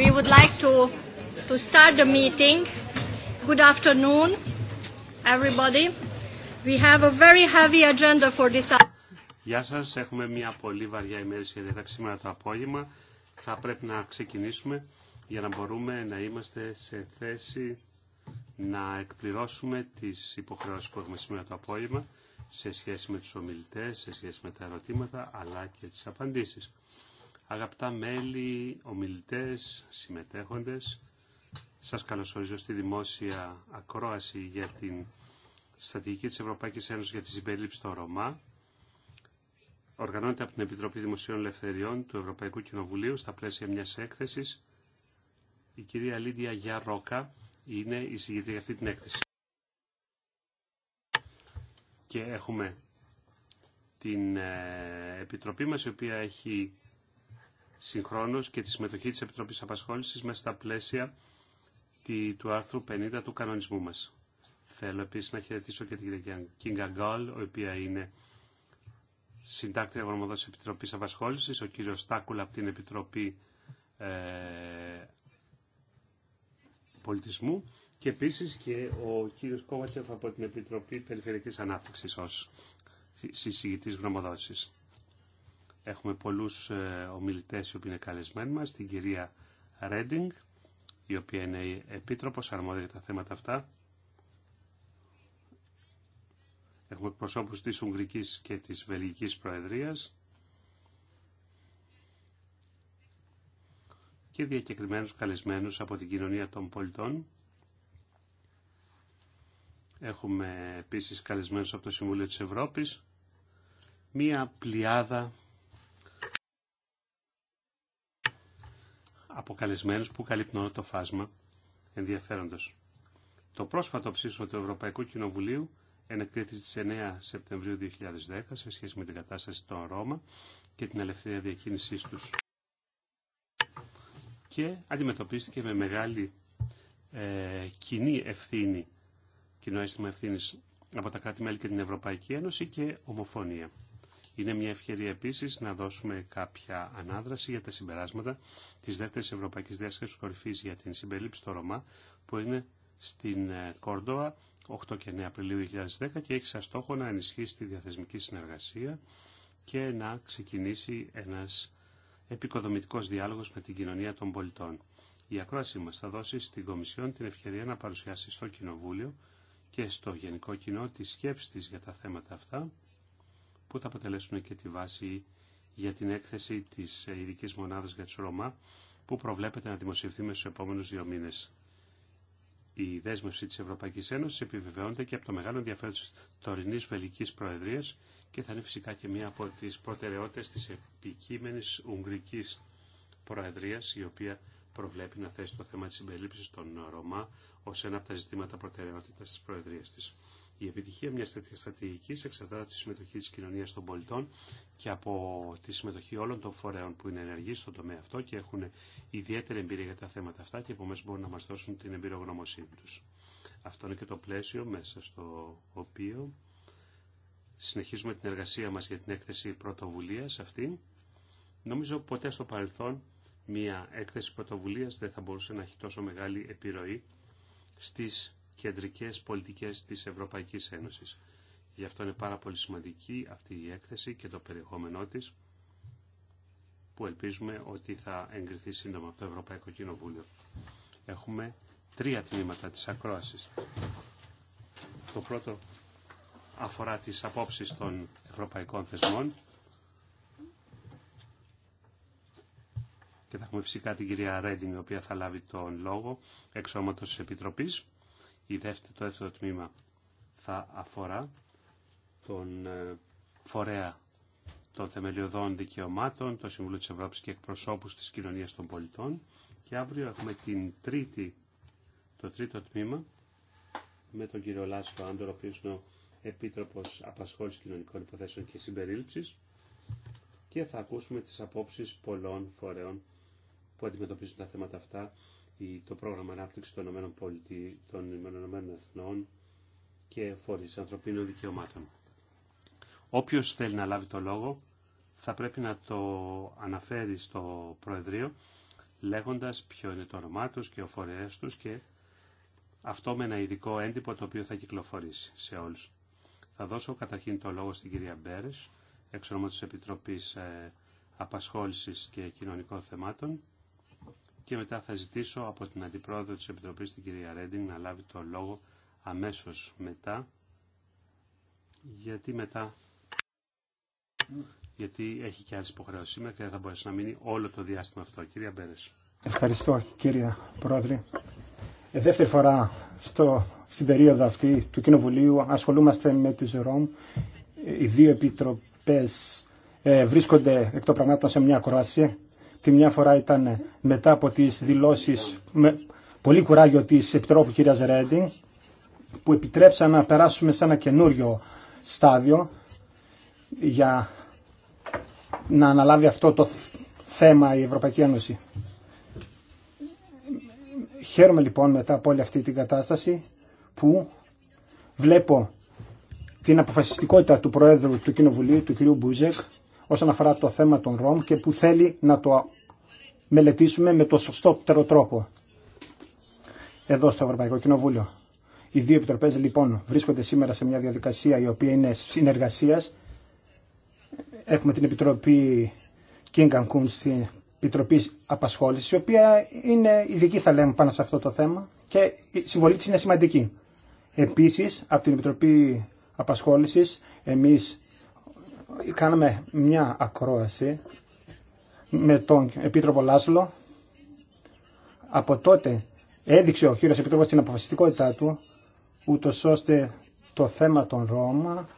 We would like to, to start the meeting. Good afternoon, everybody. We have a very heavy agenda for this Γεια σας, έχουμε μια πολύ βαριά ημέρα διάταξη σήμερα το απόγευμα. Θα πρέπει να ξεκινήσουμε για να μπορούμε να είμαστε σε θέση να εκπληρώσουμε τις υποχρεώσεις που έχουμε σήμερα το απόγευμα σε σχέση με τους ομιλητές, σε σχέση με τα ερωτήματα, αλλά και τις απαντήσεις. Αγαπητά μέλη, ομιλητές, συμμετέχοντες, σας καλωσορίζω στη δημόσια ακρόαση για την Στατηγική της Ευρωπαϊκής Ένωσης για τη συμπερίληψη στο Ρωμά. Οργανώνεται από την Επιτροπή Δημοσίων Ελευθεριών του Ευρωπαϊκού Κοινοβουλίου στα πλαίσια μιας έκθεσης. Η κυρία Λίδια Γιαρόκα είναι η συγγετρία για αυτή την έκθεση. Και έχουμε την ε, Επιτροπή μας, η οποία έχει Συγχρόνω και τη συμμετοχή της Επιτροπής Απασχόλησης μέσα στα πλαίσια του άρθρου 50 του κανονισμού μας. Θέλω επίσης να χαιρετήσω και την κυρία Κίνγκα Γκόλ, η οποία είναι συντάκτρια γνωμοδότης Επιτροπής Απασχόλησης, ο κύριος Στάκουλα από την Επιτροπή ε, Πολιτισμού και επίσης και ο κύριος Κόβατσεφ από την Επιτροπή Περιφερειακής Ανάπτυξης ως συζητητή γνωμοδότηση. Έχουμε πολλούς ε, ομιλητές οι οποίοι είναι καλεσμένοι μας, την κυρία Ρέντινγκ, η οποία είναι η επίτροπος αρμόδια για τα θέματα αυτά. Έχουμε εκπροσώπους της Ουγγρικής και της Βελγικής Προεδρίας και διακεκριμένους καλεσμένους από την κοινωνία των πολιτών. Έχουμε επίσης καλεσμένους από το Συμβούλιο της Ευρώπης μία πλειάδα αποκαλεσμένους που καλύπτουν το φάσμα ενδιαφέροντος. Το πρόσφατο ψήφισμα του Ευρωπαϊκού Κοινοβουλίου ενεκρίθη στις 9 Σεπτεμβρίου 2010 σε σχέση με την κατάσταση των Ρώμα και την ελευθερία διακίνησή τους και αντιμετωπίστηκε με μεγάλη ε, κοινή ευθύνη, κοινό αίσθημα ευθύνης από τα κράτη-μέλη και την Ευρωπαϊκή Ένωση και ομοφωνία. Είναι μια ευκαιρία επίση να δώσουμε κάποια ανάδραση για τα συμπεράσματα τη δεύτερη Ευρωπαϊκή Διάσκεψη Κορυφή για την συμπερίληψη στο Ρωμά, που είναι στην ε, Κόρντοα 8 και 9 Απριλίου 2010 και έχει σαν στόχο να ενισχύσει τη διαθεσμική συνεργασία και να ξεκινήσει ένα επικοδομητικό διάλογο με την κοινωνία των πολιτών. Η ακρόαση μα θα δώσει στην Κομισιόν την ευκαιρία να παρουσιάσει στο Κοινοβούλιο και στο Γενικό Κοινό τη σκέψη τη για τα θέματα αυτά που θα αποτελέσουν και τη βάση για την έκθεση της ε, ειδική μονάδας για τους Ρωμά που προβλέπεται να δημοσιευθεί με στους επόμενους δύο μήνες. Η δέσμευση της Ευρωπαϊκής Ένωσης επιβεβαιώνεται και από το μεγάλο ενδιαφέρον της τωρινής Βελικής Προεδρίας και θα είναι φυσικά και μία από τις προτεραιότητες της επικείμενης Ουγγρικής Προεδρίας η οποία προβλέπει να θέσει το θέμα της συμπερίληψης των Ρωμά ως ένα από τα ζητήματα προτεραιότητα τη προεδρία τη. Η επιτυχία μια τέτοια στρατηγική εξαρτάται από τη συμμετοχή τη κοινωνία των πολιτών και από τη συμμετοχή όλων των φορέων που είναι ενεργοί στον τομέα αυτό και έχουν ιδιαίτερη εμπειρία για τα θέματα αυτά και επομένω μπορούν να μα δώσουν την εμπειρογνωμοσύνη του. Αυτό είναι και το πλαίσιο μέσα στο οποίο συνεχίζουμε την εργασία μα για την έκθεση πρωτοβουλία αυτή. Νομίζω ποτέ στο παρελθόν μια έκθεση πρωτοβουλία δεν θα μπορούσε να έχει τόσο μεγάλη επιρροή στις κεντρικές πολιτικές της Ευρωπαϊκής Ένωσης. Γι' αυτό είναι πάρα πολύ σημαντική αυτή η έκθεση και το περιεχόμενό της, που ελπίζουμε ότι θα εγκριθεί σύντομα από το Ευρωπαϊκό Κοινοβούλιο. Έχουμε τρία τμήματα της ακρόασης. Το πρώτο αφορά τις απόψεις των ευρωπαϊκών θεσμών και θα έχουμε φυσικά την κυρία Ρέντινγκ, η οποία θα λάβει τον λόγο εξώματος της Επιτροπής η δεύτερη, το δεύτερο τμήμα θα αφορά τον ε, φορέα των θεμελιωδών δικαιωμάτων, το Συμβούλιο της Ευρώπης και εκπροσώπους της κοινωνίας των πολιτών. Και αύριο έχουμε την τρίτη, το τρίτο τμήμα με τον κύριο Λάσο Άντορ, ο οποίος είναι ο Επίτροπος Απασχόλησης Κοινωνικών Υποθέσεων και Συμπερίληψης και θα ακούσουμε τις απόψεις πολλών φορέων που αντιμετωπίζουν τα θέματα αυτά το πρόγραμμα ανάπτυξη των ΗΠΑ, Εθνών και φορείς ανθρωπίνων δικαιωμάτων. Όποιος θέλει να λάβει το λόγο θα πρέπει να το αναφέρει στο Προεδρείο λέγοντας ποιο είναι το όνομά τους και ο φορέας τους και αυτό με ένα ειδικό έντυπο το οποίο θα κυκλοφορήσει σε όλους. Θα δώσω καταρχήν το λόγο στην κυρία Μπέρες, εξ ονόματος Επιτροπής ε, Απασχόλησης και Κοινωνικών Θεμάτων και μετά θα ζητήσω από την Αντιπρόεδρο της Επιτροπής, την κυρία Ρέντινγκ, να λάβει το λόγο αμέσως μετά, γιατί μετά γιατί έχει και άλλε υποχρεώσει σήμερα και δεν θα μπορέσει να μείνει όλο το διάστημα αυτό. Κυρία Μπέρε. Ευχαριστώ κύριε Πρόεδρε. Ε, δεύτερη φορά στο, στην περίοδο αυτή του Κοινοβουλίου ασχολούμαστε με του ΡΟΜ. Ε, οι δύο επίτροπέ ε, βρίσκονται εκ των πραγμάτων σε μια ακρόαση Τη μια φορά ήταν μετά από τις δηλώσεις με πολύ κουράγιο της Επιτρόπου κύρια Ρέντινγκ που επιτρέψα να περάσουμε σε ένα καινούριο στάδιο για να αναλάβει αυτό το θέμα η Ευρωπαϊκή Ένωση. Χαίρομαι λοιπόν μετά από όλη αυτή την κατάσταση που βλέπω την αποφασιστικότητα του Προέδρου του Κοινοβουλίου, του κ. Μπούζεκ, όσον αφορά το θέμα των ΡΟΜ και που θέλει να το μελετήσουμε με το σωστότερο τρόπο εδώ στο Ευρωπαϊκό Κοινοβούλιο. Οι δύο επιτροπές λοιπόν βρίσκονται σήμερα σε μια διαδικασία η οποία είναι συνεργασίας. Έχουμε την Επιτροπή King Kun στην Επιτροπή Απασχόλησης, η οποία είναι ειδική θα λέμε πάνω σε αυτό το θέμα και η συμβολή της είναι σημαντική. Επίσης, από την Επιτροπή Απασχόλησης, εμείς κάναμε μια ακρόαση με τον Επίτροπο Λάσλο. Από τότε έδειξε ο κύριος Επίτροπος την αποφασιστικότητά του, ούτω ώστε το θέμα των Ρώμα,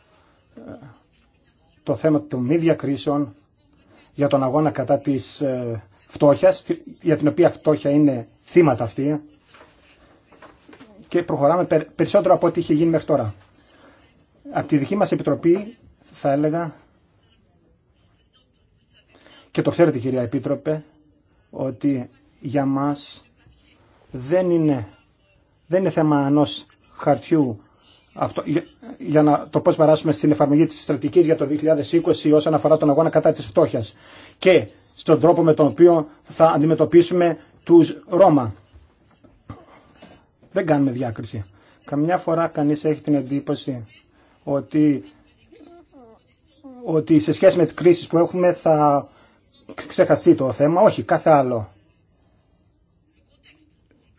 το θέμα των μη διακρίσεων για τον αγώνα κατά της ε, φτώχειας, για την οποία φτώχεια είναι θύματα αυτή, και προχωράμε περισσότερο από ό,τι είχε γίνει μέχρι τώρα. Από τη δική μας επιτροπή θα έλεγα και το ξέρετε κυρία Επίτροπε ότι για μας δεν είναι, δεν είναι θέμα ενό χαρτιού αυτό, για, να το πώς παράσουμε στην εφαρμογή της στρατηγικής για το 2020 όσον αφορά τον αγώνα κατά της φτώχειας και στον τρόπο με τον οποίο θα αντιμετωπίσουμε τους Ρώμα. Δεν κάνουμε διάκριση. Καμιά φορά κανείς έχει την εντύπωση ότι, ότι σε σχέση με τις κρίσεις που έχουμε θα ξεχαστεί το θέμα, όχι κάθε άλλο.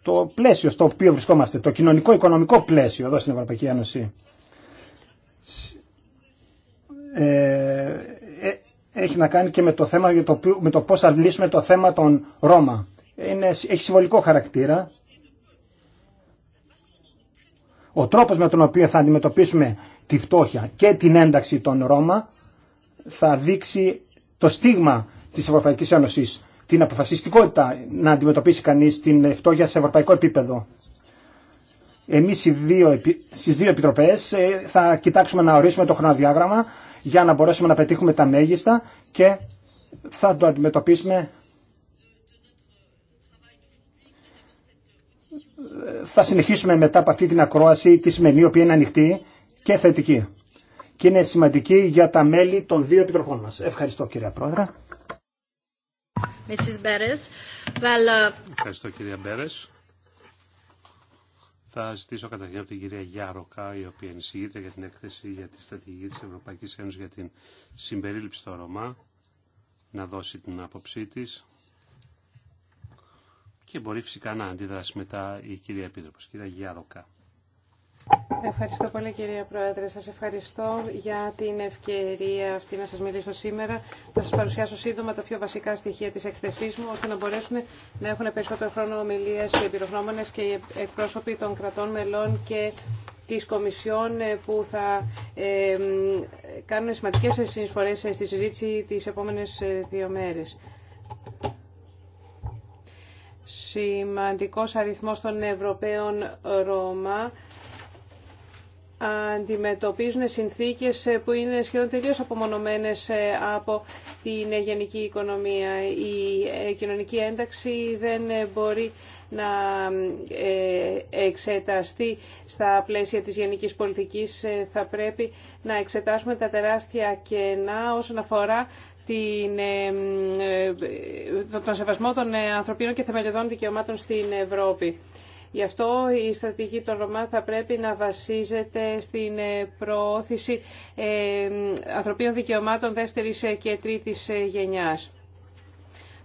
Το πλαίσιο στο οποίο βρισκόμαστε, το κοινωνικό-οικονομικό πλαίσιο εδώ στην Ευρωπαϊκή Ένωση, ε, ε, έχει να κάνει και με το, θέμα, για το, με το πώς θα λύσουμε το θέμα των Ρώμα. Είναι, έχει συμβολικό χαρακτήρα. Ο τρόπος με τον οποίο θα αντιμετωπίσουμε τη φτώχεια και την ένταξη των Ρώμα θα δείξει το στίγμα τη Ευρωπαϊκή Ένωση. την αποφασιστικότητα να αντιμετωπίσει κανεί την φτώχεια σε ευρωπαϊκό επίπεδο. Εμεί στι δύο, επιτροπέ επιτροπές ε, θα κοιτάξουμε να ορίσουμε το χρονοδιάγραμμα για να μπορέσουμε να πετύχουμε τα μέγιστα και θα το αντιμετωπίσουμε ε, θα συνεχίσουμε μετά από αυτή την ακρόαση τη σημερινή, η οποία είναι ανοιχτή και θετική. Και είναι σημαντική για τα μέλη των δύο επιτροπών μας. Ευχαριστώ κυρία Πρόεδρε. Uh, Ευχαριστώ κυρία Μπέρες. Θα ζητήσω καταρχήν από την κυρία Γιάροκα, η οποία ενισχύεται για την έκθεση για τη στρατηγική της Ευρωπαϊκής Ένωσης για την συμπερίληψη στο Ρωμά, να δώσει την άποψή της και μπορεί φυσικά να αντιδράσει μετά η κυρία Επίτροπος, κυρία Γιάροκα. Ευχαριστώ πολύ κυρία Πρόεδρε. Σας ευχαριστώ για την ευκαιρία αυτή να σας μιλήσω σήμερα. Θα σας παρουσιάσω σύντομα τα πιο βασικά στοιχεία της εκθεσής μου, ώστε να μπορέσουν να έχουν περισσότερο χρόνο ομιλίες και εμπειρογνώμονες και οι εκπρόσωποι των κρατών μελών και της Κομισιόν ε, που θα ε, κάνουν σημαντικές συνεισφορές ε, στη συζήτηση τις επόμενες ε, δύο μέρες. Σημαντικός αριθμός των Ευρωπαίων Ρώμα αντιμετωπίζουν συνθήκες που είναι σχεδόν τελείως απομονωμένες ε, από την γενική οικονομία. Η ε, κοινωνική ένταξη δεν ε, μπορεί να εξεταστεί στα πλαίσια της γενικής πολιτικής. Θα πρέπει να εξετάσουμε τα τεράστια κενά όσον αφορά την, τον σεβασμό των ανθρωπίνων και θεμελιωδών δικαιωμάτων στην Ευρώπη. Γι' αυτό η στρατηγική των Ρωμά θα πρέπει να βασίζεται στην ε, προώθηση ε, ανθρωπίνων δικαιωμάτων δεύτερης ε, και τρίτης γενιάς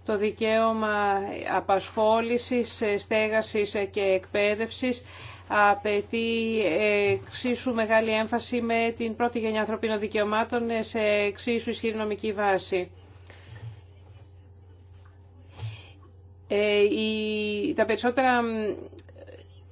το δικαίωμα απασχόλησης, στέγασης και εκπαίδευσης απαιτεί εξίσου μεγάλη έμφαση με την πρώτη γενιά ανθρωπίνων δικαιωμάτων σε εξίσου ισχυρή νομική βάση. η, τα περισσότερα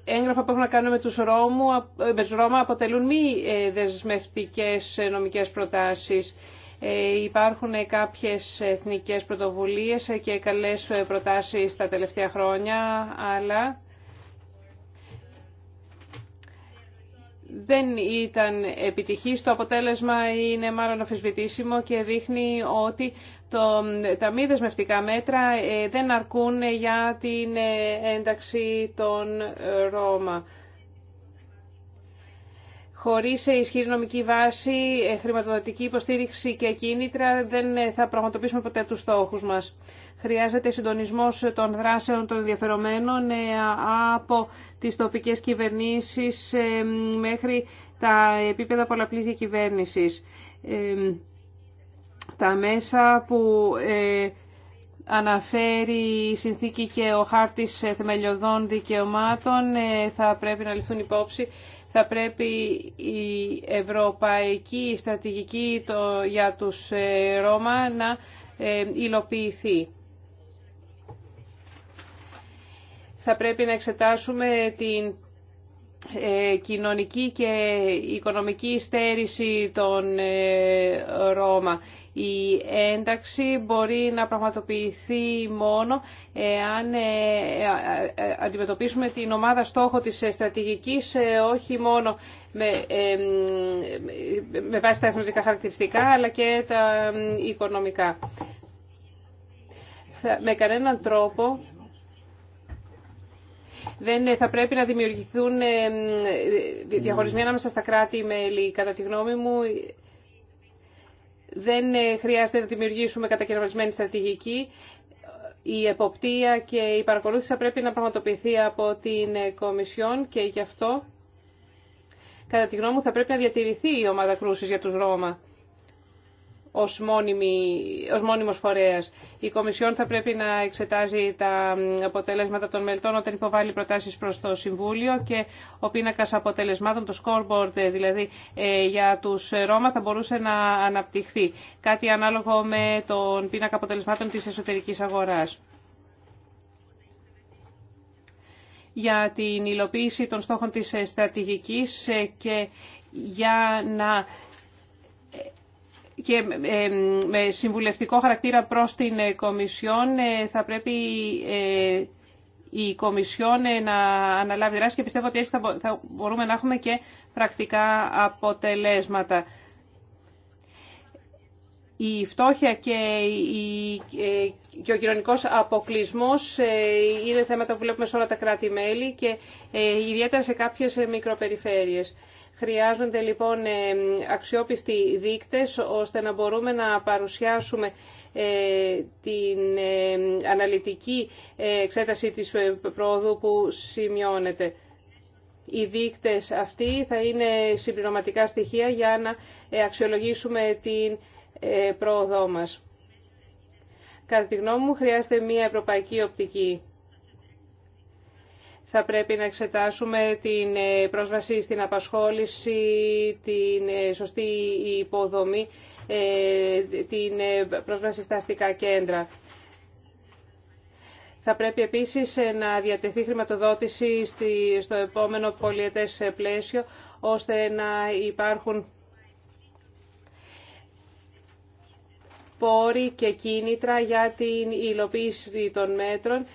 έγγραφα που έχουν να κάνουν με τους, Ρώμου, με τους Ρώμα αποτελούν μη ε, δεσμευτικές ε, νομικές προτάσεις. Ε, υπάρχουν κάποιες εθνικές πρωτοβουλίες και καλές προτάσεις τα τελευταία χρόνια, αλλά δεν ήταν επιτυχής. Το αποτέλεσμα είναι μάλλον αφισβητήσιμο και δείχνει ότι τα μη δεσμευτικά μέτρα ε, δεν αρκούν για την ε, ένταξη των ε, Ρώμα. Χωρίς ισχυρή νομική βάση, χρηματοδοτική υποστήριξη και κίνητρα δεν θα πραγματοποιήσουμε ποτέ τους στόχους μας. Χρειάζεται συντονισμός των δράσεων των ενδιαφερομένων από τις τοπικές κυβερνήσεις μέχρι τα επίπεδα πολλαπλής διακυβέρνησης τα μέσα που ε, αναφέρει η συνθήκη και ο χάρτης ε, θεμελιωδών δικαιωμάτων ε, θα πρέπει να ληφθούν υπόψη. Θα πρέπει η ευρωπαϊκή στρατηγική το, για τους Ρώμα να υλοποιηθεί. Θα πρέπει να εξετάσουμε την ε, κοινωνική και οικονομική στέρηση των ε, Ρώμα. Η ένταξη μπορεί να πραγματοποιηθεί μόνο αν ε, αντιμετωπίσουμε την ομάδα στόχο της στρατηγικής όχι μόνο με, με βάση τα έθνωτικα χαρακτηριστικά αλλά και τα οικονομικά. Με κανέναν τρόπο δεν ε, θα πρέπει να δημιουργηθούν ε, ε, διαχωρισμοί ανάμεσα στα κράτη-μέλη. Κατά τη γνώμη μου, δεν χρειάζεται να δημιουργήσουμε κατακαιρματισμένη στρατηγική. Η εποπτεία και η παρακολούθηση θα πρέπει να πραγματοποιηθεί από την Κομισιόν και γι' αυτό, κατά τη γνώμη μου, θα πρέπει να διατηρηθεί η ομάδα κρούσης για τους Ρώμα ως, μόνιμη, ως μόνιμος φορέας. Η Κομισιόν θα πρέπει να εξετάζει τα αποτελέσματα των μελτών όταν υποβάλλει προτάσεις προς το Συμβούλιο και ο πίνακας αποτελεσμάτων, το scoreboard δηλαδή ε, για τους Ρώμα θα μπορούσε να αναπτυχθεί. Κάτι ανάλογο με τον πίνακα αποτελεσμάτων της εσωτερικής αγοράς. για την υλοποίηση των στόχων της ε, στρατηγικής ε, και για να και ε, με συμβουλευτικό χαρακτήρα προς την ε, Κομισιόν ε, θα πρέπει η Κομισιόν να αναλάβει δράση και πιστεύω ότι έτσι θα μπορούμε να έχουμε και πρακτικά αποτελέσματα. Η φτώχεια και, ο κοινωνικό αποκλεισμό είναι θέματα που βλέπουμε σε όλα τα κράτη-μέλη και ιδιαίτερα σε κάποιες μικροπεριφέρειες. Χρειάζονται λοιπόν ε, αξιόπιστοι δείκτες ώστε να μπορούμε να παρουσιάσουμε ε, την ε, αναλυτική εξέταση της πρόοδου που σημειώνεται. Οι δείκτες αυτοί θα είναι συμπληρωματικά στοιχεία για να αξιολογήσουμε την πρόοδό μας. Κατά τη γνώμη μου χρειάζεται μια ευρωπαϊκή οπτική θα πρέπει να εξετάσουμε την ε, πρόσβαση στην απασχόληση, την ε, σωστή υποδομή, ε, την πρόσβαση στα αστικά κέντρα. Θα πρέπει επίσης να διατεθεί χρηματοδότηση στο επόμενο πολιετές πλαίσιο, ώστε να υπάρχουν πόροι και κίνητρα για την υλοποίηση των μέτρων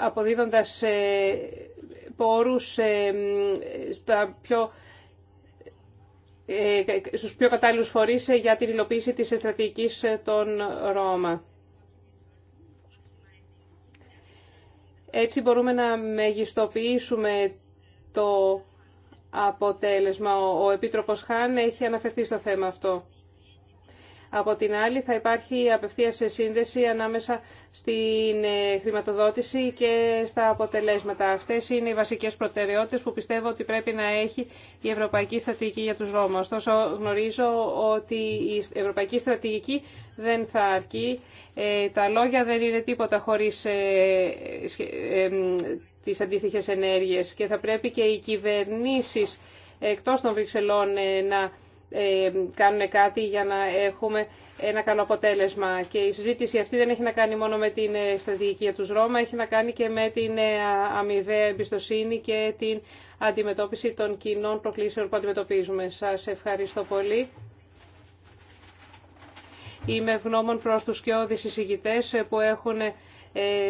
αποδίδοντας ε, πόρους ε, στα πιο ε, στους πιο κατάλληλους φορείς για την υλοποίηση της στρατηγικής των Ρώμα. Έτσι μπορούμε να μεγιστοποιήσουμε το αποτέλεσμα. Ο Επίτροπος Χάν έχει αναφερθεί στο θέμα αυτό. Από την άλλη θα υπάρχει σε σύνδεση ανάμεσα στην ε, χρηματοδότηση και στα αποτελέσματα. Αυτές είναι οι βασικές προτεραιότητες που πιστεύω ότι πρέπει να έχει η Ευρωπαϊκή Στρατηγική για τους Ρώμα. Ωστόσο γνωρίζω ότι η Ευρωπαϊκή Στρατηγική δεν θα αρκεί. Ε, τα λόγια δεν είναι τίποτα χωρίς ε, τις αντίστοιχες ενέργειες και θα πρέπει και οι κυβερνήσεις εκτός των Βρυξελών να ε, κάνουμε κάτι για να έχουμε ένα καλό αποτέλεσμα. Και η συζήτηση αυτή δεν έχει να κάνει μόνο με την ε, στρατηγική για τους Ρώμα, έχει να κάνει και με την ε, αμοιβαία εμπιστοσύνη και την αντιμετώπιση των κοινών προκλήσεων που αντιμετωπίζουμε. Σας ευχαριστώ πολύ. Είμαι ευγνώμων προς τους και όδης που έχουν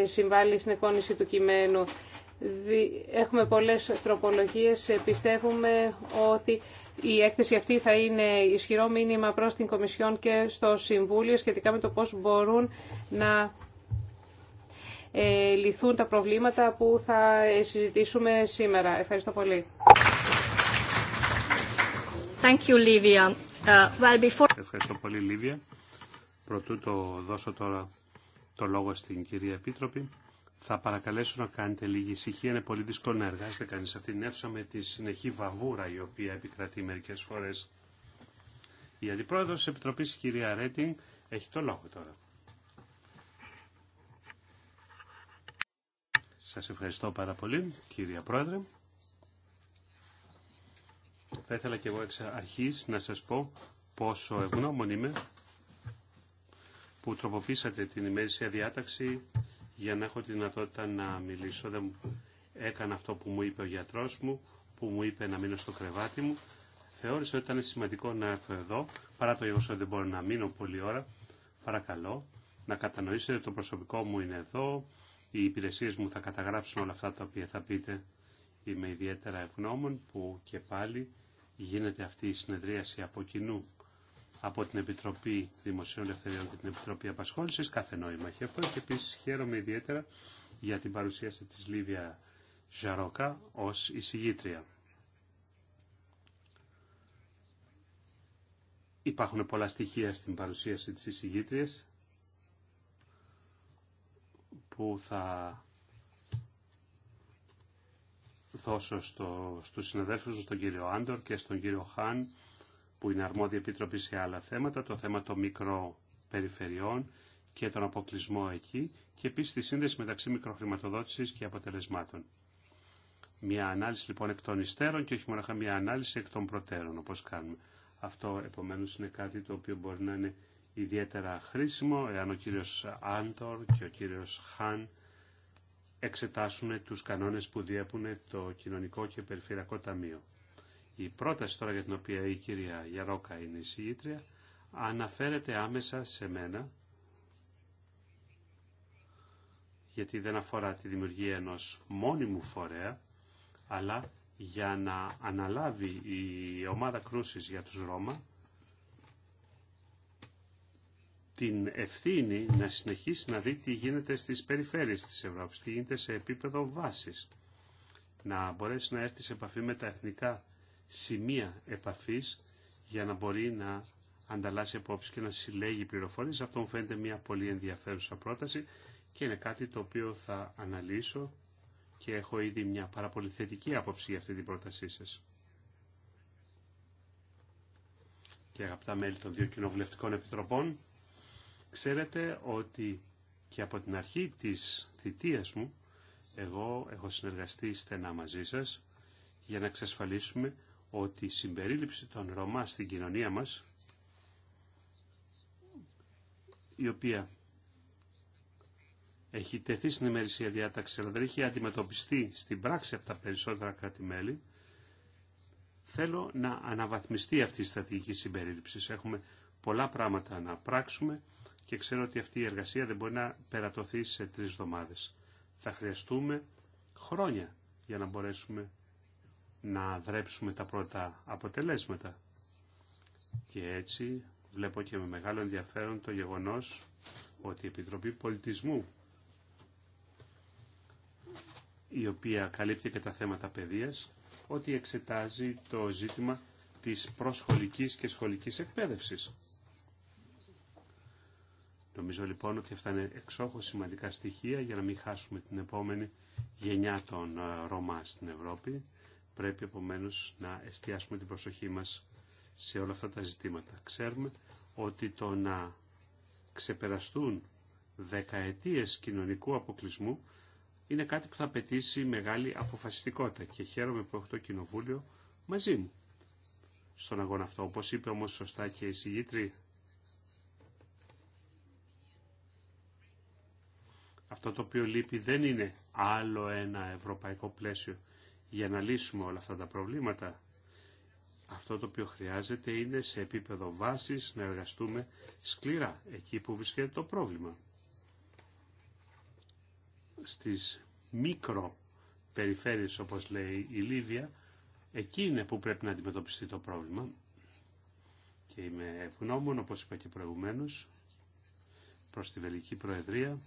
συμβάλει στην εκπόνηση του κειμένου. Έχουμε πολλές τροπολογίες. Πιστεύουμε ότι η έκθεση αυτή θα είναι ισχυρό μήνυμα προς την Κομισιόν και στο Συμβούλιο σχετικά με το πώς μπορούν να ε, λυθούν τα προβλήματα που θα ε, συζητήσουμε σήμερα. Ευχαριστώ πολύ. Thank you, Livia. Uh, well, before... Ευχαριστώ πολύ, Λίβια. Πρωτού το δώσω τώρα το λόγο στην κυρία Επίτροπη. Θα παρακαλέσω να κάνετε λίγη ησυχία. Είναι πολύ δύσκολο να εργάζεται κανείς σε αυτήν την αίθουσα με τη συνεχή βαβούρα η οποία επικρατεί μερικέ φορέ. Η Αντιπρόεδρος τη Επιτροπή η κυρία Ρέτινγκ, έχει το λόγο τώρα. Σας ευχαριστώ πάρα πολύ, κυρία Πρόεδρε. Θα ήθελα και εγώ εξ αρχή να σας πω πόσο ευγνώμων είμαι που τροποποίησατε την ημέρησια διάταξη για να έχω τη δυνατότητα να μιλήσω. Δεν έκανα αυτό που μου είπε ο γιατρός μου, που μου είπε να μείνω στο κρεβάτι μου. Θεώρησα ότι ήταν σημαντικό να έρθω εδώ, παρά το γεγονό ότι δεν μπορώ να μείνω πολλή ώρα. Παρακαλώ να κατανοήσετε το προσωπικό μου είναι εδώ, οι υπηρεσίε μου θα καταγράψουν όλα αυτά τα οποία θα πείτε. Είμαι ιδιαίτερα ευγνώμων που και πάλι γίνεται αυτή η συνεδρίαση από κοινού από την Επιτροπή Δημοσίων Ελευθεριών και την Επιτροπή Απασχόληση κάθε νόημα έχει αυτό και επίση χαίρομαι ιδιαίτερα για την παρουσίαση της Λίβια Ζαρόκα ως εισηγήτρια. Υπάρχουν πολλά στοιχεία στην παρουσίαση της εισηγήτριας που θα δώσω στο, στους συναδέλφους, στον κύριο Άντορ και στον κύριο Χάν που είναι αρμόδια επιτροπή σε άλλα θέματα, το θέμα των μικροπεριφερειών και τον αποκλεισμό εκεί και επίση τη σύνδεση μεταξύ μικροχρηματοδότηση και αποτελεσμάτων. Μια ανάλυση λοιπόν εκ των υστέρων και όχι μόνο μια ανάλυση εκ των προτέρων όπως κάνουμε. Αυτό επομένως είναι κάτι το οποίο μπορεί να είναι ιδιαίτερα χρήσιμο εάν ο κύριος Άντορ και ο κύριος Χάν εξετάσουν τους κανόνες που διέπουν το Κοινωνικό και Περιφερειακό Ταμείο. Η πρόταση τώρα για την οποία η κυρία Γιαρόκα είναι εισηγήτρια αναφέρεται άμεσα σε μένα γιατί δεν αφορά τη δημιουργία ενός μόνιμου φορέα αλλά για να αναλάβει η ομάδα κρούσης για τους Ρώμα την ευθύνη να συνεχίσει να δει τι γίνεται στις περιφέρειες της Ευρώπης, τι γίνεται σε επίπεδο βάσης, να μπορέσει να έρθει σε επαφή με τα εθνικά σημεία επαφής για να μπορεί να ανταλλάσσει απόψεις και να συλλέγει πληροφορίες. Αυτό μου φαίνεται μια πολύ ενδιαφέρουσα πρόταση και είναι κάτι το οποίο θα αναλύσω και έχω ήδη μια πάρα πολύ θετική άποψη για αυτή την πρότασή σας. Και αγαπητά μέλη των δύο κοινοβουλευτικών επιτροπών, ξέρετε ότι και από την αρχή της θητείας μου, εγώ έχω συνεργαστεί στενά μαζί σας για να εξασφαλίσουμε ότι η συμπερίληψη των Ρωμά στην κοινωνία μας, η οποία έχει τεθεί στην ημερησία διάταξη, αλλά δεν έχει αντιμετωπιστεί στην πράξη από τα περισσότερα κράτη-μέλη, θέλω να αναβαθμιστεί αυτή η στρατηγική συμπερίληψη. Έχουμε πολλά πράγματα να πράξουμε και ξέρω ότι αυτή η εργασία δεν μπορεί να περατωθεί σε τρεις εβδομάδες. Θα χρειαστούμε χρόνια για να μπορέσουμε να δρέψουμε τα πρώτα αποτελέσματα. Και έτσι βλέπω και με μεγάλο ενδιαφέρον το γεγονός ότι η Επιτροπή Πολιτισμού η οποία καλύπτει και τα θέματα παιδείας, ότι εξετάζει το ζήτημα της προσχολικής και σχολικής εκπαίδευσης. Νομίζω λοιπόν ότι αυτά είναι εξόχως σημαντικά στοιχεία για να μην χάσουμε την επόμενη γενιά των ε, Ρωμά στην Ευρώπη Πρέπει επομένω να εστιάσουμε την προσοχή μας σε όλα αυτά τα ζητήματα. Ξέρουμε ότι το να ξεπεραστούν δεκαετίες κοινωνικού αποκλεισμού είναι κάτι που θα απαιτήσει μεγάλη αποφασιστικότητα και χαίρομαι που έχω το Κοινοβούλιο μαζί μου στον αγώνα αυτό. Όπως είπε όμως σωστά και η συγγήτρη, αυτό το οποίο λείπει δεν είναι άλλο ένα ευρωπαϊκό πλαίσιο για να λύσουμε όλα αυτά τα προβλήματα. Αυτό το οποίο χρειάζεται είναι σε επίπεδο βάσης να εργαστούμε σκληρά εκεί που βρίσκεται το πρόβλημα. Στις μικρο περιφέρειες όπως λέει η Λίβια, εκεί είναι που πρέπει να αντιμετωπιστεί το πρόβλημα. Και είμαι ευγνώμων όπως είπα και προηγουμένως προς τη Βελική Προεδρία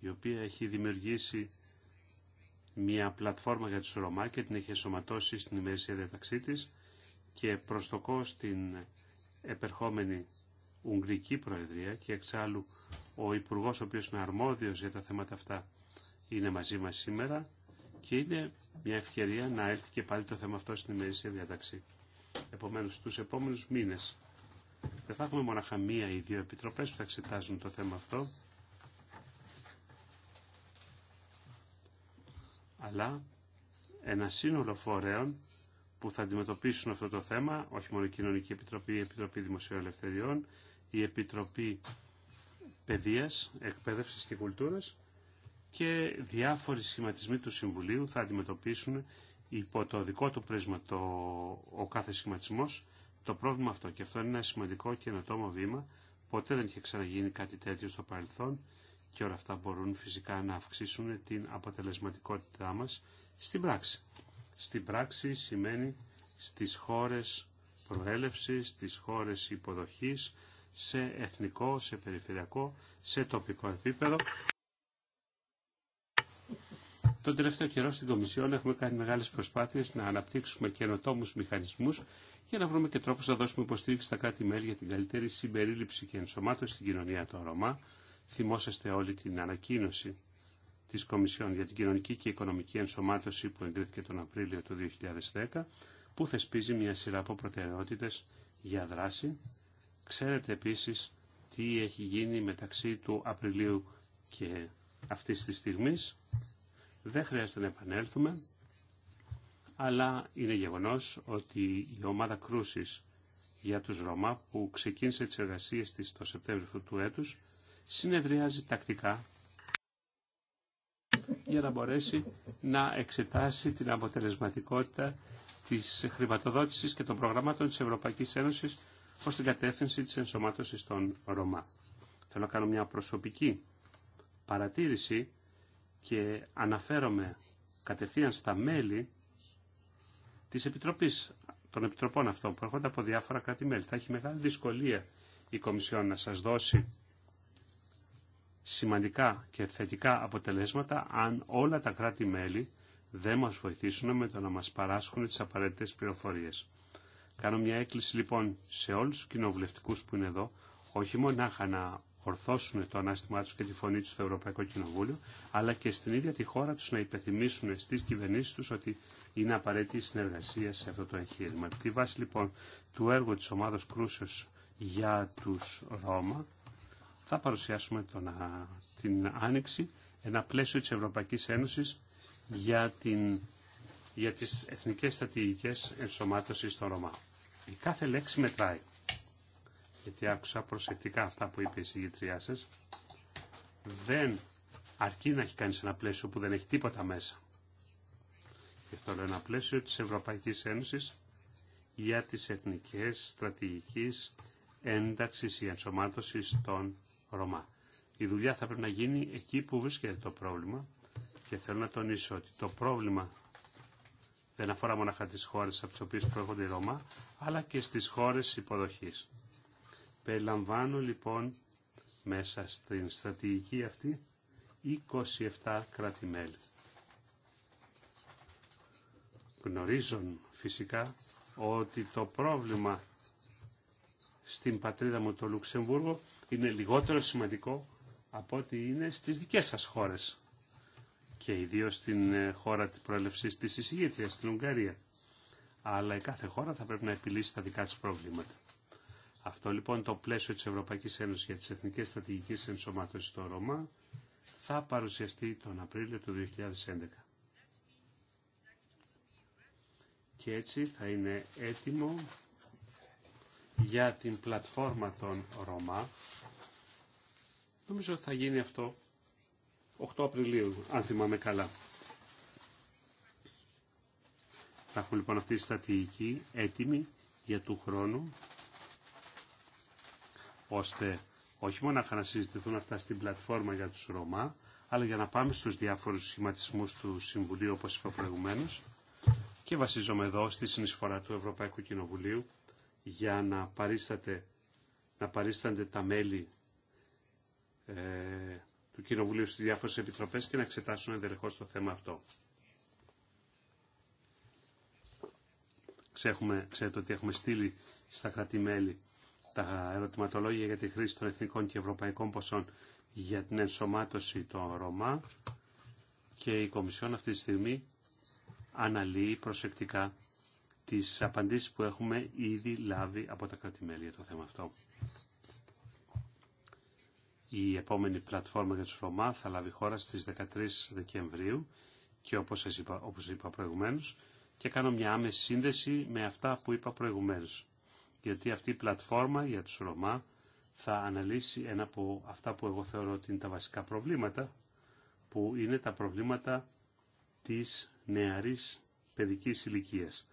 η οποία έχει δημιουργήσει μια πλατφόρμα για τους Ρωμά και την έχει εσωματώσει στην ημερησία διαταξή τη και προστοκώ στην επερχόμενη Ουγγρική Προεδρία και εξάλλου ο υπουργό ο οποίος είναι αρμόδιος για τα θέματα αυτά είναι μαζί μας σήμερα και είναι μια ευκαιρία να έρθει και πάλι το θέμα αυτό στην ημερησία διαταξή. Επομένως, στους επόμενους μήνες δεν θα έχουμε μόνο μία ή δύο επιτροπές που θα εξετάζουν το θέμα αυτό, αλλά ένα σύνολο φορέων που θα αντιμετωπίσουν αυτό το θέμα, όχι μόνο η Κοινωνική Επιτροπή, η Επιτροπή Δημοσίου Ελευθεριών, η Επιτροπή Παιδείας, Εκπαίδευσης και Κουλτούρας και διάφοροι σχηματισμοί του Συμβουλίου θα αντιμετωπίσουν υπό το δικό του πρίσμα το, ο κάθε σχηματισμός το πρόβλημα αυτό. Και αυτό είναι ένα σημαντικό καινοτόμο βήμα. Ποτέ δεν είχε ξαναγίνει κάτι τέτοιο στο παρελθόν και όλα αυτά μπορούν φυσικά να αυξήσουν την αποτελεσματικότητά μας στην πράξη. Στην πράξη σημαίνει στις χώρες προέλευσης, στις χώρες υποδοχής, σε εθνικό, σε περιφερειακό, σε τοπικό επίπεδο. Τον τελευταίο καιρό στην Κομισιόν έχουμε κάνει μεγάλες προσπάθειες να αναπτύξουμε καινοτόμους μηχανισμούς για να βρούμε και τρόπους να δώσουμε υποστήριξη στα κράτη-μέλη για την καλύτερη συμπερίληψη και ενσωμάτωση στην κοινωνία των Ρωμά, Θυμόσαστε όλη την ανακοίνωση της Κομισιόν για την Κοινωνική και Οικονομική Ενσωμάτωση που εγκρίθηκε τον Απρίλιο του 2010, που θεσπίζει μια σειρά από προτεραιότητες για δράση. Ξέρετε επίσης τι έχει γίνει μεταξύ του Απριλίου και αυτής της στιγμής. Δεν χρειάζεται να επανέλθουμε, αλλά είναι γεγονός ότι η ομάδα κρούσης για τους Ρωμά που ξεκίνησε τις εργασίες της το Σεπτέμβριο του έτους συνεδριάζει τακτικά για να μπορέσει να εξετάσει την αποτελεσματικότητα της χρηματοδότησης και των προγραμμάτων της Ευρωπαϊκής Ένωσης ως την κατεύθυνση της ενσωμάτωσης των Ρωμά. Θέλω να κάνω μια προσωπική παρατήρηση και αναφέρομαι κατευθείαν στα μέλη της Επιτροπής, των Επιτροπών αυτών που έρχονται από διάφορα κράτη-μέλη. Θα έχει μεγάλη δυσκολία η Κομισιόν να σας δώσει σημαντικά και θετικά αποτελέσματα αν όλα τα κράτη-μέλη δεν μας βοηθήσουν με το να μας παράσχουν τις απαραίτητες πληροφορίες. Κάνω μια έκκληση λοιπόν σε όλους τους κοινοβουλευτικούς που είναι εδώ, όχι μονάχα να ορθώσουν το ανάστημά τους και τη φωνή τους στο Ευρωπαϊκό Κοινοβούλιο, αλλά και στην ίδια τη χώρα τους να υπεθυμίσουν στις κυβερνήσεις τους ότι είναι απαραίτητη η συνεργασία σε αυτό το εγχείρημα. τη βάση λοιπόν του έργου της ομάδας κρούσεως για τους Ρώμα, θα παρουσιάσουμε τον, την Άνοιξη ένα πλαίσιο της Ευρωπαϊκής Ένωσης για, την, για τις εθνικές στρατηγικές ενσωμάτωσης των Ρωμά. Η κάθε λέξη μετράει. Γιατί άκουσα προσεκτικά αυτά που είπε η συγγητριά σα. Δεν αρκεί να έχει κάνει ένα πλαίσιο που δεν έχει τίποτα μέσα. Γι' αυτό λέω ένα πλαίσιο της Ευρωπαϊκής Ένωσης για τις εθνικές στρατηγικές ένταξης ή ενσωμάτωσης των Ρωμά. Η δουλειά θα πρέπει να γίνει εκεί που βρίσκεται το πρόβλημα και θέλω να τονίσω ότι το πρόβλημα δεν αφορά μόνο τις χώρες από τις οποίες προέρχονται οι Ρωμά, αλλά και στις χώρες υποδοχής. Περιλαμβάνω λοιπόν μέσα στην στρατηγική αυτή 27 κράτη-μέλη. Γνωρίζουν φυσικά ότι το πρόβλημα στην πατρίδα μου το Λουξεμβούργο είναι λιγότερο σημαντικό από ό,τι είναι στις δικές σας χώρες και ιδίως στην ε, χώρα της προέλευσης της εισηγήτριας, στην Ουγγαρία. Αλλά η κάθε χώρα θα πρέπει να επιλύσει τα δικά της προβλήματα. Αυτό λοιπόν το πλαίσιο της Ευρωπαϊκής Ένωσης για τις Εθνικές Στρατηγικές Ενσωμάτωσης στο Ρώμα θα παρουσιαστεί τον Απρίλιο του 2011. Και έτσι θα είναι έτοιμο για την πλατφόρμα των Ρωμά. Νομίζω ότι θα γίνει αυτό 8 Απριλίου, αν θυμάμαι καλά. Θα έχουμε λοιπόν αυτή τη στρατηγική έτοιμη για του χρόνου, ώστε όχι μόνο να συζητηθούν αυτά στην πλατφόρμα για τους Ρωμά, αλλά για να πάμε στους διάφορους σχηματισμούς του Συμβουλίου, όπως είπα προηγουμένως, και βασίζομαι εδώ στη συνεισφορά του Ευρωπαϊκού Κοινοβουλίου, για να, παρίσταται, να παρίστανται τα μέλη ε, του Κοινοβουλίου στις διάφορες επιτροπές και να εξετάσουν ενδελεχώς το θέμα αυτό. Ξέχουμε, ξέρετε ότι έχουμε στείλει στα μέλη τα ερωτηματολόγια για τη χρήση των εθνικών και ευρωπαϊκών ποσών για την ενσωμάτωση των Ρωμά και η Κομισιόν αυτή τη στιγμή αναλύει προσεκτικά τις απαντήσεις που έχουμε ήδη λάβει από τα κρατη για το θέμα αυτό. Η επόμενη πλατφόρμα για τους Ρωμά θα λάβει χώρα στις 13 Δεκεμβρίου και όπως σας είπα, όπως είπα προηγουμένως και κάνω μια άμεση σύνδεση με αυτά που είπα προηγουμένως. Γιατί αυτή η πλατφόρμα για τους Ρωμά θα αναλύσει ένα από αυτά που εγώ θεωρώ ότι είναι τα βασικά προβλήματα που είναι τα προβλήματα της νεαρής παιδικής ηλικίας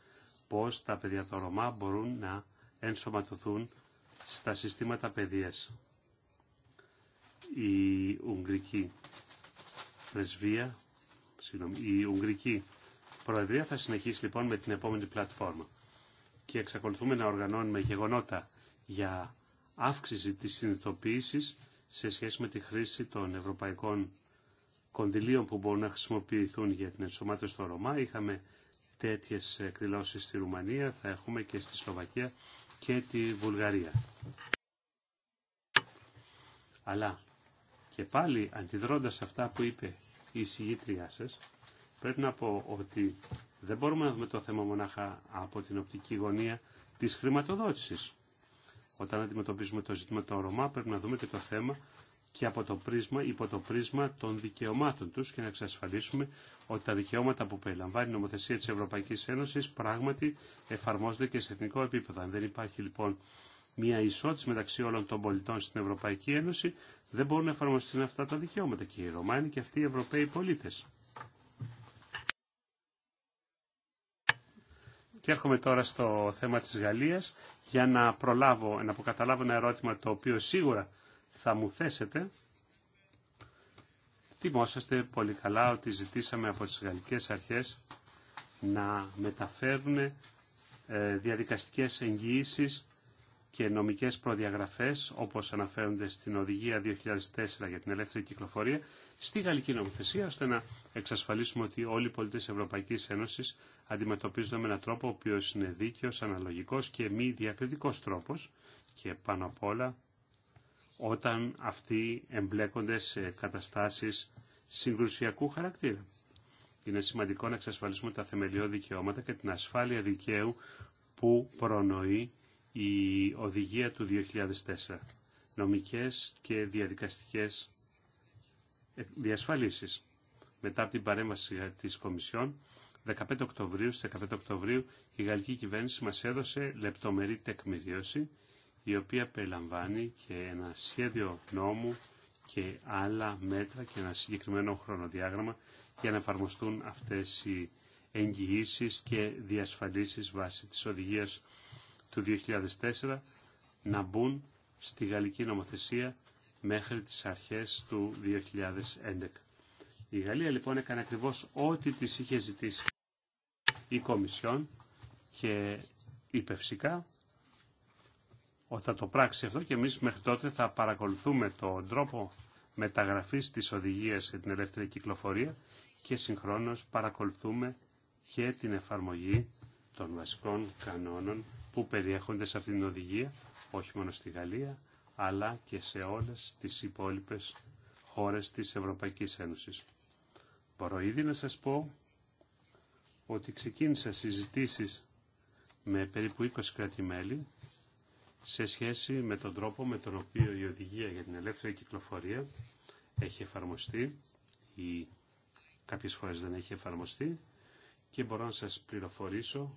πώς τα παιδιά των Ρωμά μπορούν να ενσωματωθούν στα συστήματα παιδείας. Η Ουγγρική Πρεσβεία, συγγνώμη, η Ουγγρική Προεδρία θα συνεχίσει λοιπόν με την επόμενη πλατφόρμα και εξακολουθούμε να οργανώνουμε γεγονότα για αύξηση της συνειδητοποίησης σε σχέση με τη χρήση των ευρωπαϊκών κονδυλίων που μπορούν να χρησιμοποιηθούν για την ενσωμάτωση στο Ρωμά. Είχαμε τέτοιες εκδηλώσεις στη Ρουμανία, θα έχουμε και στη Σλοβακία και τη Βουλγαρία. Αλλά και πάλι αντιδρώντας αυτά που είπε η συγγήτριά σας, πρέπει να πω ότι δεν μπορούμε να δούμε το θέμα μονάχα από την οπτική γωνία της χρηματοδότησης. Όταν αντιμετωπίζουμε το ζήτημα των Ρωμά πρέπει να δούμε και το θέμα και από το πρίσμα, υπό το πρίσμα των δικαιωμάτων τους και να εξασφαλίσουμε ότι τα δικαιώματα που περιλαμβάνει η νομοθεσία της Ευρωπαϊκής Ένωσης πράγματι εφαρμόζονται και σε εθνικό επίπεδο. Αν δεν υπάρχει λοιπόν μια ισότηση μεταξύ όλων των πολιτών στην Ευρωπαϊκή Ένωση, δεν μπορούν να εφαρμοστούν αυτά τα δικαιώματα και οι Ρωμανοί και αυτοί οι Ευρωπαίοι πολίτες. Και έρχομαι τώρα στο θέμα της Γαλλίας για να προλάβω, να αποκαταλάβω ένα ερώτημα το οποίο σίγουρα θα μου θέσετε. Θυμόσαστε πολύ καλά ότι ζητήσαμε από τις γαλλικές αρχές να μεταφέρουν ε, διαδικαστικές εγγυήσεις και νομικές προδιαγραφές, όπως αναφέρονται στην Οδηγία 2004 για την ελεύθερη κυκλοφορία, στη γαλλική νομοθεσία, ώστε να εξασφαλίσουμε ότι όλοι οι πολίτες Ευρωπαϊκής Ένωσης αντιμετωπίζονται με έναν τρόπο ο οποίος είναι δίκαιος, αναλογικός και μη διακριτικός τρόπος και πάνω απ' όλα όταν αυτοί εμπλέκονται σε καταστάσεις συγκρουσιακού χαρακτήρα. Είναι σημαντικό να εξασφαλίσουμε τα θεμελιώδη δικαιώματα και την ασφάλεια δικαίου που προνοεί η οδηγία του 2004. Νομικές και διαδικαστικές διασφαλίσεις. Μετά από την παρέμβαση της Κομισιόν, 15 Οκτωβρίου, 15 Οκτωβρίου, η γαλλική κυβέρνηση μας έδωσε λεπτομερή τεκμηρίωση η οποία περιλαμβάνει και ένα σχέδιο νόμου και άλλα μέτρα και ένα συγκεκριμένο χρονοδιάγραμμα για να εφαρμοστούν αυτές οι εγγυήσεις και διασφαλίσεις βάσει της οδηγίας του 2004 να μπουν στη γαλλική νομοθεσία μέχρι τις αρχές του 2011. Η Γαλλία λοιπόν έκανε ακριβώς ό,τι της είχε ζητήσει η Κομισιόν και υπευσικά ότι θα το πράξει αυτό και εμείς μέχρι τότε θα παρακολουθούμε τον τρόπο μεταγραφής της οδηγίας για την ελεύθερη κυκλοφορία και συγχρόνως παρακολουθούμε και την εφαρμογή των βασικών κανόνων που περιέχονται σε αυτήν την οδηγία, όχι μόνο στη Γαλλία, αλλά και σε όλες τις υπόλοιπες χώρες της Ευρωπαϊκής Ένωσης. Μπορώ ήδη να σας πω ότι ξεκίνησα συζητήσεις με περίπου 20 κράτη-μέλη σε σχέση με τον τρόπο με τον οποίο η οδηγία για την ελεύθερη κυκλοφορία έχει εφαρμοστεί ή κάποιες φορές δεν έχει εφαρμοστεί και μπορώ να σας πληροφορήσω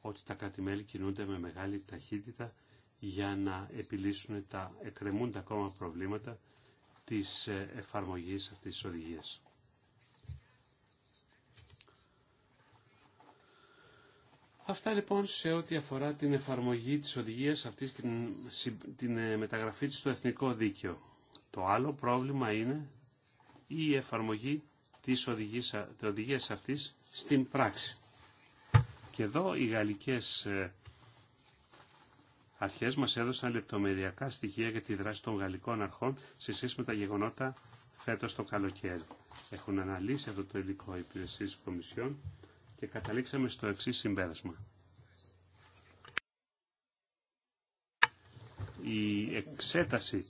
ότι τα κράτη-μέλη κινούνται με μεγάλη ταχύτητα για να επιλύσουν τα εκκρεμούντα ακόμα προβλήματα της ε, εφαρμογής αυτής της οδηγίας. Αυτά λοιπόν σε ό,τι αφορά την εφαρμογή της οδηγίας αυτής και την, ε, μεταγραφή της στο εθνικό δίκαιο. Το άλλο πρόβλημα είναι η εφαρμογή της οδηγίας, της οδηγίας αυτής στην πράξη. Και εδώ οι γαλλικές ε, αρχές μας έδωσαν λεπτομεριακά στοιχεία για τη δράση των γαλλικών αρχών σε σχέση με τα γεγονότα φέτος το καλοκαίρι. Έχουν αναλύσει αυτό το υλικό υπηρεσίες Κομισιόν και καταλήξαμε στο εξή συμπέρασμα. Η εξέταση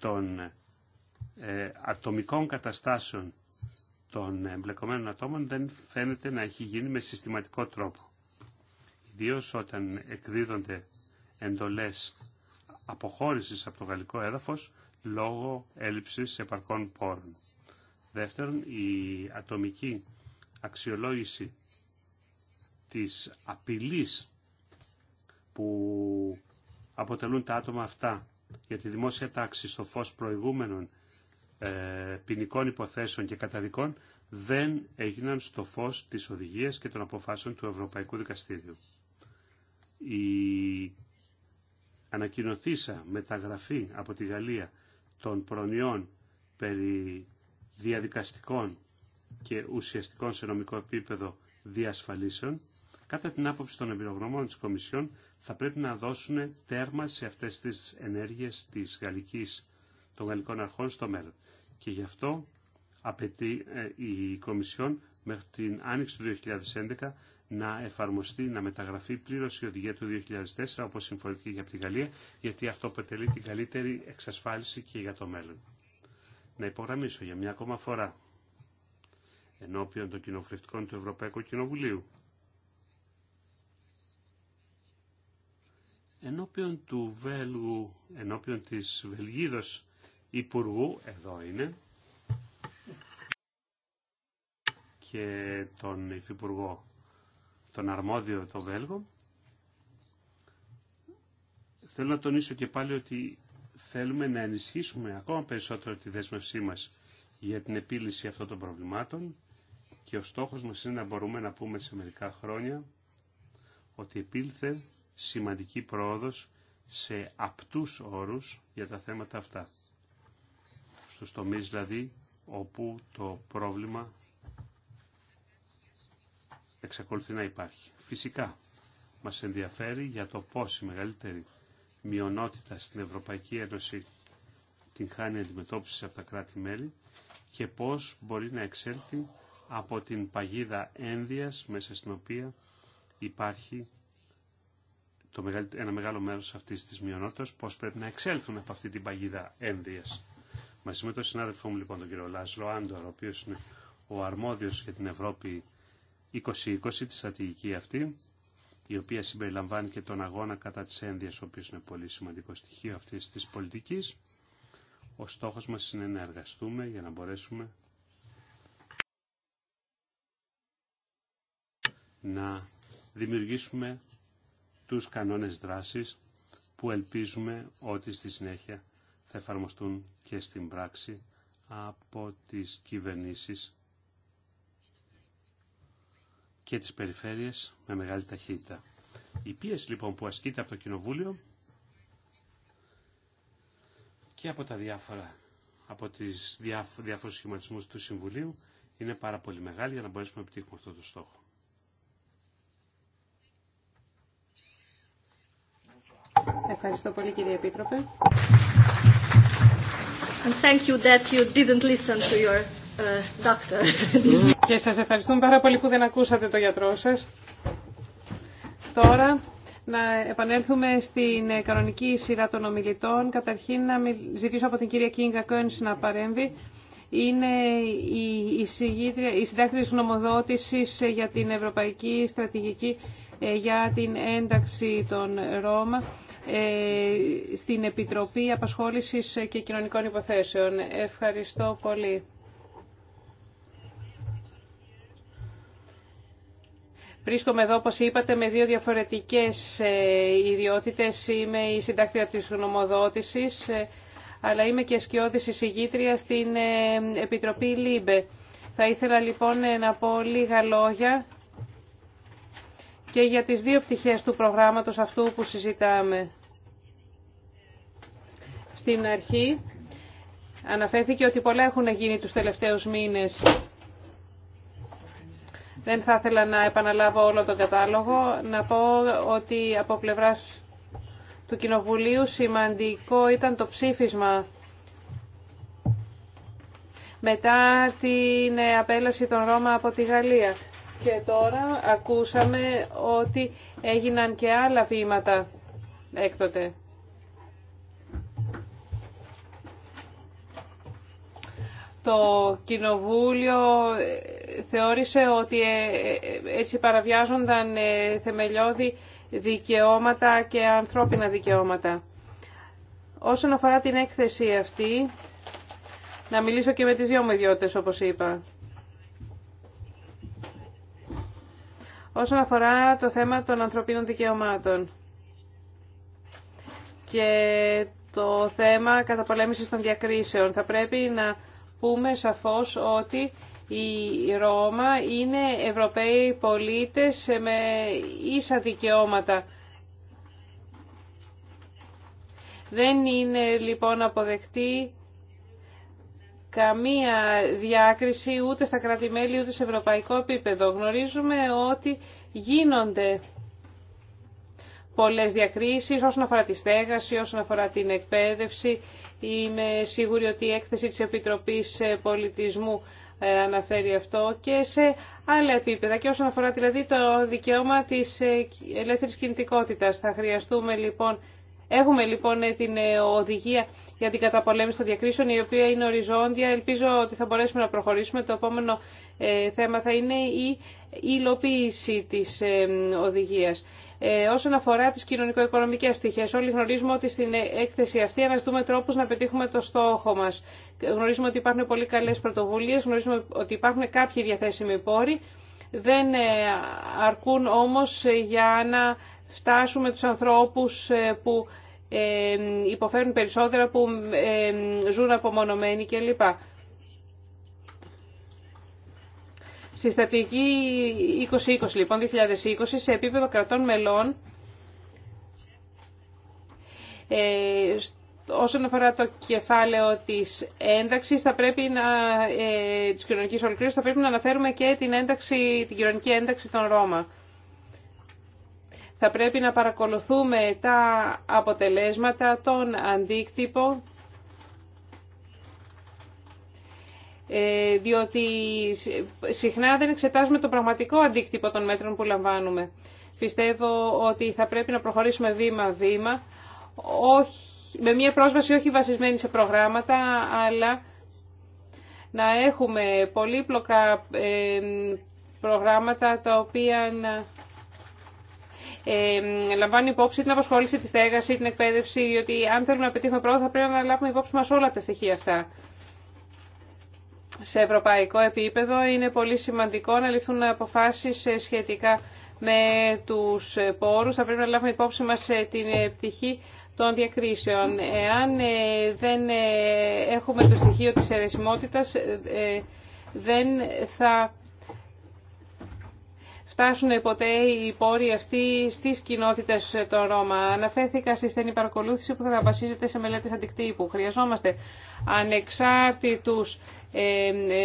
των ε, ατομικών καταστάσεων των εμπλεκομένων ατόμων δεν φαίνεται να έχει γίνει με συστηματικό τρόπο. Ιδίω όταν εκδίδονται εντολές αποχώρησης από το γαλλικό έδαφος λόγω έλλειψης επαρκών πόρων. Δεύτερον, η ατομική αξιολόγηση της απειλής που αποτελούν τα άτομα αυτά για τη δημόσια τάξη στο φως προηγούμενων ε, ποινικών υποθέσεων και καταδικών δεν έγιναν στο φως της οδηγίας και των αποφάσεων του Ευρωπαϊκού Δικαστήριου. Η ανακοινωθήσα μεταγραφή από τη Γαλλία των προνοιών περί διαδικαστικών και ουσιαστικών σε νομικό επίπεδο διασφαλίσεων Κατά την άποψη των εμπειρογνώμων της Κομισιόν θα πρέπει να δώσουν τέρμα σε αυτές τις ενέργειες της γαλλικής, των γαλλικών αρχών στο μέλλον. Και γι' αυτό απαιτεί ε, η Κομισιόν μέχρι την άνοιξη του 2011 να εφαρμοστεί, να μεταγραφεί πλήρω η οδηγία του 2004, όπω συμφωνήθηκε και από τη Γαλλία, γιατί αυτό αποτελεί την καλύτερη εξασφάλιση και για το μέλλον. Να υπογραμμίσω για μια ακόμα φορά ενώπιον των κοινοβουλευτικών του Ευρωπαϊκού Κοινοβουλίου ενώπιον του Βέλγου, ενώπιον της Βελγίδος Υπουργού, εδώ είναι, και τον Υφυπουργό, τον αρμόδιο το Βέλγο, θέλω να τονίσω και πάλι ότι θέλουμε να ενισχύσουμε ακόμα περισσότερο τη δέσμευσή μας για την επίλυση αυτών των προβλημάτων και ο στόχος μας είναι να μπορούμε να πούμε σε μερικά χρόνια ότι επήλθε σημαντική πρόοδος σε απτούς όρους για τα θέματα αυτά. Στους τομείς δηλαδή όπου το πρόβλημα εξακολουθεί να υπάρχει. Φυσικά μας ενδιαφέρει για το πώς η μεγαλύτερη μειονότητα στην Ευρωπαϊκή Ένωση την χάνει αντιμετώπιση από τα κράτη-μέλη και πώς μπορεί να εξέλθει από την παγίδα ένδυας μέσα στην οποία υπάρχει ένα μεγάλο μέρος αυτής της μειονότητας πώς πρέπει να εξέλθουν από αυτή την παγίδα ένδυας. Μαζί με τον συνάδελφό μου λοιπόν τον κύριο Λάσλο Άντορ, ο οποίος είναι ο αρμόδιος για την Ευρώπη 2020, τη στρατηγική αυτή, η οποία συμπεριλαμβάνει και τον αγώνα κατά της ένδυας, ο οποίος είναι πολύ σημαντικό στοιχείο αυτής της πολιτικής. Ο στόχος μας είναι να εργαστούμε για να μπορέσουμε να δημιουργήσουμε τους κανόνες δράσης που ελπίζουμε ότι στη συνέχεια θα εφαρμοστούν και στην πράξη από τις κυβερνήσεις και τις περιφέρειες με μεγάλη ταχύτητα. Η πίεση λοιπόν που ασκείται από το Κοινοβούλιο και από τα διάφορα από τις διάφορους σχηματισμούς του Συμβουλίου είναι πάρα πολύ μεγάλη για να μπορέσουμε να επιτύχουμε αυτό το στόχο. Ευχαριστώ πολύ κύριε Επίτροπε. And thank you that you didn't listen to your uh, doctor. Και σας ευχαριστούμε πάρα πολύ που δεν ακούσατε το γιατρό σας. Τώρα να επανέλθουμε στην ε, κανονική σειρά των ομιλητών. Καταρχήν να ζητήσω από την κυρία Κίνγκα Κόνς να παρέμβει. Είναι η, η συντάκτρια της νομοδότησης ε, για την Ευρωπαϊκή Στρατηγική ε, για την ένταξη των Ρώμα ε, στην Επιτροπή Απασχόλησης και Κοινωνικών Υποθέσεων. Ευχαριστώ πολύ. Βρίσκομαι εδώ, όπως είπατε, με δύο διαφορετικές ε, ιδιότητες. Είμαι η συντάκτρια της γνωμοδότησης, ε, αλλά είμαι και σκιώδης εισηγήτρια στην Επιτροπή ΛΥΜΠΕ. Θα ήθελα λοιπόν να πω λίγα λόγια και για τις δύο πτυχές του προγράμματος αυτού που συζητάμε. Στην αρχή αναφέρθηκε ότι πολλά έχουν γίνει τους τελευταίους μήνες. Δεν θα ήθελα να επαναλάβω όλο τον κατάλογο. Να πω ότι από πλευράς του Κοινοβουλίου σημαντικό ήταν το ψήφισμα μετά την απέλαση των Ρώμα από τη Γαλλία. Και τώρα ακούσαμε ότι έγιναν και άλλα βήματα έκτοτε. Το Κοινοβούλιο ε, θεώρησε ότι ε, ε, έτσι παραβιάζονταν θεμελιώδη δικαιώματα και ανθρώπινα δικαιώματα. Όσον αφορά την έκθεση αυτή, να μιλήσω και με τις δύο μου όπως είπα. όσον αφορά το θέμα των ανθρωπίνων δικαιωμάτων και το θέμα καταπολέμησης των διακρίσεων. Θα πρέπει να πούμε σαφώς ότι η Ρώμα είναι Ευρωπαίοι πολίτες με ίσα δικαιώματα. Δεν είναι λοιπόν αποδεκτή καμία διάκριση ούτε στα κράτη-μέλη ούτε σε ευρωπαϊκό επίπεδο. Γνωρίζουμε ότι γίνονται πολλές διακρίσεις όσον αφορά τη στέγαση, όσον αφορά την εκπαίδευση. Είμαι σίγουρη ότι η έκθεση της Επιτροπής Πολιτισμού ε, αναφέρει αυτό και σε άλλα επίπεδα και όσον αφορά δηλαδή το δικαίωμα της ε, ελεύθερης κινητικότητας. Θα χρειαστούμε λοιπόν Έχουμε λοιπόν ε, την ε, οδηγία για την καταπολέμηση των διακρίσεων, η οποία είναι οριζόντια. Ελπίζω ότι θα μπορέσουμε να προχωρήσουμε. Το επόμενο ε, θέμα θα είναι η υλοποίηση της οδηγίας. Όσον αφορά τις κοινωνικο-οικονομικές πτυχές, όλοι γνωρίζουμε ότι στην έκθεση αυτή αναζητούμε τρόπους να πετύχουμε το στόχο μας. Γνωρίζουμε ότι υπάρχουν πολύ καλές πρωτοβουλίες, γνωρίζουμε ότι υπάρχουν κάποιοι διαθέσιμοι πόροι, δεν αρκούν όμως για να φτάσουμε τους ανθρώπους ε, που ε, υποφέρουν περισσότερα, που ε, ζουν απομονωμένοι κλπ. Στη στρατηγική 2020, λοιπόν, 2020, σε επίπεδο κρατών μελών, ε, όσον αφορά το κεφάλαιο της ένταξης, θα πρέπει να, ε, της κοινωνικής ολοκλήρωσης, θα πρέπει να αναφέρουμε και την, ένταξη, την κοινωνική ένταξη των Ρώμα. Θα πρέπει να παρακολουθούμε τα αποτελέσματα, τον αντίκτυπο, ε, διότι συχνά δεν εξετάζουμε το πραγματικό αντίκτυπο των μέτρων που λαμβάνουμε. Πιστεύω ότι θα πρέπει να προχωρήσουμε βήμα-βήμα, με μια πρόσβαση όχι βασισμένη σε προγράμματα, αλλά να έχουμε πολύπλοκα ε, προγράμματα τα οποία να λαμβάνει υπόψη την απασχόληση, τη στέγαση, την εκπαίδευση, διότι αν θέλουμε να πετύχουμε πρόοδο θα πρέπει να λάβουμε υπόψη μας όλα τα στοιχεία αυτά. Σε ευρωπαϊκό επίπεδο είναι πολύ σημαντικό να ληφθούν αποφάσεις ε, σχετικά με τους ε, πόρους. Θα πρέπει να λάβουμε υπόψη μας ε, την πτυχή των διακρίσεων. Εάν δεν έχουμε το στοιχείο της αιρεσιμότητας, δεν θα φτάσουν ποτέ οι πόροι αυτοί στις κοινότητες των Ρώμα. Αναφέρθηκα στη στενή παρακολούθηση που θα βασίζεται σε μελέτες αντικτύπου. Χρειαζόμαστε ανεξάρτητους ε, ε,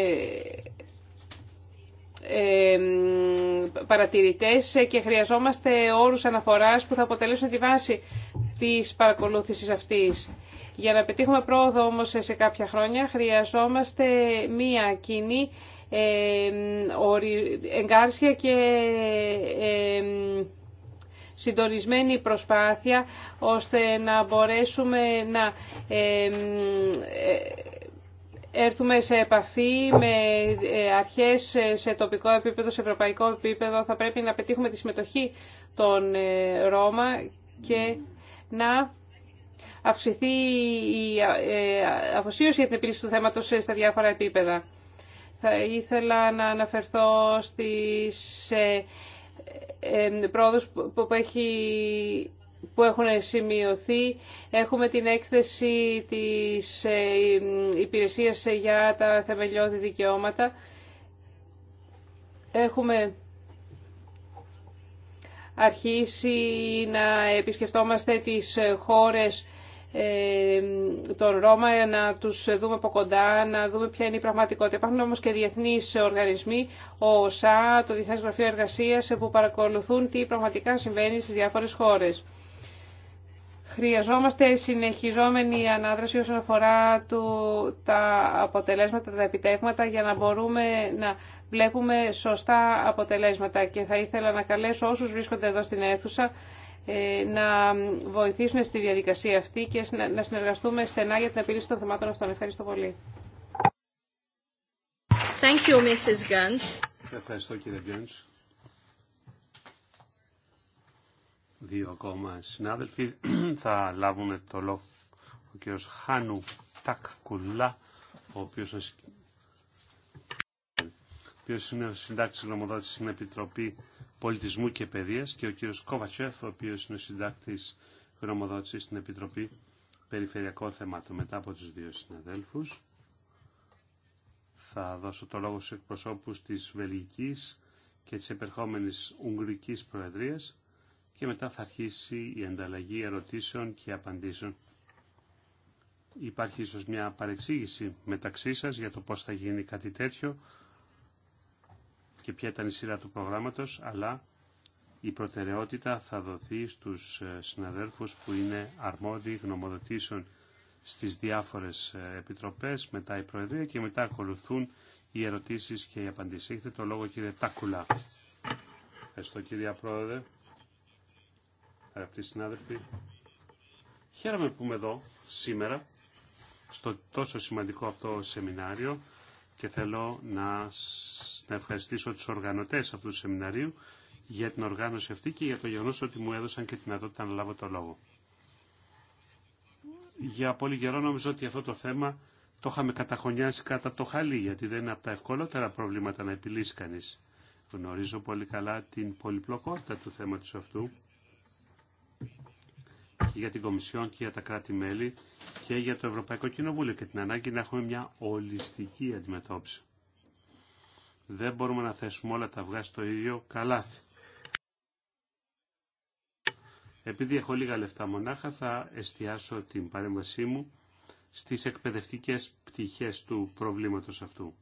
ε, παρατηρητές και χρειαζόμαστε όρους αναφοράς που θα αποτελέσουν τη βάση της παρακολούθησης αυτής. Για να πετύχουμε πρόοδο όμως σε κάποια χρόνια χρειαζόμαστε μία κοινή εγκάρσια και συντονισμένη προσπάθεια ώστε να μπορέσουμε να ε, έρθουμε σε επαφή με ε, αρχές σε τοπικό επίπεδο, σε ευρωπαϊκό επίπεδο. Θα πρέπει να πετύχουμε τη συμμετοχή των ε, Ρώμα και να αυξηθεί η αφοσίωση για την επίλυση του θέματος στα διάφορα επίπεδα. Θα ήθελα να αναφερθώ στις ε, ε, πρόοδους που έχει που έχουν σημειωθεί. Έχουμε την έκθεση της ε, Υπηρεσίας για τα θεμελιώδη δικαιώματα. Έχουμε αρχίσει να επισκεφτόμαστε τις χώρες ε, τον Ρώμα, να τους δούμε από κοντά, να δούμε ποια είναι η πραγματικότητα. Υπάρχουν όμως και διεθνείς οργανισμοί, ο ΣΑ, το Διεθνές Γραφείο Εργασίας, που παρακολουθούν τι πραγματικά συμβαίνει στις διάφορες χώρες. Χρειαζόμαστε συνεχιζόμενη ανάδραση όσον αφορά του, τα αποτελέσματα, τα επιτεύγματα για να μπορούμε να βλέπουμε σωστά αποτελέσματα. Και θα ήθελα να καλέσω όσους βρίσκονται εδώ στην αίθουσα ε, να βοηθήσουν στη διαδικασία αυτή και να συνεργαστούμε στενά για την επίλυση των θεμάτων αυτών. Ευχαριστώ πολύ. Thank you, Mrs. Ευχαριστώ κύριε Γκέντς. Δύο ακόμα συνάδελφοι θα λάβουν το λόγο. Ο κύριος Χάνου Τακκουλά ο οποίος είναι ο συντάξης γνωμοδότησης στην Επιτροπή Πολιτισμού και Παιδείας και ο κύριος Κόβατσεφ, ο οποίος είναι ο συντάκτης γνωμοδότησης στην Επιτροπή Περιφερειακών Θεμάτων. Μετά από τους δύο συναδέλφους θα δώσω το λόγο στους εκπροσώπους της Βελγικής και της επερχόμενης Ουγγρικής Προεδρίας και μετά θα αρχίσει η ανταλλαγή ερωτήσεων και απαντήσεων. Υπάρχει ίσως μια παρεξήγηση μεταξύ σας για το πώς θα γίνει κάτι τέτοιο και ποια ήταν η σειρά του προγράμματος, αλλά η προτεραιότητα θα δοθεί στους ε, συναδέλφους που είναι αρμόδιοι γνωμοδοτήσεων στις διάφορες ε, επιτροπές, μετά η Προεδρία και μετά ακολουθούν οι ερωτήσεις και οι απαντήσεις. Έχετε το λόγο κύριε Τάκουλα. Ευχαριστώ κύριε Πρόεδρε, αγαπητοί συνάδελφοι. Χαίρομαι που είμαι εδώ σήμερα, στο τόσο σημαντικό αυτό σεμινάριο και θέλω να, ευχαριστήσω τους οργανωτές αυτού του σεμιναρίου για την οργάνωση αυτή και για το γεγονός ότι μου έδωσαν και τη δυνατότητα να λάβω το λόγο. Για πολύ καιρό νομίζω ότι αυτό το θέμα το είχαμε καταχωνιάσει κατά το χαλί, γιατί δεν είναι από τα ευκολότερα προβλήματα να επιλύσει κανείς. Γνωρίζω πολύ καλά την πολυπλοκότητα του θέματος αυτού για την Κομισιόν και για τα κράτη-μέλη και για το Ευρωπαϊκό Κοινοβούλιο και την ανάγκη να έχουμε μια ολιστική αντιμετώπιση. Δεν μπορούμε να θέσουμε όλα τα αυγά στο ίδιο καλάθι. Επειδή έχω λίγα λεφτά μονάχα θα εστιάσω την παρέμβασή μου στις εκπαιδευτικές πτυχές του προβλήματος αυτού.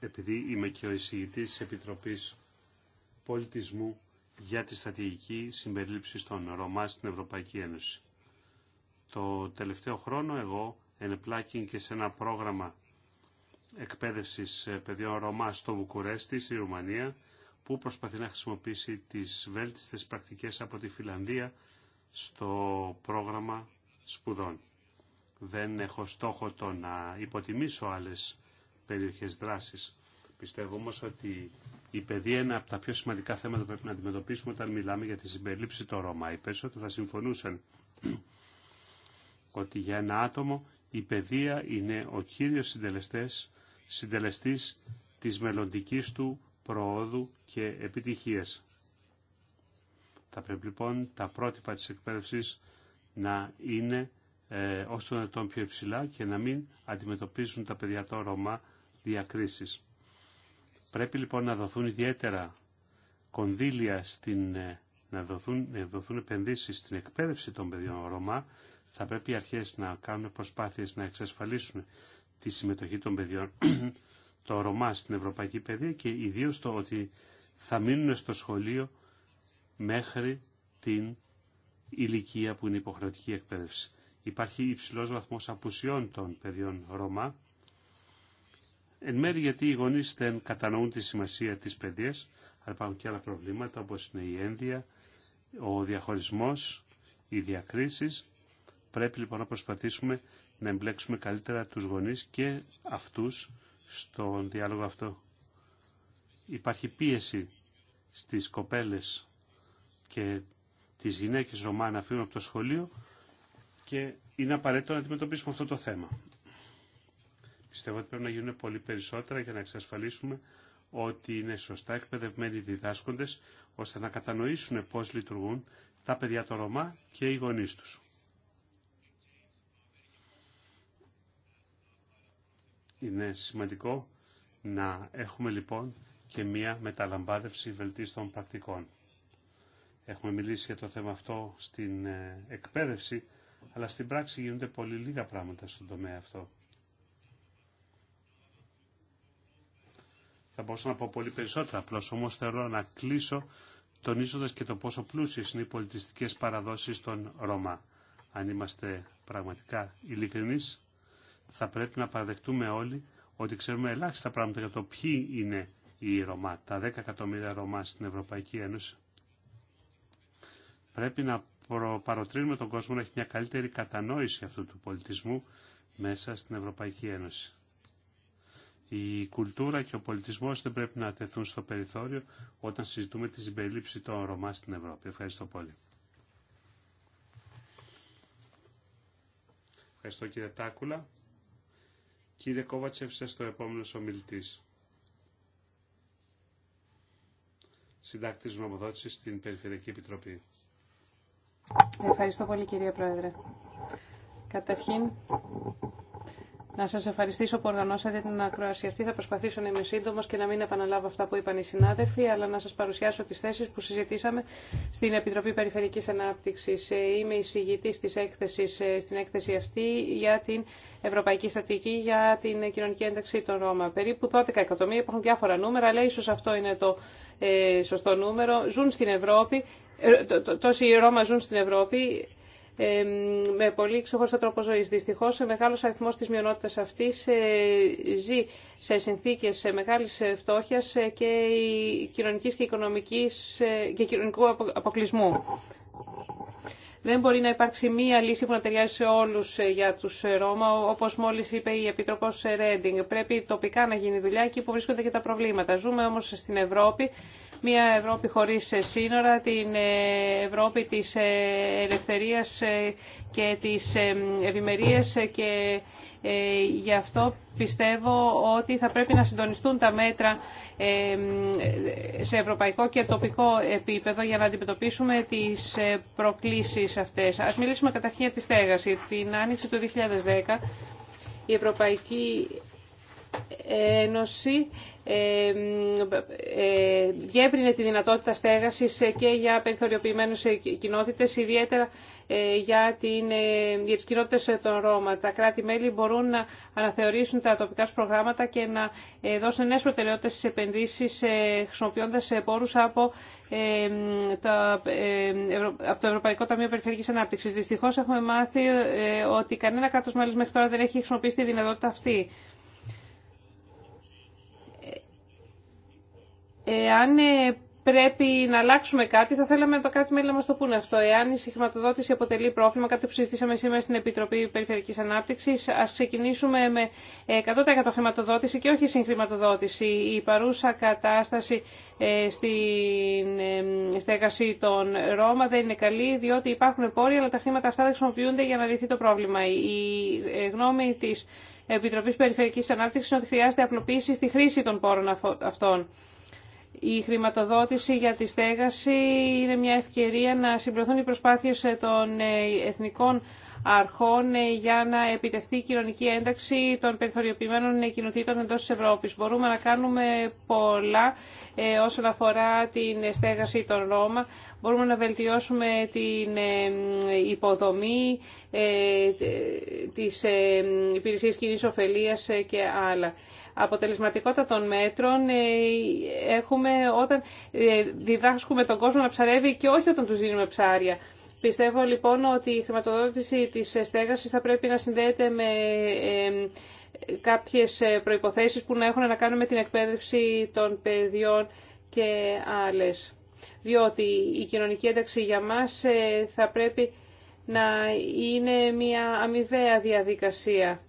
Επειδή είμαι και ο εισηγητής της Επιτροπής Πολιτισμού για τη στρατηγική συμπερίληψη των Ρωμά στην Ευρωπαϊκή Ένωση. Το τελευταίο χρόνο εγώ ενεπλάκην και σε ένα πρόγραμμα εκπαίδευσης ε, παιδιών Ρωμά στο Βουκουρέστι, στη Ρουμανία, που προσπαθεί να χρησιμοποιήσει τις βέλτιστες πρακτικές από τη Φιλανδία στο πρόγραμμα σπουδών. Δεν έχω στόχο το να υποτιμήσω άλλες περιοχές δράσης. Πιστεύω όμως ότι η παιδεία είναι από τα πιο σημαντικά θέματα που πρέπει να αντιμετωπίσουμε όταν μιλάμε για τη συμπερίληψη των Ρώμα. Οι περισσότεροι θα συμφωνούσαν ότι για ένα άτομο η παιδεία είναι ο κύριος συντελεστής, συντελεστής της μελλοντική του προόδου και επιτυχίας. Θα πρέπει λοιπόν τα πρότυπα της εκπαίδευσης να είναι ε, ως τον ετών πιο υψηλά και να μην αντιμετωπίσουν τα παιδιά των Ρωμά διακρίσεις. Πρέπει λοιπόν να δοθούν ιδιαίτερα κονδύλια στην, ε, να δοθούν, να δοθούν επενδύσεις στην εκπαίδευση των παιδιών Ρωμά. Θα πρέπει οι αρχές να κάνουν προσπάθειες να εξασφαλίσουν τη συμμετοχή των παιδιών το Ρωμά στην ευρωπαϊκή παιδεία και ιδίως το ότι θα μείνουν στο σχολείο μέχρι την ηλικία που είναι υποχρεωτική εκπαίδευση. Υπάρχει υψηλός βαθμός απουσιών των παιδιών Ρωμά Εν μέρει γιατί οι γονείς δεν κατανοούν τη σημασία της παιδείας, αλλά υπάρχουν και άλλα προβλήματα όπως είναι η ένδια, ο διαχωρισμός, οι διακρίσεις. Πρέπει λοιπόν να προσπαθήσουμε να εμπλέξουμε καλύτερα τους γονείς και αυτούς στον διάλογο αυτό. Υπάρχει πίεση στις κοπέλες και τις γυναίκες Ρωμά να φύγουν από το σχολείο και είναι απαραίτητο να αντιμετωπίσουμε αυτό το θέμα. Πιστεύω ότι πρέπει να γίνουν πολύ περισσότερα για να εξασφαλίσουμε ότι είναι σωστά εκπαιδευμένοι οι διδάσκοντες ώστε να κατανοήσουν πώς λειτουργούν τα παιδιά των Ρωμά και οι γονείς τους. Είναι σημαντικό να έχουμε λοιπόν και μία μεταλαμπάδευση βελτίστων πρακτικών. Έχουμε μιλήσει για το θέμα αυτό στην ε, εκπαίδευση, αλλά στην πράξη γίνονται πολύ λίγα πράγματα στον τομέα αυτό. Θα μπορούσα να πω πολύ περισσότερα, απλώ όμω θέλω να κλείσω τονίζοντα και το πόσο πλούσιε είναι οι πολιτιστικέ παραδόσει των Ρωμά. Αν είμαστε πραγματικά ειλικρινεί, θα πρέπει να παραδεχτούμε όλοι ότι ξέρουμε ελάχιστα πράγματα για το ποιοι είναι οι Ρωμά, τα 10 εκατομμύρια Ρωμά στην Ευρωπαϊκή Ένωση. Πρέπει να παροτρύνουμε τον κόσμο να έχει μια καλύτερη κατανόηση αυτού του πολιτισμού μέσα στην Ευρωπαϊκή Ένωση. Η κουλτούρα και ο πολιτισμός δεν πρέπει να τεθούν στο περιθώριο όταν συζητούμε τη συμπερίληψη των Ρωμά στην Ευρώπη. Ευχαριστώ πολύ. Ευχαριστώ κύριε Τάκουλα. Κύριε Κόβατσεφ, είστε το επόμενο ομιλητή. Συντάκτη νομοδότηση στην Περιφερειακή Επιτροπή. Ευχαριστώ πολύ κύριε Πρόεδρε. Καταρχήν, να σας ευχαριστήσω που οργανώσατε την ακρόαση αυτή. Θα προσπαθήσω να είμαι σύντομο και να μην επαναλάβω αυτά που είπαν οι συνάδελφοι, αλλά να σας παρουσιάσω τις θέσεις που συζητήσαμε στην Επιτροπή Περιφερική Ανάπτυξης. Είμαι εισηγητής της έκθεσης, ε, στην έκθεση αυτή για την Ευρωπαϊκή Στατική για την κοινωνική ένταξη των Ρώμα. Περίπου 12 εκατομμύρια, υπάρχουν διάφορα νούμερα, αλλά ίσως αυτό είναι το ε, σωστό νούμερο. Ζουν στην Ευρώπη, ε, τόσοι Ρώμα ζουν στην Ευρώπη, με πολύ ξεχωριστό τρόπο ζωής. Δυστυχώς, μεγάλος αριθμός της μειονότητας αυτής ε, ζει σε συνθήκες μεγάλης ε, φτώχειας ε, και κοινωνικής και, οικονομικής, και κοινωνικού αποκλεισμού. Δεν μπορεί να υπάρξει μία λύση που να ταιριάζει σε όλου ε, για του ε, Ρώμα, όπω μόλι είπε η Επιτροπό ε, Ρέντινγκ. Πρέπει τοπικά να γίνει δουλειά εκεί που βρίσκονται και τα προβλήματα. Ζούμε όμως στην Ευρώπη, μία Ευρώπη χωρί σύνορα, την Ευρώπη τη ελευθερία και της ευημερία και γι' αυτό πιστεύω ότι θα πρέπει να συντονιστούν τα μέτρα σε ευρωπαϊκό και τοπικό επίπεδο για να αντιμετωπίσουμε τις ε, προκλήσεις αυτές. Ας μιλήσουμε καταρχήν για τη στέγαση. Την άνοιξη του 2010 η Ευρωπαϊκή Ένωση ε, ε, διέπρινε τη δυνατότητα στέγασης ε, και για περιθωριοποιημένους ε, κοινότητες, ιδιαίτερα ε, για, την, ε, για τις κοινότητες ε, των Ρώμα. Τα κράτη-μέλη μπορούν να αναθεωρήσουν τα τοπικά τους προγράμματα και να δώσουν νέες προτεραιότητες στις επενδύσεις χρησιμοποιώντας πόρους από, από το Ευρωπαϊκό Ταμείο Περιφερειακής Ανάπτυξης. Δυστυχώς έχουμε μάθει ότι κανένα κράτος μέλος μέχρι τώρα δεν έχει χρησιμοποιήσει τη δυνατότητα αυτή. Εάν πρέπει να αλλάξουμε κάτι, θα θέλαμε το κράτη μέλη να μα το πούνε αυτό. Εάν η συγχρηματοδότηση αποτελεί πρόβλημα, κάτι που συζητήσαμε σήμερα στην Επιτροπή Περιφερειακή Ανάπτυξη, α ξεκινήσουμε με 100% ε, χρηματοδότηση και όχι συγχρηματοδότηση. Η παρούσα κατάσταση ε, στην ε, στέγαση των Ρώμα δεν είναι καλή, διότι υπάρχουν πόροι, αλλά τα χρήματα αυτά δεν χρησιμοποιούνται για να λυθεί το πρόβλημα. Η γνώμη τη Επιτροπή Περιφερειακή Ανάπτυξη είναι ότι χρειάζεται απλοποίηση στη χρήση των πόρων αυτών. Η χρηματοδότηση για τη στέγαση είναι μια ευκαιρία να συμπληρωθούν οι προσπάθειες ε, των ε, εθνικών αρχών ε, για να επιτευχθεί η κοινωνική ένταξη των περιθωριοποιημένων κοινοτήτων εντός της Ευρώπης. Μπορούμε να κάνουμε πολλά όσον αφορά την στέγαση των Ρώμα. Μπορούμε να βελτιώσουμε την υποδομή της υπηρεσίας κοινής ωφελίας και άλλα αποτελεσματικότητα των μέτρων ε, έχουμε όταν ε, διδάσκουμε τον κόσμο να ψαρεύει και όχι όταν τους δίνουμε ψάρια. Πιστεύω λοιπόν ότι η χρηματοδότηση της στέγασης θα πρέπει να συνδέεται με κάποιες ε, προϋποθέσεις που να έχουν να κάνουν με την εκπαίδευση των παιδιών και άλλες. Διότι η κοινωνική ένταξη για μας θα πρέπει να είναι μια αμοιβαία διαδικασία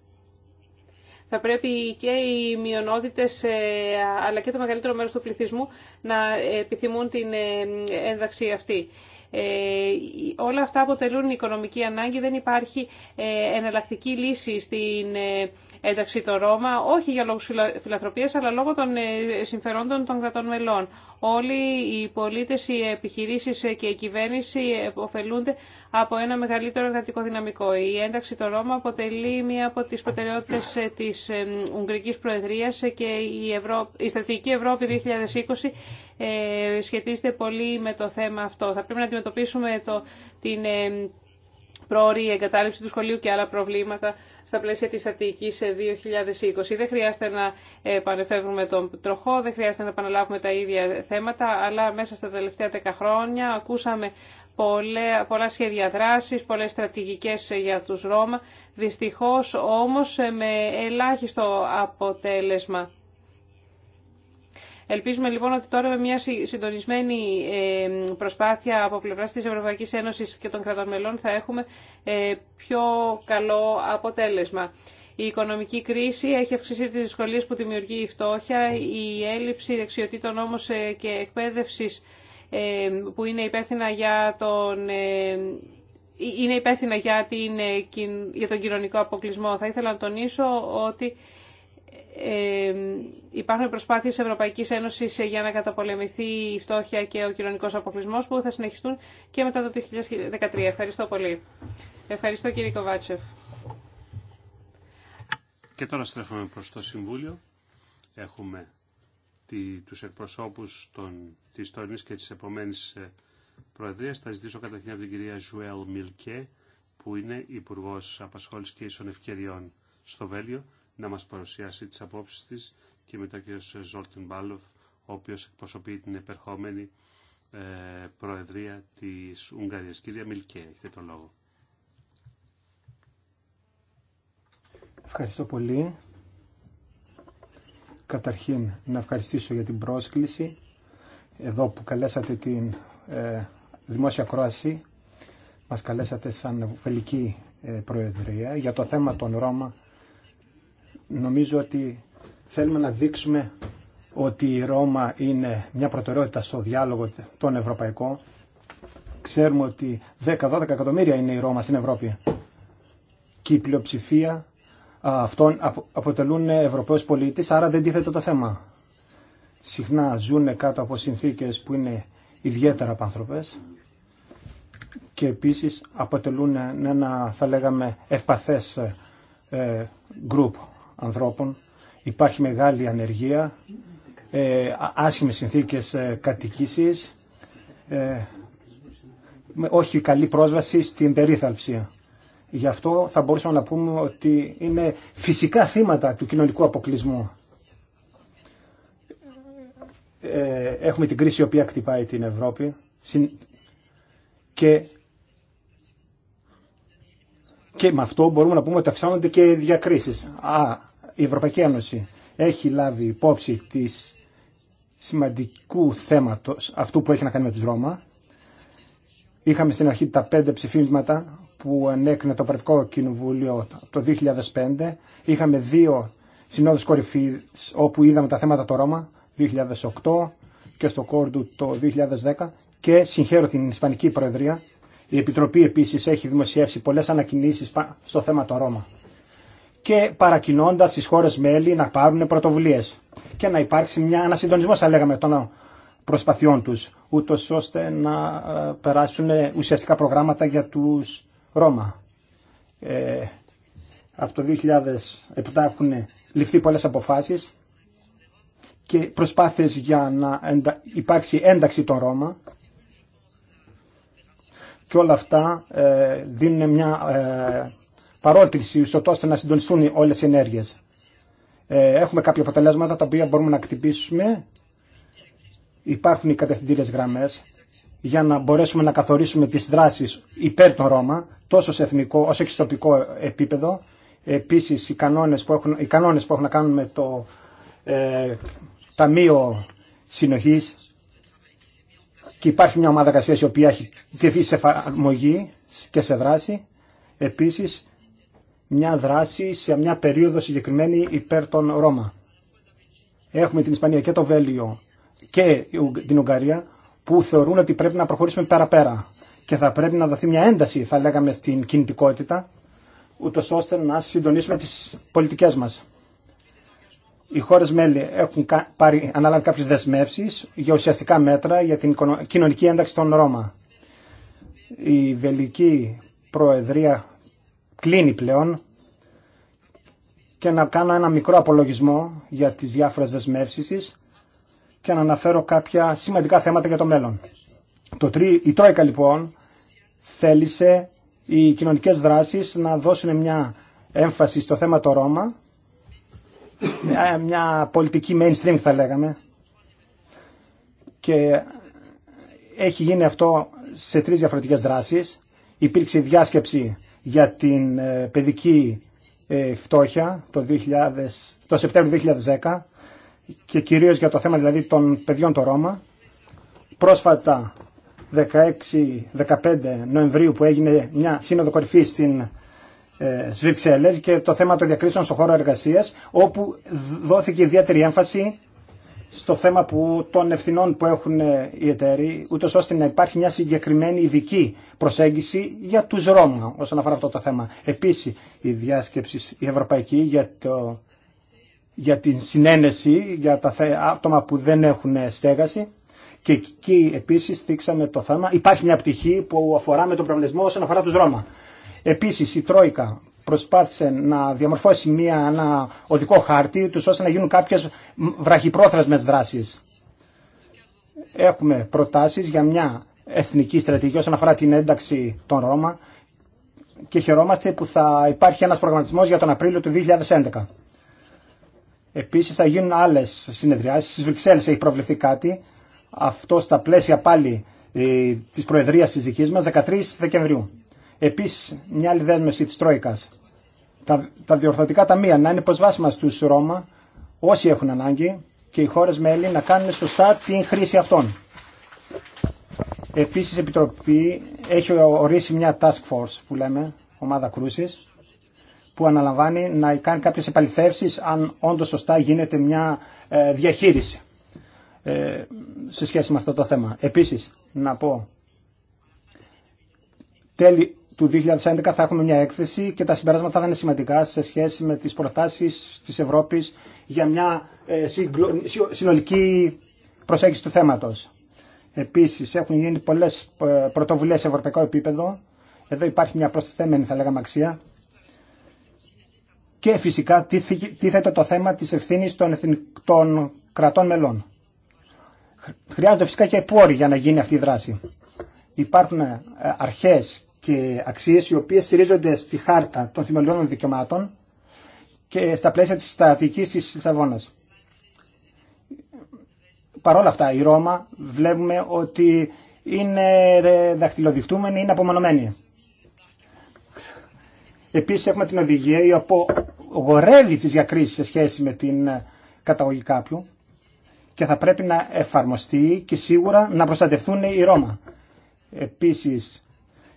θα πρέπει και οι μειονότητε, ε, αλλά και το μεγαλύτερο μέρος του πληθυσμού να επιθυμούν την ε, ένταξη αυτή. Ε, όλα αυτά αποτελούν οικονομική ανάγκη, δεν υπάρχει εναλλακτική λύση στην ένταξη το Ρώμα, όχι για λόγους φιλαθροπίας, αλλά λόγω των ε, συμφερόντων των κρατών μελών. Όλοι οι πολίτες, οι επιχειρήσεις ε, και η κυβέρνηση ε, ωφελούνται από ένα μεγαλύτερο εργατικό δυναμικό. Η ένταξη το Ρώμα αποτελεί μία από τις προτεραιότητες της Ουγγρικής Προεδρίας και η, Ευρώ... Στρατηγική Ευρώπη 2020 σχετίζεται πολύ με το θέμα αυτό. Θα πρέπει να αντιμετωπίσουμε το... την πρόορη εγκατάλειψη του σχολείου και άλλα προβλήματα στα πλαίσια της στρατηγικής 2020. Δεν χρειάζεται να επανεφεύγουμε τον τροχό, δεν χρειάζεται να επαναλάβουμε τα ίδια θέματα, αλλά μέσα στα τελευταία 10 χρόνια ακούσαμε πολλά, πολλά σχέδια δράσης, πολλές στρατηγικές για τους Ρώμα, δυστυχώς όμως με ελάχιστο αποτέλεσμα. Ελπίζουμε λοιπόν ότι τώρα με μια συντονισμένη ε, προσπάθεια από πλευρά τη Ευρωπαϊκή Ένωσης και των κρατών μελών θα έχουμε ε, πιο καλό αποτέλεσμα. Η οικονομική κρίση έχει αυξήσει τις δυσκολίες που δημιουργεί η φτώχεια, η έλλειψη δεξιοτήτων όμως ε, και εκπαίδευσης που είναι υπεύθυνα για τον είναι υπεύθυνα για, την, για τον κοινωνικό αποκλεισμό. Θα ήθελα να τονίσω ότι υπάρχουν προσπάθειες Ευρωπαϊκής Ένωσης για να καταπολεμηθεί η φτώχεια και ο κοινωνικός αποκλεισμός που θα συνεχιστούν και μετά το 2013. Ευχαριστώ πολύ. Ευχαριστώ κύριε Κοβάτσεφ. Και τώρα στρέφουμε προς το Συμβούλιο. Έχουμε τη, τους εκπροσώπους των, της τωρινής και της επομένης ε, Προεδρίας. Θα ζητήσω καταρχήν από την κυρία Ζουέλ Μιλκέ, που είναι Υπουργός Απασχόλησης και Ίσων Ευκαιριών στο Βέλιο, να μας παρουσιάσει τις απόψεις της και μετά ο κ. Ζόλτιν Μπάλοφ, ο οποίος εκπροσωπεί την επερχόμενη ε, Προεδρία της Ουγγαρίας. Κυρία Μιλκέ, έχετε τον λόγο. Ευχαριστώ πολύ. Καταρχήν να ευχαριστήσω για την πρόσκληση εδώ που καλέσατε την ε, δημόσια κρόαση μας καλέσατε σαν φελική ε, προεδρία για το θέμα των Ρώμα Νομίζω ότι θέλουμε να δείξουμε ότι η Ρώμα είναι μια προτεραιότητα στο διάλογο των ευρωπαικων ξερουμε Ξέρουμε ότι 10-12 εκατομμύρια είναι η Ρώμα στην Ευρώπη και η πλειοψηφία αυτών αποτελούν Ευρωπαίους πολίτες, άρα δεν τίθεται το θέμα. Συχνά ζουν κάτω από συνθήκες που είναι ιδιαίτερα ανθρωπές. και επίσης αποτελούν ένα, θα λέγαμε, ευπαθές γκρουπ ε, ανθρώπων, υπάρχει μεγάλη ανεργία, ε, άσχημες συνθήκες ε, ε όχι καλή πρόσβαση στην περίθαλψη. Γι' αυτό θα μπορούσαμε να πούμε ότι είναι φυσικά θύματα του κοινωνικού αποκλεισμού. Ε, έχουμε την κρίση η οποία χτυπάει την Ευρώπη και, και με αυτό μπορούμε να πούμε ότι αυξάνονται και διακρίσεις. Α, η Ευρωπαϊκή Ένωση έχει λάβει υπόψη της σημαντικού θέματος αυτού που έχει να κάνει με τους Ρώμα. Είχαμε στην αρχή τα πέντε ψηφίσματα που ανέκρινε το Πρακτικό Κοινοβούλιο το 2005. Είχαμε δύο συνόδους κορυφής όπου είδαμε τα θέματα το Ρώμα 2008 και στο Κόρντου το 2010 και συγχαίρω την Ισπανική Προεδρία. Η Επιτροπή επίσης έχει δημοσιεύσει πολλές ανακοινήσεις στο θέμα το Ρώμα και παρακινώντα τι χώρες μέλη να πάρουν πρωτοβουλίε και να υπάρξει μια, ένα συντονισμό, θα λέγαμε, των προσπαθειών τους, ούτω ώστε να ε, περάσουν ουσιαστικά προγράμματα για τους Ρώμα. Ε, από το 2007 έχουν ληφθεί πολλές αποφάσεις και προσπάθειες για να υπάρξει ένταξη των Ρώμα και όλα αυτά ε, δίνουν μια ε, παρότριση, ώστε να συντονιστούν όλες οι ενέργειες. Ε, έχουμε κάποια αποτελέσματα τα οποία μπορούμε να κτυπήσουμε. Υπάρχουν οι κατευθυντήριες γραμμές για να μπορέσουμε να καθορίσουμε τις δράσεις υπέρ των Ρώμα, τόσο σε εθνικό όσο και σε τοπικό επίπεδο. Επίσης, οι κανόνες που έχουν, οι κανόνες που έχουν να κάνουν με το ε, Ταμείο Συνοχής και υπάρχει μια ομάδα εργασία η οποία έχει τεθεί σε εφαρμογή και σε δράση. Επίσης, μια δράση σε μια περίοδο συγκεκριμένη υπέρ των Ρώμα. Έχουμε την Ισπανία και το Βέλιο και την Ουγγαρία που θεωρούν ότι πρέπει να προχωρήσουμε πέρα-πέρα και θα πρέπει να δοθεί μια ένταση, θα λέγαμε, στην κινητικότητα, ούτω ώστε να συντονίσουμε τι πολιτικέ μα. Οι χώρε μέλη έχουν πάρει, αναλάβει κάποιε δεσμεύσει για ουσιαστικά μέτρα για την κοινωνική ένταξη των Ρώμα. Η Βελική Προεδρία κλείνει πλέον και να κάνω ένα μικρό απολογισμό για τις διάφορες δεσμεύσεις και να αναφέρω κάποια σημαντικά θέματα για το μέλλον. Το τρί, η Τρόικα λοιπόν θέλησε οι κοινωνικές δράσεις να δώσουν μια έμφαση στο θέμα το Ρώμα, μια πολιτική mainstream θα λέγαμε και έχει γίνει αυτό σε τρεις διαφορετικές δράσεις. Υπήρξε διάσκεψη για την ε, παιδική ε, φτώχεια το, 2000, το Σεπτέμβριο 2010 και κυρίως για το θέμα δηλαδή των παιδιών το Ρώμα. Πρόσφατα 16-15 Νοεμβρίου που έγινε μια σύνοδο κορυφή στην ε, και το θέμα των διακρίσεων στον χώρο εργασίας όπου δόθηκε ιδιαίτερη έμφαση στο θέμα που, των ευθυνών που έχουν ε, οι εταίροι, ούτω ώστε να υπάρχει μια συγκεκριμένη ειδική προσέγγιση για του Ρώμα όσον αφορά αυτό το θέμα. Επίση, η διάσκεψη η ευρωπαϊκή για, το, για την συνένεση για τα άτομα που δεν έχουν στέγαση. Και εκεί επίση θίξαμε το θέμα. Υπάρχει μια πτυχή που αφορά με τον προβλεσμό όσον αφορά του Ρώμα. Επίση, η Τρόικα προσπάθησε να διαμορφώσει μια, ένα οδικό χάρτη τους ώστε να γίνουν κάποιες βραχυπρόθεσμες δράσεις. Έχουμε προτάσεις για μια εθνική στρατηγική όσον αφορά την ένταξη των Ρώμα και χαιρόμαστε που θα υπάρχει ένας προγραμματισμός για τον Απρίλιο του 2011. Επίσης θα γίνουν άλλες συνεδριάσεις. Στις Βρυξέλλες έχει προβληθεί κάτι. Αυτό στα πλαίσια πάλι ε, της Προεδρίας της δικής μας, 13 Δεκεμβρίου. Επίσης, μια άλλη δέσμευση τη τροϊκα. Τα, τα διορθωτικά ταμεία να είναι προσβάσιμα στους Ρώμα όσοι έχουν ανάγκη και οι χώρες μέλη να κάνουν σωστά την χρήση αυτών. Επίσης, η Επιτροπή έχει ορίσει μια task force που λέμε, ομάδα κρούση, που αναλαμβάνει να κάνει κάποιες επαληθεύσει αν όντω σωστά γίνεται μια ε, διαχείριση ε, σε σχέση με αυτό το θέμα. Επίσης, να πω, τέλη του 2011 θα έχουμε μια έκθεση και τα συμπεράσματα θα είναι σημαντικά σε σχέση με τις προτάσεις της Ευρώπης για μια ε, συνολική προσέγγιση του θέματος. Επίσης έχουν γίνει πολλές ε, πρωτοβουλίες σε ευρωπαϊκό επίπεδο. Εδώ υπάρχει μια προστιθέμενη θα λέγαμε αξία. Και φυσικά τι τίθεται το θέμα της ευθύνης των κρατών μελών. Χρειάζονται φυσικά και πόροι για να γίνει αυτή η δράση. Υπάρχουν ε, αρχές και αξίες οι οποίες στηρίζονται στη χάρτα των θεμελιών δικαιωμάτων και στα πλαίσια της στρατηγικής της Λισαβόνα. Παρ' όλα αυτά η Ρώμα βλέπουμε ότι είναι δαχτυλοδειχτούμενη, είναι απομονωμένη. Επίσης έχουμε την οδηγία η οποία γορεύει τις διακρίσεις σε σχέση με την καταγωγή κάποιου και θα πρέπει να εφαρμοστεί και σίγουρα να προστατευτούν οι Ρώμα. Επίσης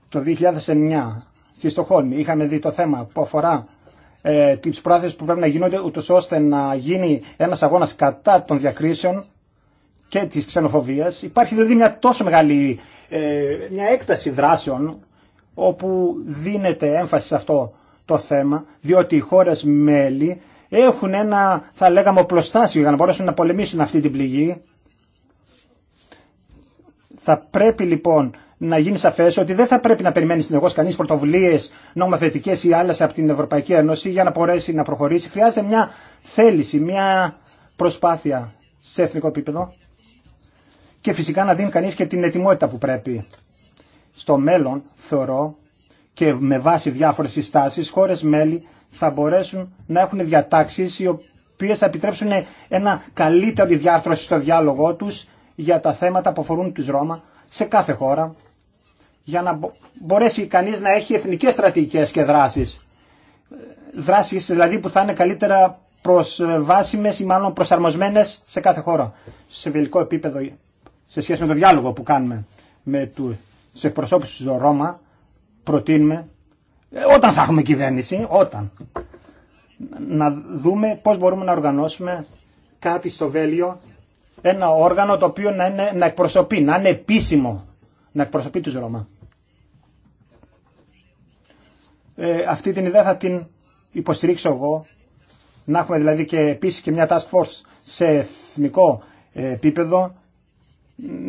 το 2009 στη Στοχόλμη είχαμε δει το θέμα που αφορά ε, τις που πρέπει να γίνονται ούτω ώστε να γίνει ένας αγώνας κατά των διακρίσεων και τη ξενοφοβία. Υπάρχει δηλαδή μια τόσο μεγάλη ε, μια έκταση δράσεων όπου δίνεται έμφαση σε αυτό το θέμα διότι οι χώρες μέλη έχουν ένα θα λέγαμε οπλοστάσιο για να μπορέσουν να πολεμήσουν αυτή την πληγή. Θα πρέπει λοιπόν να γίνει σαφέ ότι δεν θα πρέπει να περιμένει συνεχώ κανεί πρωτοβουλίε νομοθετικέ ή άλλε από την Ευρωπαϊκή Ένωση για να μπορέσει να προχωρήσει. Χρειάζεται μια θέληση, μια προσπάθεια σε εθνικό επίπεδο και φυσικά να δίνει κανεί και την ετοιμότητα που πρέπει. Στο μέλλον, θεωρώ και με βάση διάφορε συστάσει, χώρε μέλη θα μπορέσουν να έχουν διατάξει οι οποίε θα επιτρέψουν ένα καλύτερο διάρθρωση στο διάλογό του για τα θέματα που αφορούν του Ρώμα σε κάθε χώρα για να μπορέσει κανείς να έχει εθνικές στρατηγικές και δράσεις. Δράσεις δηλαδή που θα είναι καλύτερα προσβάσιμες ή μάλλον προσαρμοσμένες σε κάθε χώρα. Σε βελικό επίπεδο σε σχέση με το διάλογο που κάνουμε με του εκπροσώπους του Ρώμα προτείνουμε ε, όταν θα έχουμε κυβέρνηση, όταν να δούμε πώς μπορούμε να οργανώσουμε κάτι στο Βέλιο ένα όργανο το οποίο να, είναι, να εκπροσωπεί, να είναι επίσημο να εκπροσωπεί τους Ρώμα ε, αυτή την ιδέα θα την υποστηρίξω εγώ. Να έχουμε δηλαδή και επίσης και μια task force σε εθνικό ε, επίπεδο,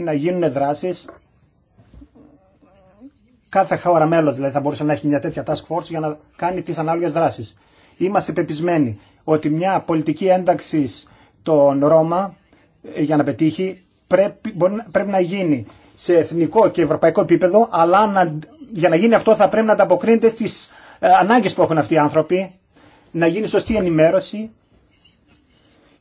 να γίνουν δράσεις. Κάθε χώρα μέλο δηλαδή θα μπορούσε να έχει μια τέτοια task force για να κάνει τις ανάλογε δράσεις. Είμαστε πεπισμένοι ότι μια πολιτική ένταξη των Ρώμα ε, για να πετύχει πρέπει, πρέπει να γίνει σε εθνικό και ευρωπαϊκό επίπεδο αλλά να για να γίνει αυτό θα πρέπει να ανταποκρίνεται στις ε, ανάγκες που έχουν αυτοί οι άνθρωποι, να γίνει σωστή ενημέρωση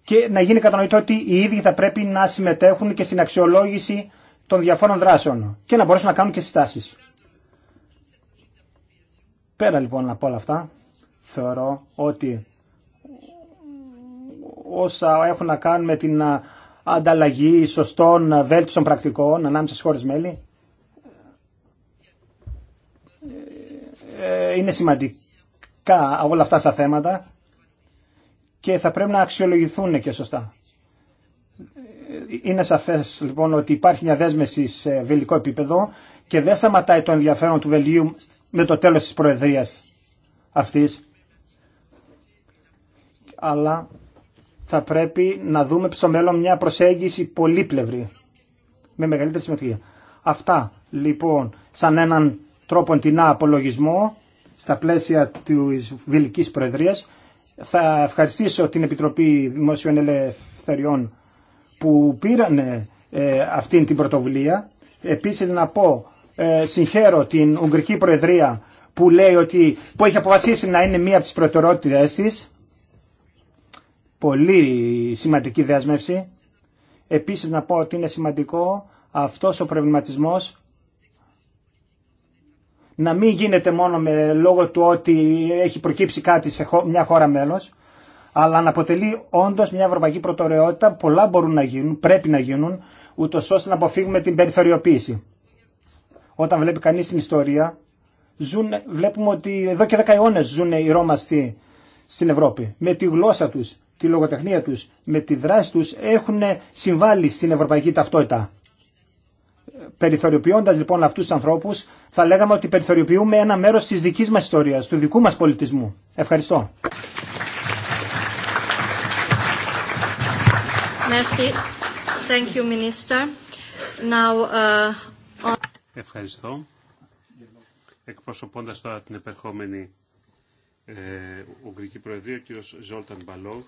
και να γίνει κατανοητό ότι οι ίδιοι θα πρέπει να συμμετέχουν και στην αξιολόγηση των διαφόρων δράσεων και να μπορέσουν να κάνουν και συστάσεις. Πέρα λοιπόν από όλα αυτά, θεωρώ ότι όσα έχουν να κάνουν με την ε, ανταλλαγή σωστών ε, βέλτιστων πρακτικών ανάμεσα στις χώρες μέλη, είναι σημαντικά όλα αυτά τα θέματα και θα πρέπει να αξιολογηθούν και σωστά. Είναι σαφές λοιπόν ότι υπάρχει μια δέσμευση σε βελικό επίπεδο και δεν σταματάει το ενδιαφέρον του Βελγίου με το τέλος της προεδρίας αυτής. Αλλά θα πρέπει να δούμε στο μέλλον μια προσέγγιση πολύπλευρη με μεγαλύτερη συμμετοχή. Αυτά λοιπόν σαν έναν τρόπο την απολογισμό στα πλαίσια της Βιλικής Προεδρίας. Θα ευχαριστήσω την Επιτροπή Δημόσιων Ελευθεριών που πήραν ε, αυτήν την πρωτοβουλία. Επίσης να πω, ε, συγχαίρω την Ουγγρική Προεδρία που λέει ότι, που έχει αποφασίσει να είναι μία από τις προτεραιότητες Πολύ σημαντική δέσμευση. Επίσης να πω ότι είναι σημαντικό αυτός ο προβληματισμός να μην γίνεται μόνο με λόγο του ότι έχει προκύψει κάτι σε μια χώρα μέλος, αλλά να αποτελεί όντως μια ευρωπαϊκή προτεραιότητα, πολλά μπορούν να γίνουν, πρέπει να γίνουν, ούτω ώστε να αποφύγουμε την περιθωριοποίηση. Όταν βλέπει κανεί την ιστορία, ζουν, βλέπουμε ότι εδώ και δέκα αιώνε ζουν οι Ρώμα στην Ευρώπη. Με τη γλώσσα του, τη λογοτεχνία του, με τη δράση του έχουν συμβάλει στην ευρωπαϊκή ταυτότητα περιθωριοποιώντα λοιπόν αυτού του ανθρώπου, θα λέγαμε ότι περιθωριοποιούμε ένα μέρο τη δική μα ιστορία, του δικού μα πολιτισμού. Ευχαριστώ. Uh, Ευχαριστώ. Εκπροσωπώντα τώρα την επερχόμενη ε, Ουγγρική Προεδρία, ο κ. Ζόλταν Μπαλόγ,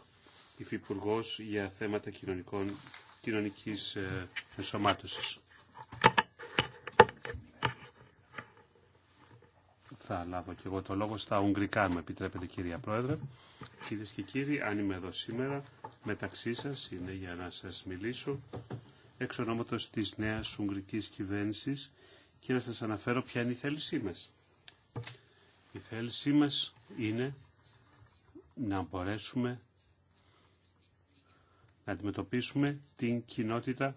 υφυπουργό για θέματα κοινωνικών, κοινωνικής ε, ενσωμάτωσης. θα λάβω και εγώ το λόγο στα Ουγγρικά, με επιτρέπετε κυρία Πρόεδρε. Κυρίε και κύριοι, αν είμαι εδώ σήμερα μεταξύ σας είναι για να σας μιλήσω εξ ονόματος της νέας Ουγγρικής κυβέρνησης και να σας αναφέρω ποια είναι η θέλησή μας. Η θέλησή μας είναι να μπορέσουμε να αντιμετωπίσουμε την κοινότητα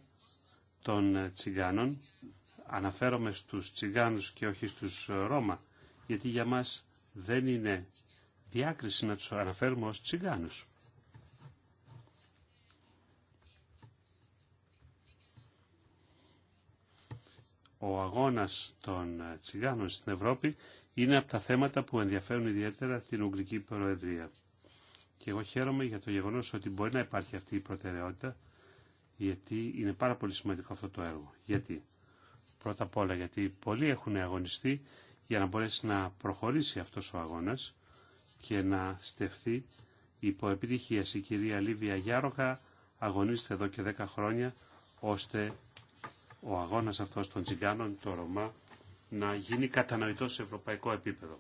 των τσιγκάνων. Αναφέρομαι στους τσιγκάνους και όχι στους Ρώμα, γιατί για μας δεν είναι διάκριση να τους αναφέρουμε ως τσιγκάνους. Ο αγώνας των ε, τσιγκάνων στην Ευρώπη είναι από τα θέματα που ενδιαφέρουν ιδιαίτερα την Ουγγρική Προεδρία. Και εγώ χαίρομαι για το γεγονός ότι μπορεί να υπάρχει αυτή η προτεραιότητα, γιατί είναι πάρα πολύ σημαντικό αυτό το έργο. Γιατί, πρώτα απ' όλα, γιατί πολλοί έχουν αγωνιστεί για να μπορέσει να προχωρήσει αυτός ο αγώνας και να στεφθεί υπό επιτυχία. Η κυρία Λίβια Γιάρογα αγωνίστε εδώ και 10 χρόνια ώστε ο αγώνας αυτός των τσιγκάνων, το Ρωμά, να γίνει κατανοητό σε ευρωπαϊκό επίπεδο.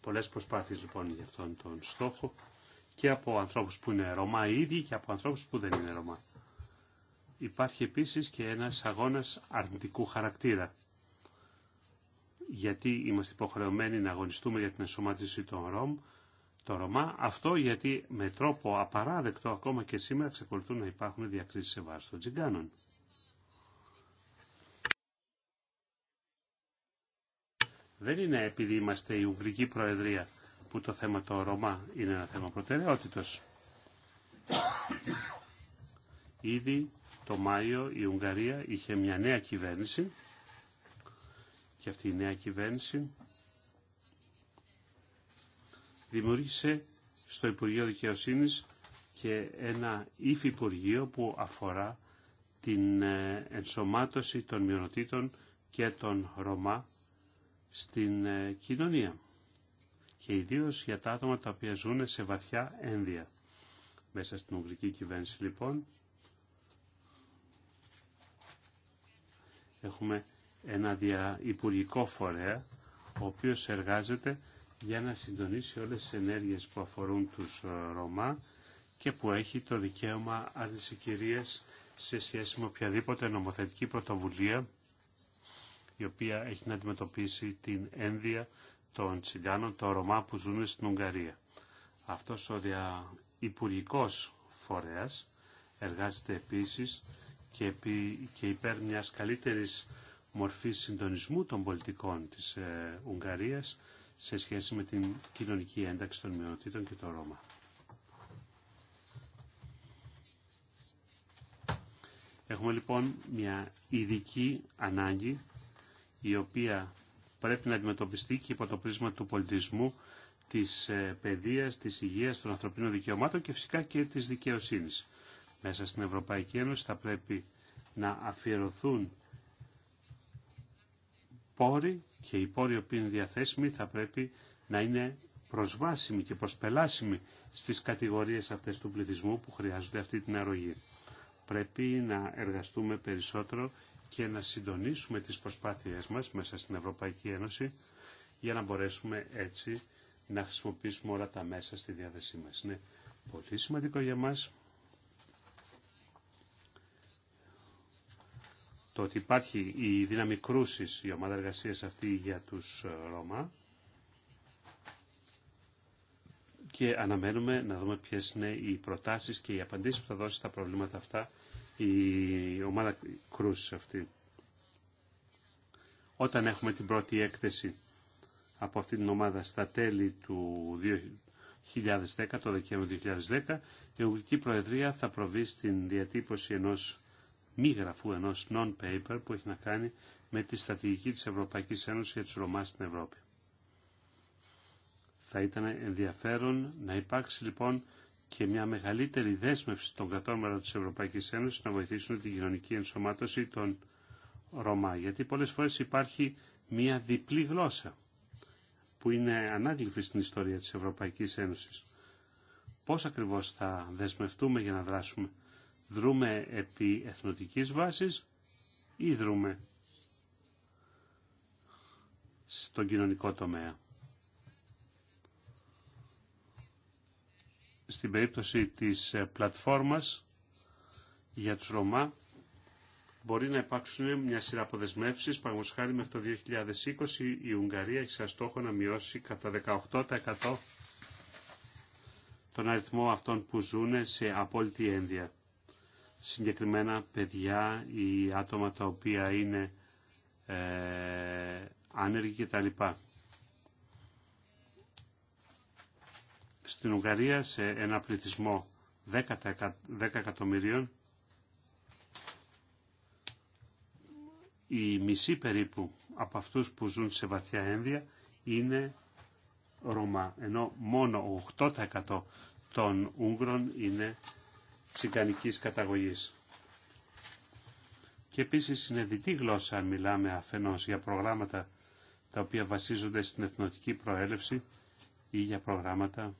Πολλές προσπάθειες λοιπόν για αυτόν τον στόχο και από ανθρώπους που είναι Ρωμά οι ίδιοι και από ανθρώπους που δεν είναι Ρωμά. Υπάρχει επίσης και ένας αγώνας αρνητικού χαρακτήρα γιατί είμαστε υποχρεωμένοι να αγωνιστούμε για την ενσωμάτιση των Ρώμ, το Ρωμά, αυτό γιατί με τρόπο απαράδεκτο ακόμα και σήμερα εξακολουθούν να υπάρχουν διακρίσεις σε βάρος των τσιγκάνων. Δεν είναι επειδή είμαστε η Ουγγρική Προεδρία που το θέμα το Ρωμά είναι ένα θέμα προτεραιότητος. Ήδη το Μάιο η Ουγγαρία είχε μια νέα κυβέρνηση και αυτή η νέα κυβέρνηση δημιούργησε στο Υπουργείο Δικαιοσύνης και ένα υφυπουργείο που αφορά την ε, ενσωμάτωση των μειονοτήτων και των Ρωμά στην ε, κοινωνία και ιδίω για τα άτομα τα οποία ζουν σε βαθιά ένδια. Μέσα στην Ουγγρική κυβέρνηση λοιπόν έχουμε ένα διαυπουργικό φορέα ο οποίος εργάζεται για να συντονίσει όλες τις ενέργειες που αφορούν τους ε, Ρωμά και που έχει το δικαίωμα αρνησικηρίας σε σχέση με οποιαδήποτε νομοθετική πρωτοβουλία η οποία έχει να αντιμετωπίσει την ένδια των τσιγκάνων, των Ρωμά που ζουν στην Ουγγαρία. Αυτός ο διαυπουργικός φορέας εργάζεται επίσης και, και υπέρ μιας καλύτερης μορφή συντονισμού των πολιτικών της ε, Ουγγαρίας σε σχέση με την κοινωνική ένταξη των μειονοτήτων και το Ρώμα. Έχουμε λοιπόν μια ειδική ανάγκη η οποία πρέπει να αντιμετωπιστεί και υπό το πρίσμα του πολιτισμού, της ε, παιδείας, της υγείας, των ανθρωπίνων δικαιωμάτων και φυσικά και της δικαιοσύνης. Μέσα στην Ευρωπαϊκή Ένωση θα πρέπει να αφιερωθούν πόροι και οι πόροι οποίοι είναι διαθέσιμοι θα πρέπει να είναι προσβάσιμοι και προσπελάσιμοι στις κατηγορίες αυτές του πληθυσμού που χρειάζονται αυτή την αρρωγή. Πρέπει να εργαστούμε περισσότερο και να συντονίσουμε τις προσπάθειές μας μέσα στην Ευρωπαϊκή Ένωση για να μπορέσουμε έτσι να χρησιμοποιήσουμε όλα τα μέσα στη διάθεσή μας. Είναι πολύ σημαντικό για μας το ότι υπάρχει η δύναμη κρούσης, η ομάδα εργασία αυτή για τους ε, Ρώμα και αναμένουμε να δούμε ποιες είναι οι προτάσεις και οι απαντήσεις που θα δώσει στα προβλήματα αυτά η ομάδα κρούσης αυτή. Όταν έχουμε την πρώτη έκθεση από αυτή την ομάδα στα τέλη του 2010, το Δεκέμβριο 2010, η Ουγγρική Προεδρία θα προβεί στην διατύπωση ενός μη γραφού ενός non-paper που έχει να κάνει με τη στρατηγική της Ευρωπαϊκής Ένωσης για τους Ρωμά στην Ευρώπη. Θα ήταν ενδιαφέρον να υπάρξει λοιπόν και μια μεγαλύτερη δέσμευση των κρατών μέρων της Ευρωπαϊκής Ένωσης να βοηθήσουν την κοινωνική ενσωμάτωση των Ρωμά. Γιατί πολλές φορές υπάρχει μια διπλή γλώσσα που είναι ανάγλυφη στην ιστορία της Ευρωπαϊκής Ένωσης. Πώς ακριβώς θα δεσμευτούμε για να δράσουμε Δρούμε επί εθνοτικής βάσης ή δρούμε στον κοινωνικό τομέα. Στην περίπτωση της ε, πλατφόρμας για τους Ρωμά μπορεί να υπάρξουν μια σειρά αποδεσμεύσεις. Παραγματικά χάρη μέχρι το 2020 η Ουγγαρία έχει σαν στόχο να μειώσει κατά 18% τον αριθμό αυτών που ζουν σε απόλυτη ένδια συγκεκριμένα παιδιά ή άτομα τα οποία είναι ε, άνεργοι κτλ. Στην Ουγγαρία σε ένα πληθυσμό 10, 10 εκατομμυρίων η μισή περίπου από αυτούς που ζουν σε βαθιά ένδια είναι Ρωμά, ενώ μόνο 8% των Ούγγρων είναι τσιγκανικής καταγωγής. Και επίσης συνεδητή γλώσσα μιλάμε αφενός για προγράμματα τα οποία βασίζονται στην εθνοτική προέλευση ή για προγράμματα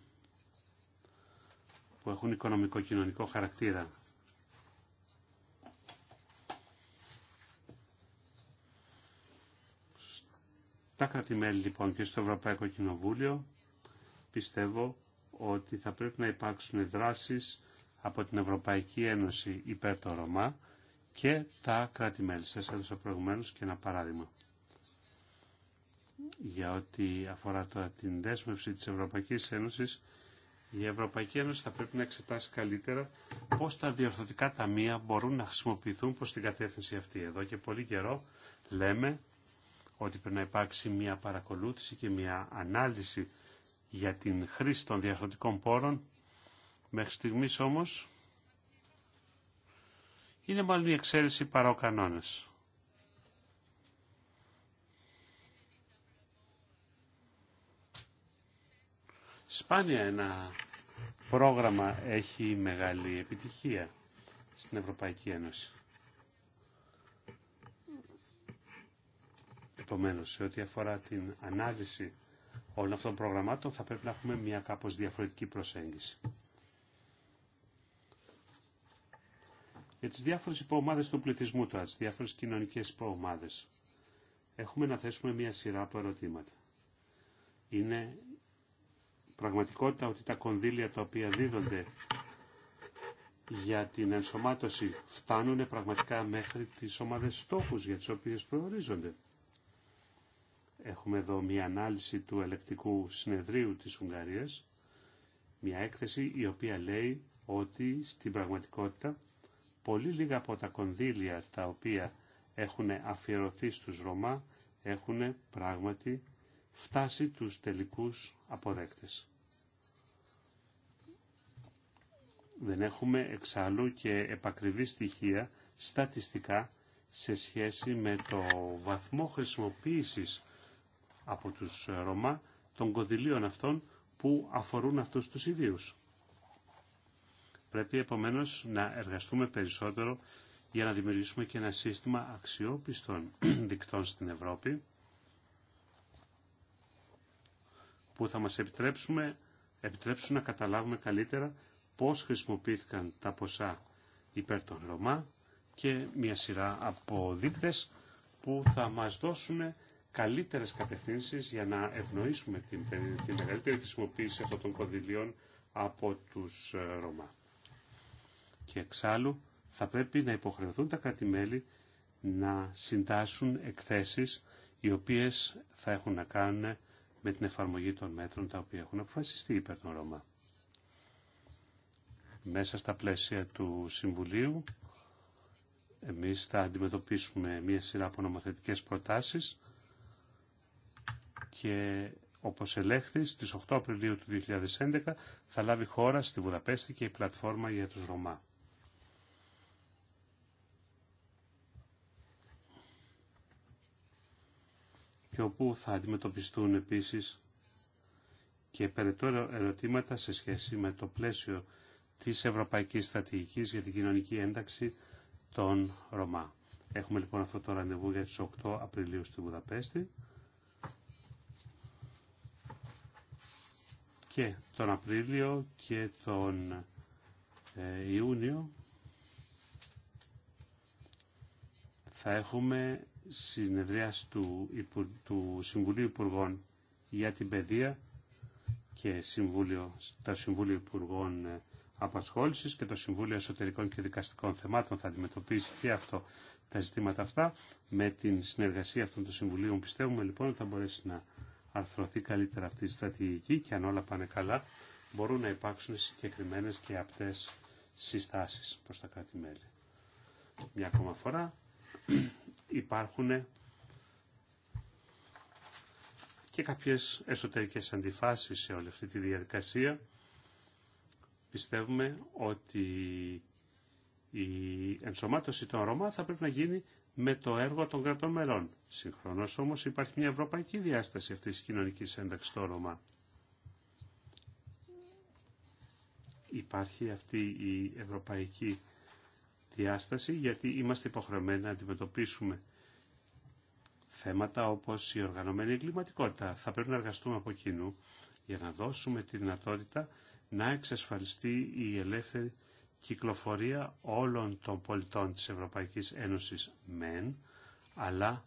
που έχουν οικονομικό-κοινωνικό χαρακτήρα. Στα κρατημέλη λοιπόν και στο Ευρωπαϊκό Κοινοβούλιο πιστεύω ότι θα πρέπει να υπάρξουν δράσεις από την Ευρωπαϊκή Ένωση υπέρ το Ρωμά και τα κράτη-μέλη. Σας έδωσα προηγουμένως και ένα παράδειγμα για ό,τι αφορά τώρα την δέσμευση της Ευρωπαϊκής Ένωσης, η Ευρωπαϊκή Ένωση θα πρέπει να εξετάσει καλύτερα πώς τα διορθωτικά ταμεία μπορούν να χρησιμοποιηθούν προς την κατεύθυνση αυτή. Εδώ και πολύ καιρό λέμε ότι πρέπει να υπάρξει μια παρακολούθηση και μια ανάλυση για την χρήση των διαφορετικών πόρων Μέχρι στιγμής όμως είναι μάλλον η εξαίρεση παρά ο κανόνας. Σπάνια ένα πρόγραμμα έχει μεγάλη επιτυχία στην Ευρωπαϊκή Ένωση. Επομένως, σε ό,τι αφορά την ανάλυση όλων αυτών των προγραμμάτων θα πρέπει να έχουμε μια κάπως διαφορετική προσέγγιση. για τις διάφορες υποομάδες του πληθυσμού τώρα, τις διάφορες κοινωνικές υποομάδες. Έχουμε να θέσουμε μία σειρά από ερωτήματα. Είναι πραγματικότητα ότι τα κονδύλια τα οποία δίδονται για την ενσωμάτωση φτάνουν πραγματικά μέχρι τις ομάδες στόχους για τις οποίες προορίζονται. Έχουμε εδώ μία ανάλυση του ελεκτικού συνεδρίου της Ουγγαρίας, μία έκθεση η οποία λέει ότι στην πραγματικότητα πολύ λίγα από τα κονδύλια τα οποία έχουν αφιερωθεί στους Ρωμά έχουν πράγματι φτάσει τους τελικούς αποδέκτες. Δεν έχουμε εξάλλου και επακριβή στοιχεία στατιστικά σε σχέση με το βαθμό χρησιμοποίησης από τους Ρωμά των κονδυλίων αυτών που αφορούν αυτούς τους ιδίους. Πρέπει επομένως να εργαστούμε περισσότερο για να δημιουργήσουμε και ένα σύστημα αξιόπιστων δικτών στην Ευρώπη που θα μας επιτρέψουμε, επιτρέψουν να καταλάβουμε καλύτερα πώς χρησιμοποιήθηκαν τα ποσά υπέρ των Ρωμά και μια σειρά από δείκτες που θα μας δώσουν καλύτερες κατευθύνσεις για να ευνοήσουμε την, την μεγαλύτερη χρησιμοποίηση αυτών των κονδυλίων από τους ε, Ρωμά. Και εξάλλου θα πρέπει να υποχρεωθούν τα κράτη-μέλη να συντάσσουν εκθέσεις οι οποίες θα έχουν να κάνουν με την εφαρμογή των μέτρων τα οποία έχουν αποφασιστεί υπέρ των Ρώμα. Μέσα στα πλαίσια του Συμβουλίου εμείς θα αντιμετωπίσουμε μία σειρά από νομοθετικές προτάσεις και όπως ελέγχθη στις 8 Απριλίου του 2011 θα λάβει χώρα στη Βουδαπέστη και η πλατφόρμα για τους Ρωμά. και όπου θα αντιμετωπιστούν επίσης και περαιτέρω ερωτήματα σε σχέση με το πλαίσιο της Ευρωπαϊκής Στρατηγικής για την Κοινωνική Ένταξη των Ρωμά. Έχουμε λοιπόν αυτό το ραντεβού για τις 8 Απριλίου στη Βουδαπέστη. Και τον Απρίλιο και τον ε, Ιούνιο θα έχουμε συνεδριάς του, του Συμβουλίου Υπουργών για την Παιδεία και συμβούλιο, το συμβούλια Υπουργών ε, Απασχόλησης και το Συμβούλιο Εσωτερικών και Δικαστικών Θεμάτων θα αντιμετωπίσει και αυτό τα ζητήματα αυτά. Με την συνεργασία αυτών των Συμβουλίων πιστεύουμε λοιπόν ότι θα μπορέσει να αρθρωθεί καλύτερα αυτή η στρατηγική και αν όλα πάνε καλά μπορούν να υπάρξουν συγκεκριμένε και απτές συστάσεις προς τα κράτη-μέλη. Μια ακόμα φορά υπάρχουν και κάποιες εσωτερικές αντιφάσεις σε όλη αυτή τη διαδικασία. Πιστεύουμε ότι η ενσωμάτωση των Ρωμά θα πρέπει να γίνει με το έργο των κρατών μελών. Συγχρονώς όμως υπάρχει μια ευρωπαϊκή διάσταση αυτής της κοινωνικής ένταξης των Ρωμά. Υπάρχει αυτή η ευρωπαϊκή διάσταση γιατί είμαστε υποχρεωμένοι να αντιμετωπίσουμε θέματα όπως η οργανωμένη εγκληματικότητα. Θα πρέπει να εργαστούμε από κοινού για να δώσουμε τη δυνατότητα να εξασφαλιστεί η ελεύθερη κυκλοφορία όλων των πολιτών της Ευρωπαϊκής Ένωσης μεν, αλλά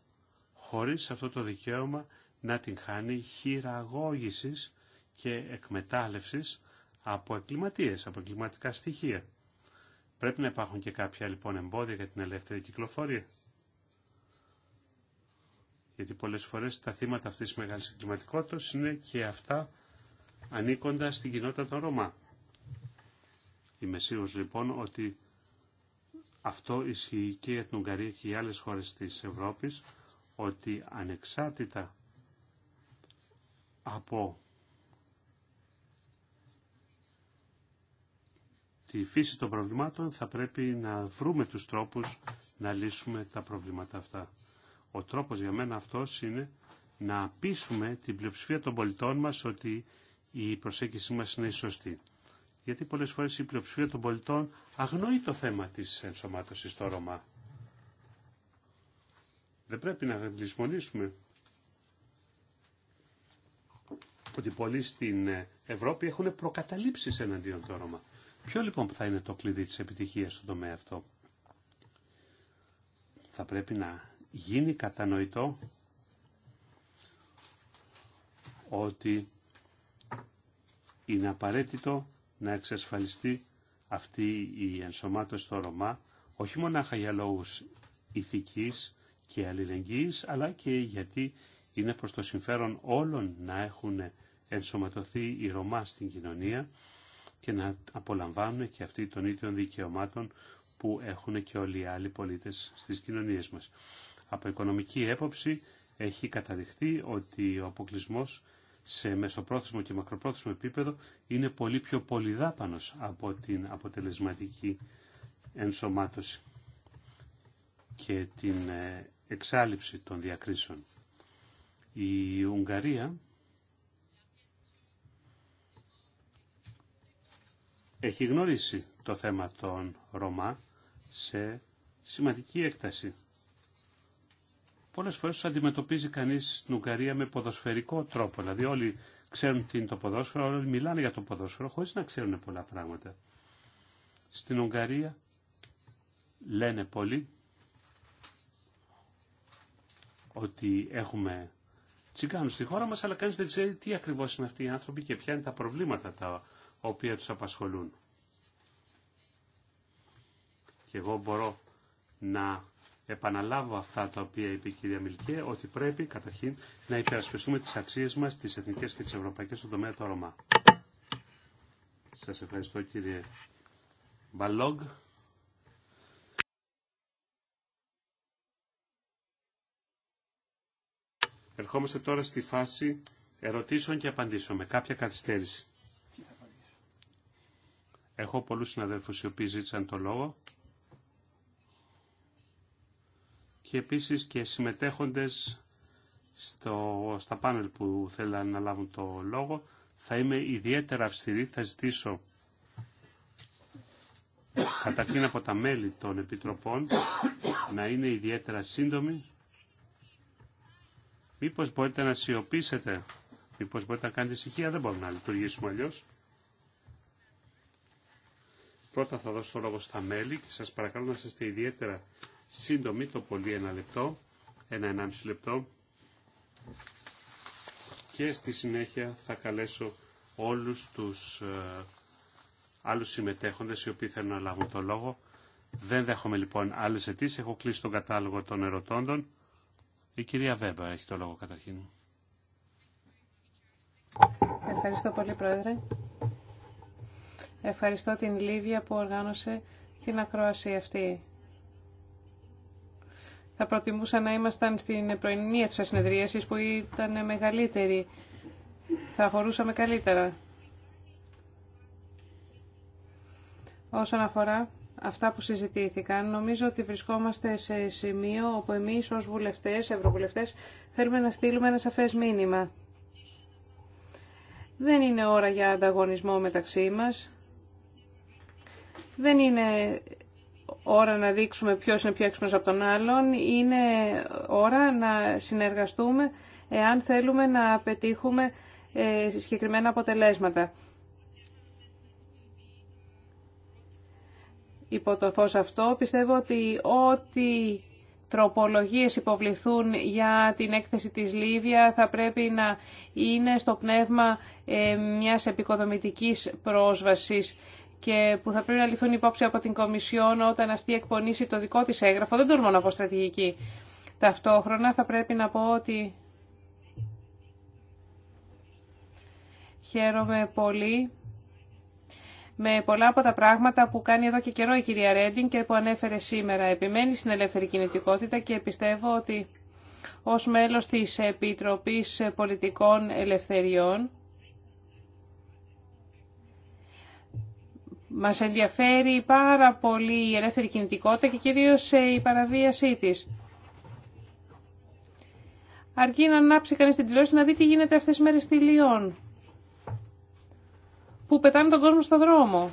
χωρίς αυτό το δικαίωμα να την χάνει χειραγώγησης και εκμετάλλευσης από εγκληματίες, από εγκληματικά στοιχεία. Πρέπει να υπάρχουν και κάποια λοιπόν εμπόδια για την ελεύθερη κυκλοφορία. Γιατί πολλές φορές τα θύματα αυτής της μεγάλης εγκληματικότητας είναι και αυτά ανήκοντα στην κοινότητα των Ρωμά. Είμαι σίγουρος λοιπόν ότι αυτό ισχύει και για την Ουγγαρία και για άλλες χώρες της Ευρώπης, ότι ανεξάρτητα από τη φύση των προβλημάτων θα πρέπει να βρούμε τους τρόπους να λύσουμε τα προβλήματα αυτά. Ο τρόπος για μένα αυτός είναι να πείσουμε την πλειοψηφία των πολιτών μας ότι η προσέγγιση μας είναι η σωστή. Γιατί πολλές φορές η πλειοψηφία των πολιτών αγνοεί το θέμα της ενσωμάτωσης στο Ρωμά. Δεν πρέπει να λησμονήσουμε ότι πολλοί στην Ευρώπη έχουν προκαταλήψεις εναντίον του Ρωμά. Ποιο λοιπόν θα είναι το κλειδί της επιτυχίας στον τομέα αυτό. Θα πρέπει να γίνει κατανοητό ότι είναι απαραίτητο να εξασφαλιστεί αυτή η ενσωμάτωση στο Ρωμά, όχι μονάχα για λόγους ηθικής και αλληλεγγύης, αλλά και γιατί είναι προς το συμφέρον όλων να έχουν ενσωματωθεί οι Ρωμά στην κοινωνία και να απολαμβάνουν και αυτοί των ίδιων δικαιωμάτων που έχουν και όλοι οι άλλοι πολίτες στις κοινωνίες μας. Από οικονομική έποψη έχει καταδειχθεί ότι ο αποκλεισμό σε μεσοπρόθεσμο και μακροπρόθεσμο επίπεδο είναι πολύ πιο πολυδάπανος από την αποτελεσματική ενσωμάτωση και την ε, εξάλληψη των διακρίσεων. Η Ουγγαρία έχει γνωρίσει το θέμα των Ρωμά σε σημαντική έκταση. Πολλές φορές αντιμετωπίζει κανείς στην Ουγγαρία με ποδοσφαιρικό τρόπο, δηλαδή όλοι ξέρουν τι είναι το ποδόσφαιρο, όλοι μιλάνε για το ποδόσφαιρο χωρίς να ξέρουν πολλά πράγματα. Στην Ουγγαρία λένε πολλοί ότι έχουμε τσιγκάνους στη χώρα μας, αλλά κανείς δεν ξέρει τι ακριβώς είναι αυτοί οι άνθρωποι και ποια είναι τα προβλήματα τα οποία τους απασχολούν. Και εγώ μπορώ να επαναλάβω αυτά τα οποία είπε η κυρία Μιλκέ, ότι πρέπει καταρχήν να υπερασπιστούμε τις αξίες μας, τις εθνικές και τις ευρωπαϊκές στον τομέα του Ρωμά. Σας ευχαριστώ κύριε Μπαλόγ. Ερχόμαστε τώρα στη φάση ερωτήσεων και απαντήσεων με κάποια καθυστέρηση. Έχω πολλούς συναδέλφους οι οποίοι ζήτησαν το λόγο και επίσης και συμμετέχοντες στο, στα πάνελ που θέλαν να λάβουν το λόγο. Θα είμαι ιδιαίτερα αυστηρή, θα ζητήσω καταρχήν από τα μέλη των Επιτροπών να είναι ιδιαίτερα σύντομοι. Μήπως μπορείτε να σιωπήσετε, μήπως μπορείτε να κάνετε ησυχία, δεν μπορούμε να λειτουργήσουμε αλλιώς. Πρώτα θα δώσω το λόγο στα μέλη και σας παρακαλώ να είστε ιδιαίτερα σύντομοι, το πολύ ένα λεπτό, ένα ενάμιση λεπτό. Και στη συνέχεια θα καλέσω όλους τους ε, άλλους συμμετέχοντες οι οποίοι θέλουν να λάβουν το λόγο. Δεν δέχομαι λοιπόν άλλες αιτήσεις. Έχω κλείσει τον κατάλογο των ερωτώντων. Η κυρία Βέμπα έχει το λόγο καταρχήν. Ευχαριστώ πολύ, Πρόεδρε. Ευχαριστώ την Λίβια που οργάνωσε την ακρόαση αυτή. Θα προτιμούσα να ήμασταν στην πρωινή αίθουσα συνεδρίασης που ήταν μεγαλύτερη. Θα χωρούσαμε καλύτερα. Όσον αφορά αυτά που συζητήθηκαν, νομίζω ότι βρισκόμαστε σε σημείο όπου εμείς ως βουλευτές, ευρωβουλευτές, θέλουμε να στείλουμε ένα σαφές μήνυμα. Δεν είναι ώρα για ανταγωνισμό μεταξύ μας. Δεν είναι ώρα να δείξουμε ποιος είναι πιο έξυπνος από τον άλλον, είναι ώρα να συνεργαστούμε εάν θέλουμε να πετύχουμε ε, συγκεκριμένα αποτελέσματα. Υπό το φως αυτό πιστεύω ότι ό,τι τροπολογίες υποβληθούν για την έκθεση της Λίβια θα πρέπει να είναι στο πνεύμα ε, μιας επικοδομητικής πρόσβασης και που θα πρέπει να ληφθούν υπόψη από την Κομισιόν όταν αυτή εκπονήσει το δικό της έγγραφο. Δεν τολμώ να στρατηγική. Ταυτόχρονα θα πρέπει να πω ότι χαίρομαι πολύ με πολλά από τα πράγματα που κάνει εδώ και καιρό η κυρία Ρέντιν και που ανέφερε σήμερα. Επιμένει στην ελεύθερη κινητικότητα και πιστεύω ότι ως μέλος της Επιτροπής Πολιτικών Ελευθεριών Μας ενδιαφέρει πάρα πολύ η ελεύθερη κινητικότητα και κυρίως ε, η παραβίασή της. Αρκεί να ανάψει κανείς την τηλεόραση να δει τι γίνεται αυτές τις μέρες στη Λιόν. Που πετάνε τον κόσμο στο δρόμο.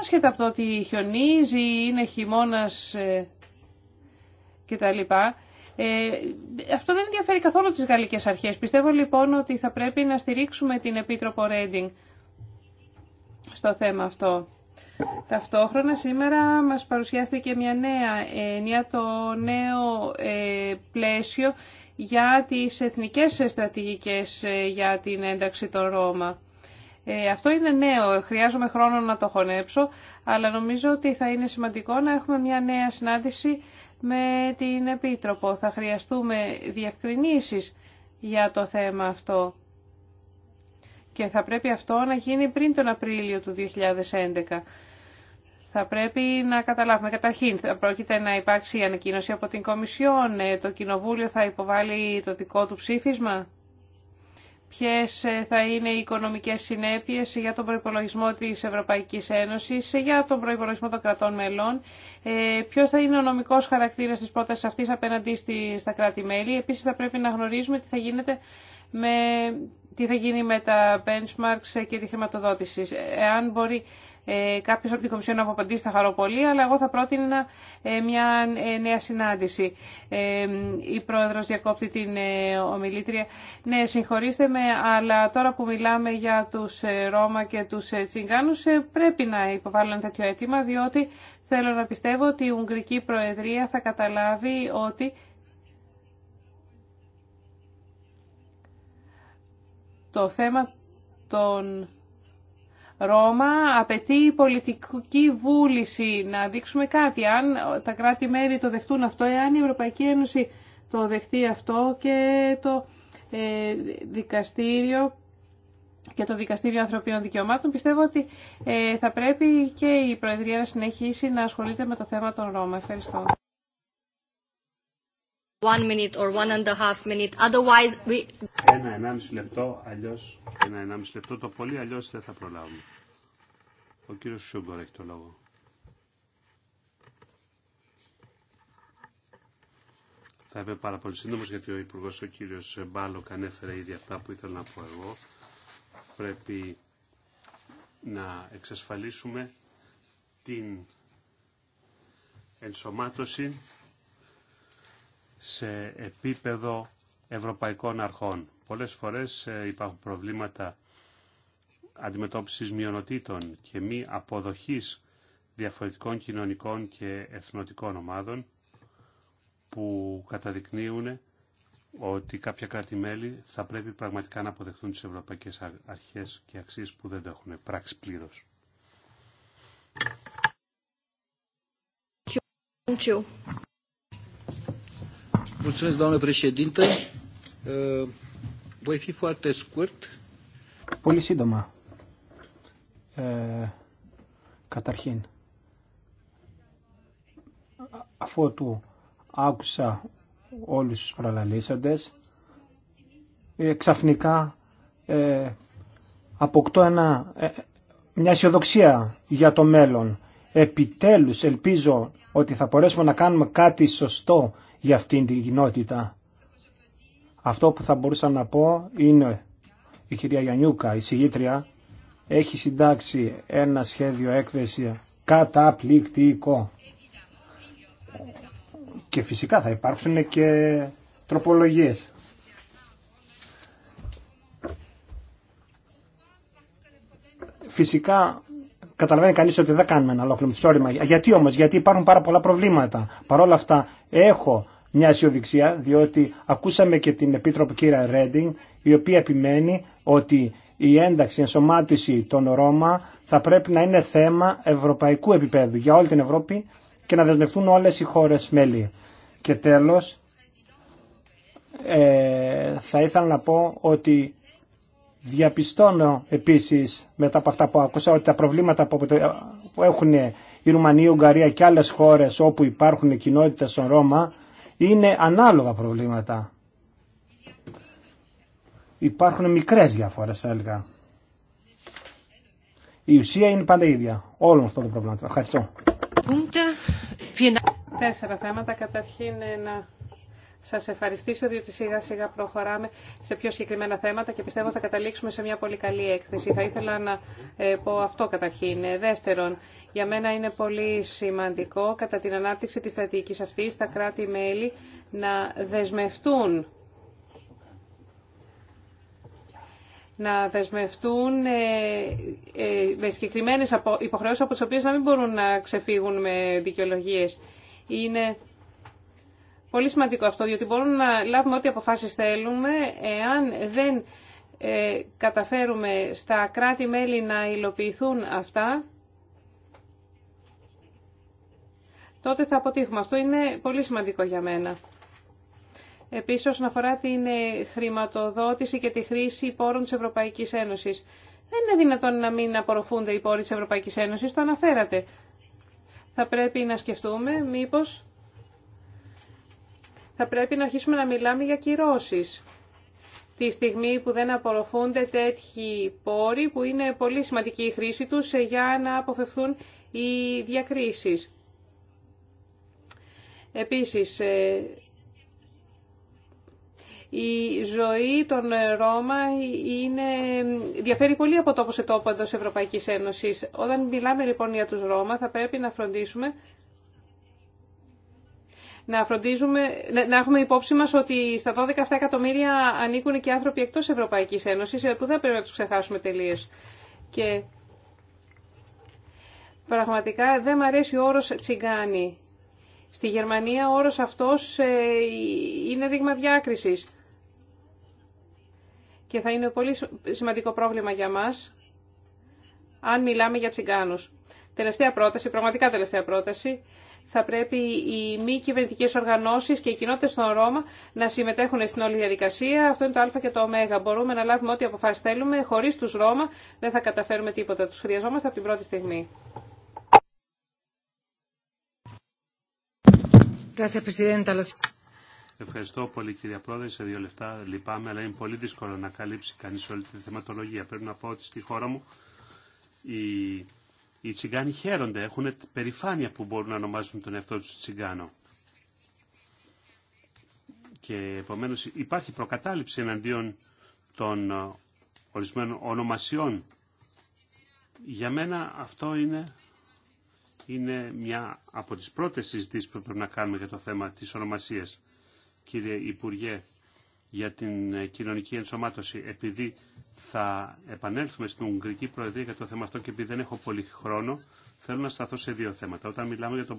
Άσχετα από το ότι χιονίζει, είναι χειμώνας ε, κτλ. Ε, αυτό δεν ενδιαφέρει καθόλου τις γαλλικές αρχές. Πιστεύω λοιπόν ότι θα πρέπει να στηρίξουμε την Επίτροπο Ρέντινγκ στο θέμα αυτό. Ταυτόχρονα σήμερα μας παρουσιάστηκε μια νέα έννοια, το νέο ε, πλαίσιο για τις εθνικές στρατηγικές ε, για την ένταξη των Ρώμα. Ε, αυτό είναι νέο, χρειάζομαι χρόνο να το χωνέψω, αλλά νομίζω ότι θα είναι σημαντικό να έχουμε μια νέα συνάντηση με την Επίτροπο. Θα χρειαστούμε διευκρινήσεις για το θέμα αυτό και θα πρέπει αυτό να γίνει πριν τον Απρίλιο του 2011. Θα πρέπει να καταλάβουμε καταρχήν, θα πρόκειται να υπάρξει η ανακοίνωση από την Κομισιόν, ε, το Κοινοβούλιο θα υποβάλει το δικό του ψήφισμα, ποιες ε, θα είναι οι οικονομικές συνέπειες για τον προϋπολογισμό της Ευρωπαϊκής Ένωσης, ε, για τον προϋπολογισμό των κρατών μελών, ποιος θα είναι ο νομικός χαρακτήρας της πρότασης αυτής απέναντι στα κράτη-μέλη. Επίσης θα πρέπει να γνωρίζουμε τι θα γίνεται με τι θα γίνει με τα benchmarks και τη χρηματοδότηση. Εάν μπορεί ε, κάποιο από την Κομισιόν να αποπαντήσει, θα χαρώ πολύ, αλλά εγώ θα πρότεινα ε, μια ε, νέα συνάντηση. Ε, η πρόεδρο διακόπτει την ομιλήτρια. Ναι, συγχωρήστε με, αλλά τώρα που μιλάμε για του Ρώμα και του Τσιγκάνου, πρέπει να υποβάλω ένα τέτοιο αίτημα, διότι θέλω να πιστεύω ότι η Ουγγρική Προεδρία θα καταλάβει ότι Το θέμα των Ρώμα απαιτεί πολιτική βούληση να δείξουμε κάτι. Αν τα κράτη-μέρη το δεχτούν αυτό, εάν η Ευρωπαϊκή Ένωση το δεχτεί αυτό και το ε, δικαστήριο και το Δικαστήριο Ανθρωπίνων Δικαιωμάτων, πιστεύω ότι ε, θα πρέπει και η Προεδρία να συνεχίσει να ασχολείται με το θέμα των Ρώμα. Ευχαριστώ one minute or one and a half minute. Otherwise we... Ένα, ενάμιση λεπτό, αλλιώς, ένα, ενάμιση λεπτό το πολύ, αλλιώς δεν θα προλάβουμε. Ο κύριος Σούγκορ έχει το λόγο. Θα είμαι πάρα πολύ σύντομος γιατί ο υπουργός, ο κύριος Μπάλοκ ανέφερε ήδη αυτά που ήθελα να πω εγώ. Πρέπει να εξασφαλίσουμε την ενσωμάτωση σε επίπεδο ευρωπαϊκών αρχών. Πολλές φορές ε, υπάρχουν προβλήματα αντιμετώπισης μειονοτήτων και μη αποδοχής διαφορετικών κοινωνικών και εθνοτικών ομάδων που καταδεικνύουν ότι κάποια κράτη-μέλη θα πρέπει πραγματικά να αποδεχτούν τις ευρωπαϊκές αρχές και αξίες που δεν το έχουν πράξει πλήρως. Mulțumesc, doamnă președinte. Uh, voi fi foarte scurt. Πολύ σύντομα. Ε, καταρχήν, αφότου άκουσα όλους τους προλαλήσαντες, ξαφνικά ε, αποκτώ ένα, μια αισιοδοξία για το μέλλον. Επιτέλους ελπίζω ότι θα μπορέσουμε να κάνουμε κάτι σωστό για αυτήν την κοινότητα. Αυτό που θα μπορούσα να πω είναι η κυρία Γιαννιούκα, η συγγήτρια, έχει συντάξει ένα σχέδιο έκθεση καταπληκτικό. Και φυσικά θα υπάρξουν και τροπολογίες. Φυσικά καταλαβαίνει κανεί ότι δεν κάνουμε ένα ολόκληρο μισθόριμα. Γιατί όμω, γιατί υπάρχουν πάρα πολλά προβλήματα. Παρ' όλα αυτά έχω μια αισιοδοξία, διότι ακούσαμε και την Επίτροπο κυρία Ρέντινγκ, η οποία επιμένει ότι η ένταξη, η ενσωμάτιση των Ρώμα θα πρέπει να είναι θέμα ευρωπαϊκού επίπεδου για όλη την Ευρώπη και να δεσμευτούν όλε οι χώρε μέλη. Και τέλο, ε, θα ήθελα να πω ότι Διαπιστώνω επίσης μετά από αυτά που άκουσα ότι τα προβλήματα που έχουν η Ρουμανία, η Ουγγαρία και άλλες χώρες όπου υπάρχουν κοινότητες στον Ρώμα είναι ανάλογα προβλήματα. Υπάρχουν μικρές διαφορές έλεγα. Η ουσία είναι πάντα ίδια όλων αυτών των προβλημάτων. Ευχαριστώ. Τέσσερα θέματα. Καταρχήν ένα... Σα ευχαριστήσω διότι σιγά σιγά προχωράμε σε πιο συγκεκριμένα θέματα και πιστεύω θα καταλήξουμε σε μια πολύ καλή έκθεση. Θα ήθελα να ε, πω αυτό καταρχήν. Δεύτερον, για μένα είναι πολύ σημαντικό κατά την ανάπτυξη της στρατηγικής αυτής τα κράτη-μέλη να δεσμευτούν να δεσμευτούν ε, ε, με συγκεκριμένες υποχρεώσεις από τις οποίες να μην μπορούν να ξεφύγουν με δικαιολογίες. Είναι Πολύ σημαντικό αυτό, διότι μπορούμε να λάβουμε ό,τι αποφάσεις θέλουμε, εάν δεν ε, καταφέρουμε στα κράτη-μέλη να υλοποιηθούν αυτά, τότε θα αποτύχουμε. Αυτό είναι πολύ σημαντικό για μένα. Επίσης, όσον αφορά την ε, χρηματοδότηση και τη χρήση πόρων της Ευρωπαϊκής Ένωσης. Δεν είναι δυνατόν να μην απορροφούνται οι πόροι της Ευρωπαϊκής Ένωσης, το αναφέρατε. Θα πρέπει να σκεφτούμε μήπως θα πρέπει να αρχίσουμε να μιλάμε για κυρώσεις. Τη στιγμή που δεν απορροφούνται τέτοιοι πόροι που είναι πολύ σημαντική η χρήση τους για να αποφευθούν οι διακρίσεις. Επίσης, ε, η ζωή των Ρώμα είναι, διαφέρει πολύ από τόπο σε τόπο εντός Ευρωπαϊκής Ένωσης. Όταν μιλάμε λοιπόν για τους Ρώμα θα πρέπει να φροντίσουμε να, φροντίζουμε, να έχουμε υπόψη μα ότι στα 12 αυτά εκατομμύρια ανήκουν και άνθρωποι εκτός Ευρωπαϊκής Ένωσης, ε, που δεν πρέπει να τους ξεχάσουμε τελείως. Και πραγματικά δεν μου αρέσει ο όρο τσιγκάνη. Στη Γερμανία ο όρος αυτός ε, είναι δείγμα διάκρισης. Και θα είναι πολύ σημαντικό πρόβλημα για μας, αν μιλάμε για τσιγκάνους. Τελευταία πρόταση, πραγματικά τελευταία πρόταση θα πρέπει οι μη κυβερνητικέ οργανώσει και οι κοινότητε στον Ρώμα να συμμετέχουν στην όλη διαδικασία. Αυτό είναι το Α και το Ω. Μπορούμε να λάβουμε ό,τι αποφάσει θέλουμε. Χωρί του Ρώμα δεν θα καταφέρουμε τίποτα. Του χρειαζόμαστε από την πρώτη στιγμή. Ευχαριστώ πολύ κυρία Πρόεδρε. Σε δύο λεπτά λυπάμαι, αλλά είναι πολύ δύσκολο να καλύψει κανεί όλη τη θεματολογία. Πρέπει να πω ότι στη χώρα μου η οι τσιγκάνοι χαίρονται, έχουν περηφάνεια που μπορούν να ονομάζουν τον εαυτό τους τσιγκάνο. Και επομένως υπάρχει προκατάληψη εναντίον των ε, ορισμένων ονομασιών. Για μένα αυτό είναι, είναι μια από τις πρώτες συζητήσεις που πρέπει να κάνουμε για το θέμα της ονομασίας. Κύριε Υπουργέ, για την ε, κοινωνική ενσωμάτωση. Επειδή θα επανέλθουμε στην Ουγγρική Προεδρία για το θέμα αυτό και επειδή δεν έχω πολύ χρόνο, θέλω να σταθώ σε δύο θέματα. Όταν μιλάμε για τον,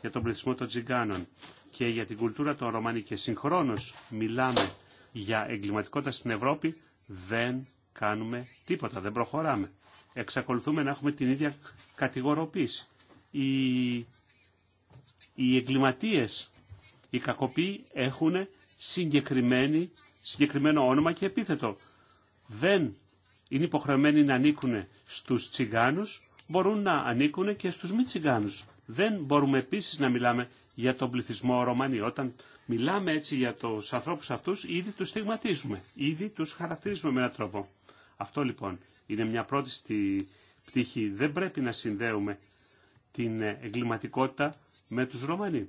για τον πληθυσμό των τζιγκάνων και για την κουλτούρα των Ρωμανί και συγχρόνω μιλάμε για εγκληματικότητα στην Ευρώπη, δεν κάνουμε τίποτα, δεν προχωράμε. Εξακολουθούμε να έχουμε την ίδια κατηγοροποίηση. Οι, οι εγκληματίες, οι κακοποίοι έχουν συγκεκριμένη, συγκεκριμένο όνομα και επίθετο. Δεν είναι υποχρεωμένοι να ανήκουν στους τσιγκάνους, μπορούν να ανήκουν και στους μη τσιγκάνους. Δεν μπορούμε επίσης να μιλάμε για τον πληθυσμό Ρωμανί. Όταν μιλάμε έτσι για τους ανθρώπους αυτούς, ήδη τους στιγματίζουμε, ήδη τους χαρακτηρίζουμε με έναν τρόπο. Αυτό λοιπόν είναι μια πρώτη στη πτυχή. Δεν πρέπει να συνδέουμε την εγκληματικότητα με τους Ρωμανί,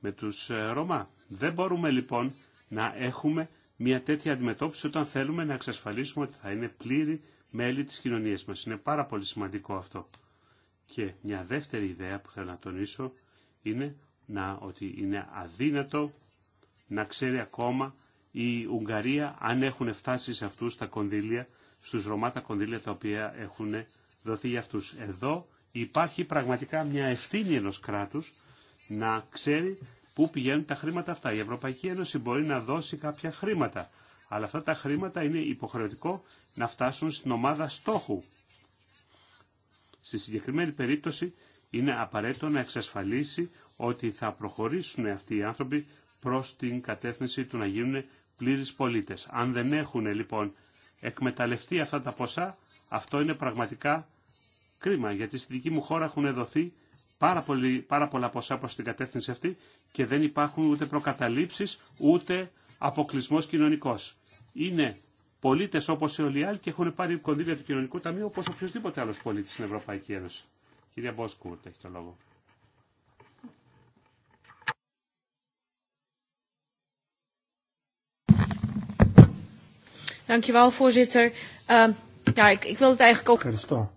με τους ε, Ρωμά. Δεν μπορούμε λοιπόν να έχουμε μια τέτοια αντιμετώπιση όταν θέλουμε να εξασφαλίσουμε ότι θα είναι πλήρη μέλη της κοινωνίας μας. Είναι πάρα πολύ σημαντικό αυτό. Και μια δεύτερη ιδέα που θέλω να τονίσω είναι να, ότι είναι αδύνατο να ξέρει ακόμα η Ουγγαρία αν έχουν φτάσει σε αυτούς τα κονδύλια, στους Ρωμά τα κονδύλια τα οποία έχουν δοθεί για αυτούς. Εδώ υπάρχει πραγματικά μια ευθύνη ενός κράτους να ξέρει πού πηγαίνουν τα χρήματα αυτά. Η Ευρωπαϊκή Ένωση μπορεί να δώσει κάποια χρήματα, αλλά αυτά τα χρήματα είναι υποχρεωτικό να φτάσουν στην ομάδα στόχου. Στη συγκεκριμένη περίπτωση είναι απαραίτητο να εξασφαλίσει ότι θα προχωρήσουν αυτοί οι άνθρωποι προς την κατεύθυνση του να γίνουν πλήρεις πολίτες. Αν δεν έχουν λοιπόν εκμεταλλευτεί αυτά τα ποσά, αυτό είναι πραγματικά κρίμα, γιατί στη δική μου χώρα έχουν δοθεί πάρα, πολύ, πάρα πολλά ποσά προς την κατεύθυνση αυτή και δεν υπάρχουν ούτε προκαταλήψεις ούτε αποκλεισμό κοινωνικό. Είναι όπω όπως όλοι οι άλλοι και έχουν πάρει κονδύλια του κοινωνικού ταμείου όπω οποιοδήποτε άλλο πολίτη στην Ευρωπαϊκή Ένωση. Κυρία Μπόσκου, έχει το λόγο. Ευχαριστώ.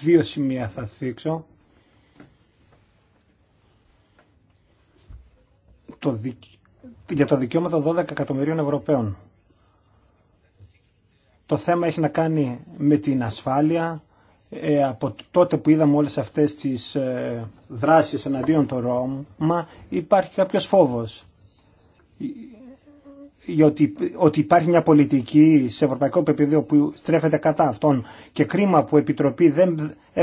Δύο σημεία θα θίξω. Το δικ... Για τα 12 εκατομμυρίων Ευρωπαίων. Το θέμα έχει να κάνει με την ασφάλεια. Ε, από τότε που είδαμε όλες αυτές τις ε, δράσεις εναντίον των Ρώμα υπάρχει κάποιος φόβος ότι, ότι υπάρχει μια πολιτική σε ευρωπαϊκό επίπεδο που στρέφεται κατά αυτών και κρίμα που η Επιτροπή δεν ε,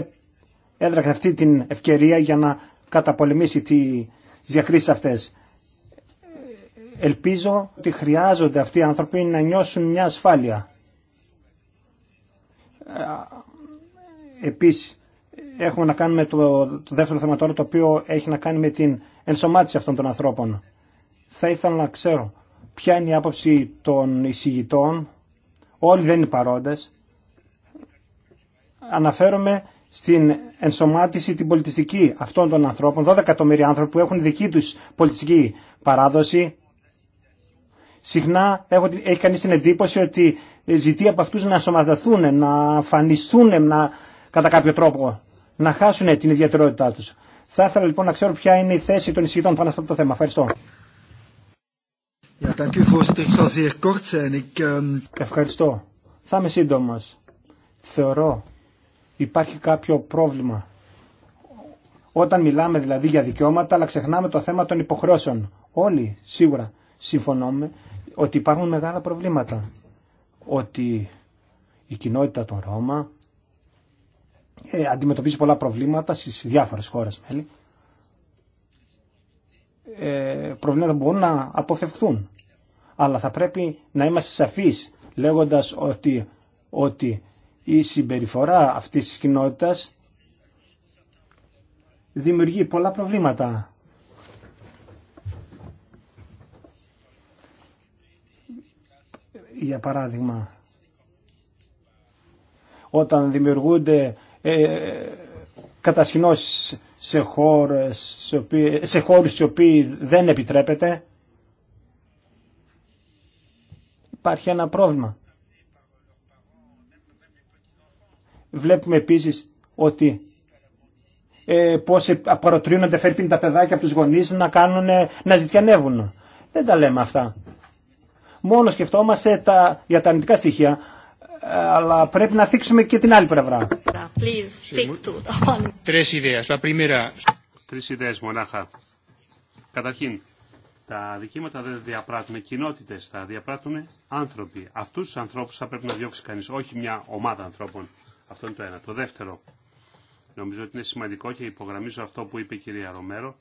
έδραξε αυτή την ευκαιρία για να καταπολεμήσει τις διακρίσεις αυτές. Ελπίζω ότι χρειάζονται αυτοί οι άνθρωποι να νιώσουν μια ασφάλεια. Ε, επίσης, έχουμε να κάνουμε το, το δεύτερο θέμα τώρα, το οποίο έχει να κάνει με την ενσωμάτιση αυτών των ανθρώπων. Θα ήθελα να ξέρω ποια είναι η άποψη των εισηγητών. Όλοι δεν είναι παρόντες. Αναφέρομαι στην ενσωμάτιση την πολιτιστική αυτών των ανθρώπων, 12 εκατομμύρια άνθρωποι που έχουν δική τους πολιτιστική παράδοση. Συχνά έχω, έχει κανείς την εντύπωση ότι ζητεί από αυτούς να ενσωματωθούν, να φανιστούν να, κατά κάποιο τρόπο, να χάσουν την ιδιαιτερότητά τους. Θα ήθελα λοιπόν να ξέρω ποια είναι η θέση των εισηγητών πάνω σε αυτό το θέμα. Ευχαριστώ. Ehm, Ευχαριστώ. Θα είμαι σύντομο. Θεωρώ υπάρχει κάποιο πρόβλημα. Όταν μιλάμε δηλαδή για δικαιώματα, αλλά ξεχνάμε το θέμα των υποχρεώσεων. Όλοι σίγουρα συμφωνούμε ότι υπάρχουν μεγάλα προβλήματα. Ότι η κοινότητα των Ρώμα ε, αντιμετωπίζει πολλά προβλήματα στις διάφορες χώρες μέλη. Ε, προβλήματα μπορούν να αποφευθούν. Αλλά θα πρέπει να είμαστε σαφείς λέγοντας ότι, ότι η συμπεριφορά αυτής της κοινότητας δημιουργεί πολλά προβλήματα. Για παράδειγμα, όταν δημιουργούνται ε, κατασκηνώσεις σε, χώρες, σε χώρους δεν επιτρέπεται, υπάρχει ένα πρόβλημα. Βλέπουμε επίσης ότι ε, πώς παροτρύνονται τα παιδάκια από τους γονείς να, κάνουν, να ζητιανεύουν. Δεν τα λέμε αυτά. Μόνο σκεφτόμαστε τα, για τα αρνητικά στοιχεία, ε, αλλά πρέπει να θίξουμε και την άλλη πλευρά. Τρεις ιδέες. μονάχα. Καταρχήν, τα δικήματα δεν διαπράττουν κοινότητε, τα διαπράττουν άνθρωποι. Αυτού του ανθρώπου θα πρέπει να διώξει κανεί, όχι μια ομάδα ανθρώπων. Αυτό είναι το ένα. Το δεύτερο, νομίζω ότι είναι σημαντικό και υπογραμμίζω αυτό που είπε η κυρία Ρομέρο,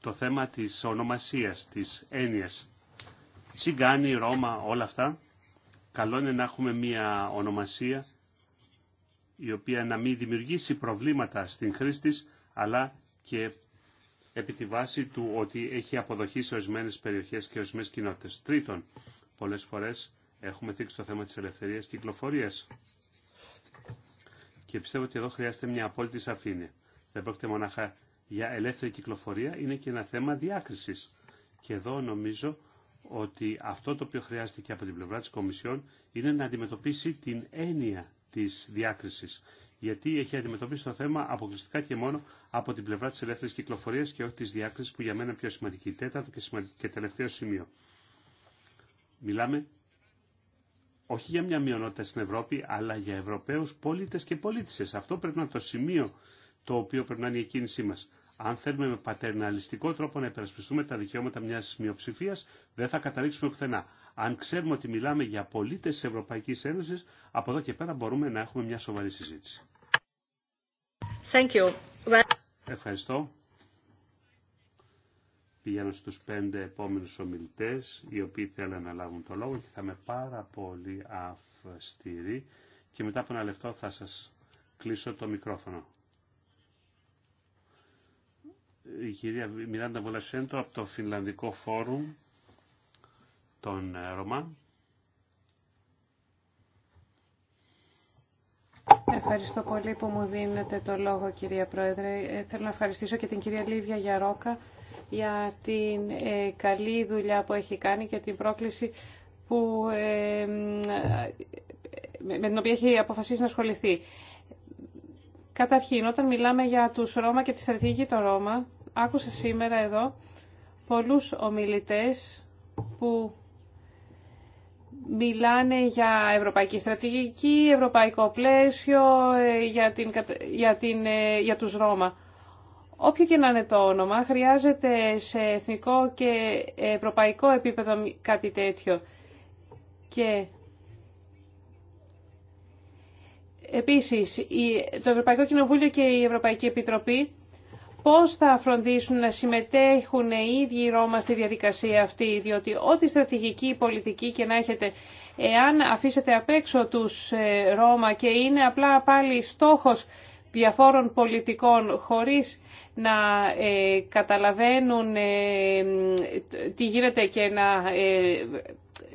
το θέμα τη ονομασία, τη έννοια. Τσιγκάνι, Ρώμα, όλα αυτά. Καλό είναι να έχουμε μια ονομασία η οποία να μην δημιουργήσει προβλήματα στην χρήση της, αλλά και επί τη βάση του ότι έχει αποδοχή σε ορισμένε περιοχές και ορισμένε κοινότητε. Τρίτον, πολλές φορές έχουμε θίξει το θέμα της ελευθερίας κυκλοφορίας. Και πιστεύω ότι εδώ χρειάζεται μια απόλυτη σαφήνεια. Δεν πρόκειται μονάχα για ελεύθερη κυκλοφορία, είναι και ένα θέμα διάκρισης. Και εδώ νομίζω ότι αυτό το οποίο χρειάζεται και από την πλευρά της Κομισιόν είναι να αντιμετωπίσει την έννοια της διάκρισης. Γιατί έχει αντιμετωπίσει το θέμα αποκλειστικά και μόνο από την πλευρά της ελεύθερη κυκλοφορίας και όχι της διάκρισης που για μένα είναι πιο σημαντική. Τέταρτο και, σημαντική, τελευταίο σημείο. Μιλάμε όχι για μια μειονότητα στην Ευρώπη, αλλά για Ευρωπαίους πολίτες και πολίτησες. Αυτό πρέπει να είναι το σημείο το οποίο πρέπει να είναι η κίνησή μας αν θέλουμε με πατερναλιστικό τρόπο να υπερασπιστούμε τα δικαιώματα μια μειοψηφία, δεν θα καταλήξουμε πουθενά. Αν ξέρουμε ότι μιλάμε για πολίτε τη Ευρωπαϊκή Ένωση, από εδώ και πέρα μπορούμε να έχουμε μια σοβαρή συζήτηση. Thank you. Ευχαριστώ. Πηγαίνω στους πέντε επόμενους ομιλητές, οι οποίοι θέλουν να λάβουν το λόγο και θα είμαι πάρα πολύ αυστηρή και μετά από ένα λεπτό θα σας κλείσω το μικρόφωνο η κυρία Μιράντα Βολασέντο από το Φινλανδικό Φόρουμ των ε, Ρωμά. Ευχαριστώ πολύ που μου δίνετε το λόγο κυρία Πρόεδρε. Ε, θέλω να ευχαριστήσω και την κυρία Λίβια Γιαρόκα για την ε, καλή δουλειά που έχει κάνει και την πρόκληση που, με την οποία έχει αποφασίσει να ασχοληθεί. Καταρχήν, όταν μιλάμε για τους Ρώμα και τη στρατηγική των Ρώμα, άκουσα σήμερα εδώ πολλούς ομιλητές που μιλάνε για ευρωπαϊκή στρατηγική, ευρωπαϊκό πλαίσιο, ε, για, την, για, την, ε, για τους Ρώμα. Όποιο και να είναι το όνομα, χρειάζεται σε εθνικό και ευρωπαϊκό επίπεδο κάτι τέτοιο. Και επίσης, το Ευρωπαϊκό Κοινοβούλιο και η Ευρωπαϊκή Επιτροπή πώς θα φροντίσουν να συμμετέχουν οι ίδιοι οι Ρώμα στη διαδικασία αυτή, διότι ό,τι στρατηγική πολιτική και να έχετε, εάν αφήσετε απ' έξω τους ε, Ρώμα και είναι απλά πάλι στόχος διαφόρων πολιτικών χωρίς να ε, καταλαβαίνουν ε, τι γίνεται και να ε,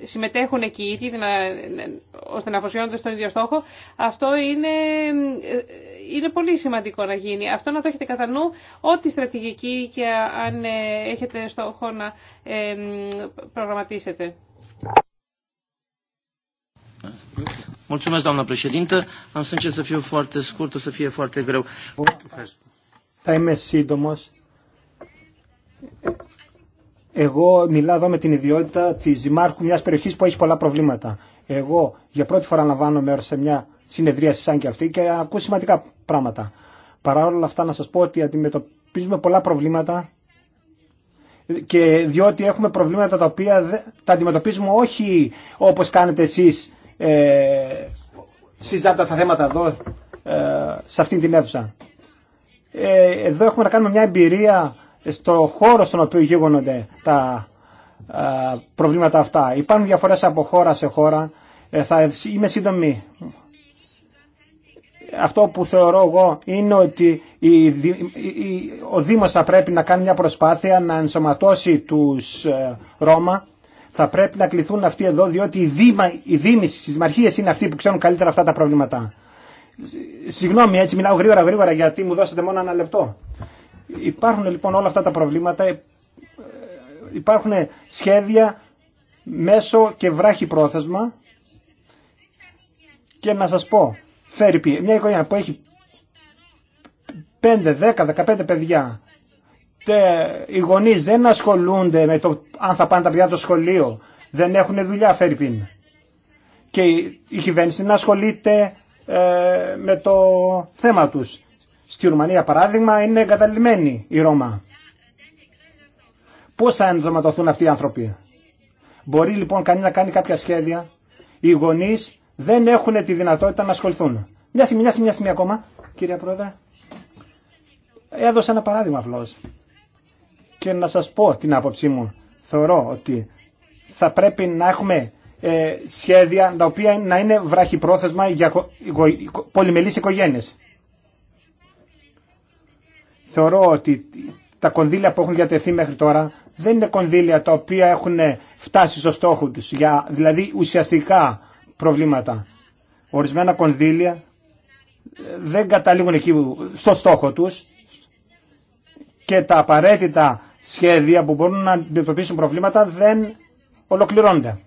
συμμετέχουν εκεί οι ίδιοι ώστε να αφοσιώνονται στον ίδιο στόχο, αυτό είναι είναι πολύ σημαντικό να γίνει. Αυτό να το έχετε κατά νου, ό,τι στρατηγική και αν ε, έχετε στόχο να ε, προγραμματίσετε. Θα είμαι σύντομο. Εγώ μιλάω εδώ με την ιδιότητα τη δημάρχου μια περιοχή που έχει πολλά προβλήματα. Εγώ για πρώτη φορά λαμβάνω μέρο σε μια συνεδρίαση σαν και αυτή και ακούω σημαντικά πράγματα. Παρά όλα αυτά να σας πω ότι αντιμετωπίζουμε πολλά προβλήματα και διότι έχουμε προβλήματα τα οποία τα αντιμετωπίζουμε όχι όπως κάνετε εσείς ε, συζητάτε τα θέματα εδώ ε, σε αυτήν την αίθουσα. Ε, εδώ έχουμε να κάνουμε μια εμπειρία στο χώρο στον οποίο γίγονται τα ε, προβλήματα αυτά. Υπάρχουν διαφορές από χώρα σε χώρα. Ε, θα είμαι σύντομη αυτό που θεωρώ εγώ είναι ότι η, η, ο Δήμος θα πρέπει να κάνει μια προσπάθεια να ενσωματώσει τους ε, Ρώμα. Θα πρέπει να κληθούν αυτοί εδώ διότι οι, δήμα, οι Δήμοι στις Μαρχίες είναι αυτοί που ξέρουν καλύτερα αυτά τα προβλήματα. Συγγνώμη έτσι μιλάω γρήγορα γρήγορα γιατί μου δώσατε μόνο ένα λεπτό. Υπάρχουν λοιπόν όλα αυτά τα προβλήματα, ε, υπάρχουν σχέδια μέσω και βράχη πρόθεσμα και να σας πω Φέρει πει, μια οικογένεια που έχει 5, 10, 15 παιδιά. Τε, οι γονεί δεν ασχολούνται με το αν θα πάνε τα παιδιά στο σχολείο. Δεν έχουν δουλειά, πει. Και η, κυβέρνηση να ασχολείται ε, με το θέμα τους. Στη Ρουμανία, παράδειγμα, είναι εγκαταλειμμένοι οι Ρώμα. Πώς θα ενδοματωθούν αυτοί οι άνθρωποι. Μπορεί λοιπόν κανεί να κάνει κάποια σχέδια. Οι γονεί δεν έχουν τη δυνατότητα να ασχοληθούν. Μια στιγμή, μια στιγμή, ακόμα, κύριε Πρόεδρε. Έδωσα ένα παράδειγμα απλώ. Και να σας πω την άποψή μου. Θεωρώ ότι θα πρέπει να έχουμε ε, σχέδια τα οποία να είναι βραχυπρόθεσμα για πολυμελείς οικογένειε. Θεωρώ ότι τα κονδύλια που έχουν διατεθεί μέχρι τώρα δεν είναι κονδύλια τα οποία έχουν φτάσει στο στόχο τους. Για, δηλαδή ουσιαστικά προβλήματα. Ορισμένα κονδύλια ε, δεν καταλήγουν εκεί στο στόχο τους και τα απαραίτητα σχέδια που μπορούν να αντιμετωπίσουν προβλήματα δεν ολοκληρώνονται.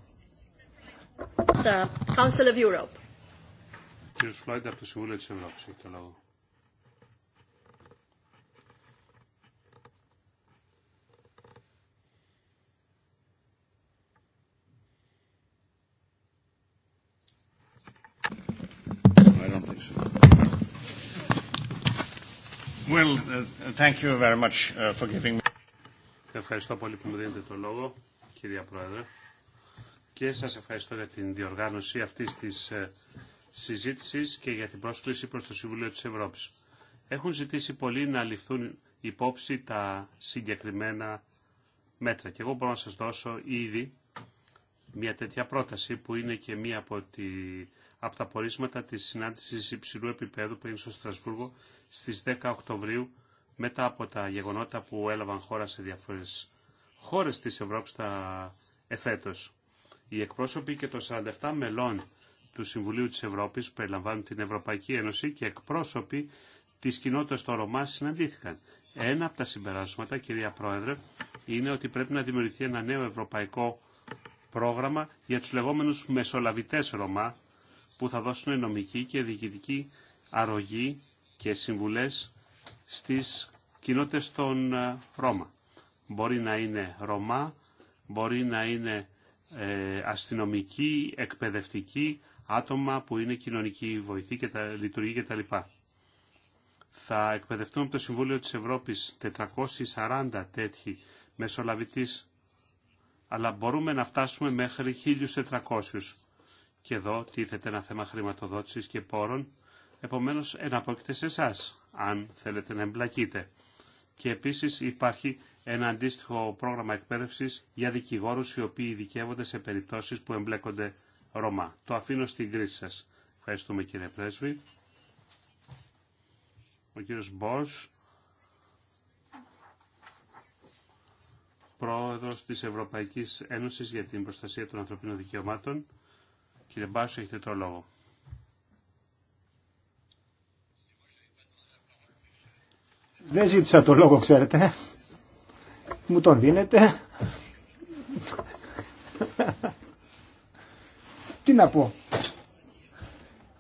Council Well, thank Ευχαριστώ πολύ που μου δίνετε το λόγο, κυρία Πρόεδρε. Και σας ευχαριστώ για την διοργάνωση αυτής της ε, συζήτησης και για την πρόσκληση προς το Συμβουλίο της Ευρώπης. Έχουν ζητήσει πολλοί να ληφθούν υπόψη τα συγκεκριμένα μέτρα. Και εγώ μπορώ να σας δώσω ήδη μια τέτοια πρόταση που είναι και μία από, τη, από τα πορίσματα της συνάντησης υψηλού επίπεδου που έγινε στο Στρασβούργο στις 10 Οκτωβρίου μετά από τα γεγονότα που έλαβαν χώρα σε διαφορές χώρες της Ευρώπης τα εφέτος. Οι εκπρόσωποι και των 47 μελών του Συμβουλίου της Ευρώπης που περιλαμβάνουν την Ευρωπαϊκή Ένωση και εκπρόσωποι της κοινότητας των Ρωμά συναντήθηκαν. Ένα από τα συμπεράσματα, κυρία Πρόεδρε, είναι ότι πρέπει να δημιουργηθεί ένα νέο ευρωπαϊκό πρόγραμμα για τους λεγόμενους μεσολαβητές Ρωμά, που θα δώσουν νομική και διοικητική αρρωγή και συμβουλές στις κοινότητες των ε, Ρώμα. Μπορεί να είναι Ρωμά, μπορεί να είναι ε, αστυνομικοί, εκπαιδευτικοί, άτομα που είναι κοινωνική βοηθή και τα λειτουργεί κτλ. Θα εκπαιδευτούν από το Συμβούλιο της Ευρώπης 440 τέτοιοι μεσολαβητής, αλλά μπορούμε να φτάσουμε μέχρι 1.400. Και εδώ τίθεται ένα θέμα χρηματοδότησης και πόρων. Επομένως, εναπόκειται σε εσά αν θέλετε να εμπλακείτε. Και επίσης υπάρχει ένα αντίστοιχο πρόγραμμα εκπαίδευσης για δικηγόρους οι οποίοι ειδικεύονται σε περιπτώσεις που εμπλέκονται Ρωμά. Το αφήνω στην κρίση σας. Ευχαριστούμε κύριε Πρέσβη. Ο κύριος Μπόρς, πρόεδρος της Ευρωπαϊκής Ένωσης για την Προστασία των Ανθρωπίνων Δικαιωμάτων. Κύριε Μπάσου, έχετε το λόγο. Δεν ζήτησα το λόγο, ξέρετε. Μου τον δίνετε. Τι να πω.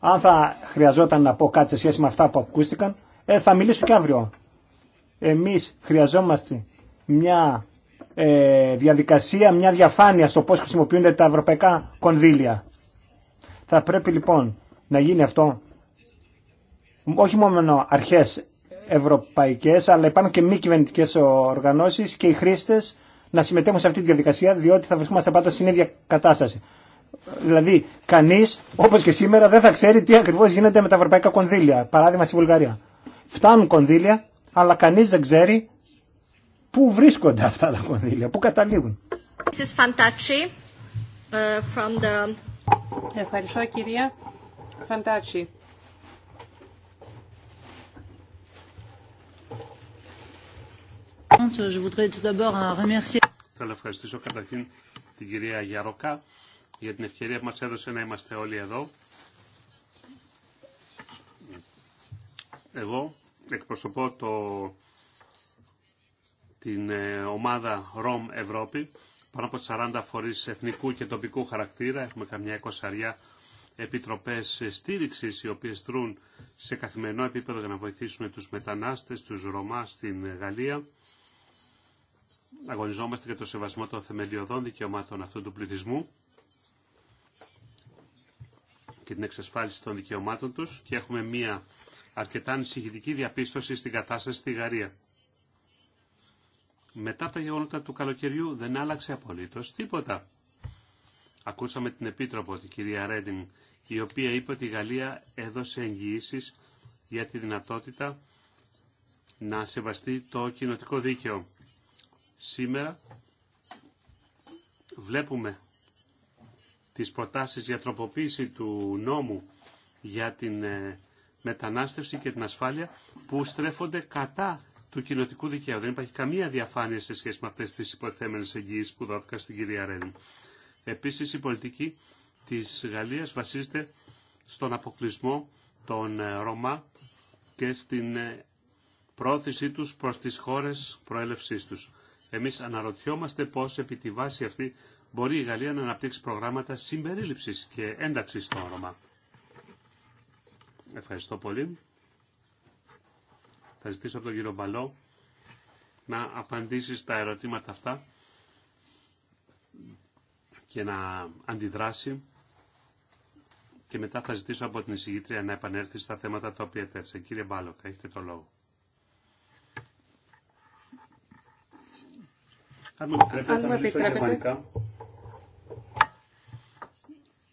Αν θα χρειαζόταν να πω κάτι σε σχέση με αυτά που ακούστηκαν, ε, θα μιλήσω και αύριο. Εμείς χρειαζόμαστε μια ε, διαδικασία, μια διαφάνεια στο πώς χρησιμοποιούνται τα ευρωπαϊκά κονδύλια. Θα πρέπει λοιπόν να γίνει αυτό όχι μόνο αρχές ευρωπαϊκές αλλά υπάρχουν και μη κυβερνητικέ οργανώσεις και οι χρήστες να συμμετέχουν σε αυτή τη διαδικασία διότι θα βρισκόμαστε πάντα στην ίδια κατάσταση. Δηλαδή, κανεί, όπω και σήμερα, δεν θα ξέρει τι ακριβώ γίνεται με τα ευρωπαϊκά κονδύλια. Παράδειγμα στη Βουλγαρία. Φτάνουν κονδύλια, αλλά κανεί δεν ξέρει πού βρίσκονται αυτά τα κονδύλια, πού καταλήγουν. This uh, from the Ευχαριστώ κυρία Φαντάτσι. Θέλω ευχαριστήσω καταρχήν την κυρία Γιαροκά για την ευκαιρία που μας έδωσε να είμαστε όλοι εδώ. Εγώ εκπροσωπώ το, την ε, ομάδα Ρομ Ευρώπη πάνω από 40 φορείς εθνικού και τοπικού χαρακτήρα. Έχουμε καμιά εικοσαριά επιτροπές στήριξης οι οποίες δρούν σε καθημερινό επίπεδο για να βοηθήσουν τους μετανάστες, τους Ρωμά στην Γαλλία. Αγωνιζόμαστε για το σεβασμό των θεμελιωδών δικαιωμάτων αυτού του πληθυσμού και την εξασφάλιση των δικαιωμάτων τους και έχουμε μία αρκετά ανησυχητική διαπίστωση στην κατάσταση στη Γαρία μετά από τα γεγονότα του καλοκαιριού δεν άλλαξε απολύτως τίποτα. Ακούσαμε την Επίτροπο, την κυρία Ρέντιν, η οποία είπε ότι η Γαλλία έδωσε εγγυήσεις για τη δυνατότητα να σεβαστεί το κοινοτικό δίκαιο. Σήμερα βλέπουμε τις προτάσεις για τροποποίηση του νόμου για την ε, μετανάστευση και την ασφάλεια που στρέφονται κατά του κοινοτικού δικαίου. Δεν υπάρχει καμία διαφάνεια σε σχέση με αυτέ τι υποθέμενες εγγύησει που δόθηκαν στην κυρία Ρέν. Επίση, η πολιτική της Γαλλίας βασίζεται στον αποκλεισμό των ε, Ρωμά και στην ε, πρόθεσή τους προς τις χώρες προέλευσής τους. Εμείς αναρωτιόμαστε πώς επί τη βάση αυτή μπορεί η Γαλλία να αναπτύξει προγράμματα συμπερίληψης και ένταξης των Ρωμά. Ευχαριστώ πολύ. Θα ζητήσω από τον κύριο Μπαλό να απαντήσει στα ερωτήματα αυτά και να αντιδράσει και μετά θα ζητήσω από την εισηγήτρια να επανέλθει στα θέματα τα οποία τέθησε. Κύριε Μπάλοκα, έχετε το λόγο. Αν μου επιτρέπετε, θα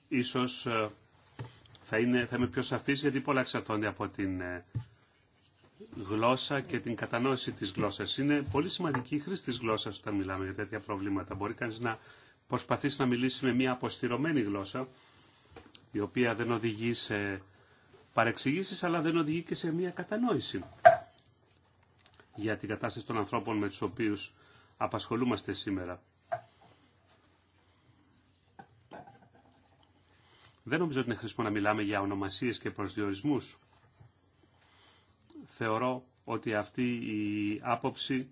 Ίσως ε, θα, θα είμαι πιο σαφής γιατί πολλά εξαρτώνται από την ε, γλώσσα και την κατανόηση της γλώσσας. Είναι πολύ σημαντική η χρήση της γλώσσας όταν μιλάμε για τέτοια προβλήματα. Μπορεί κανείς να προσπαθήσει να μιλήσει με μια αποστηρωμένη γλώσσα, η οποία δεν οδηγεί σε παρεξηγήσεις, αλλά δεν οδηγεί και σε μια κατανόηση για την κατάσταση των ανθρώπων με τους οποίους απασχολούμαστε σήμερα. Δεν νομίζω ότι είναι χρήσιμο να μιλάμε για ονομασίες και προσδιορισμούς θεωρώ ότι αυτή η άποψη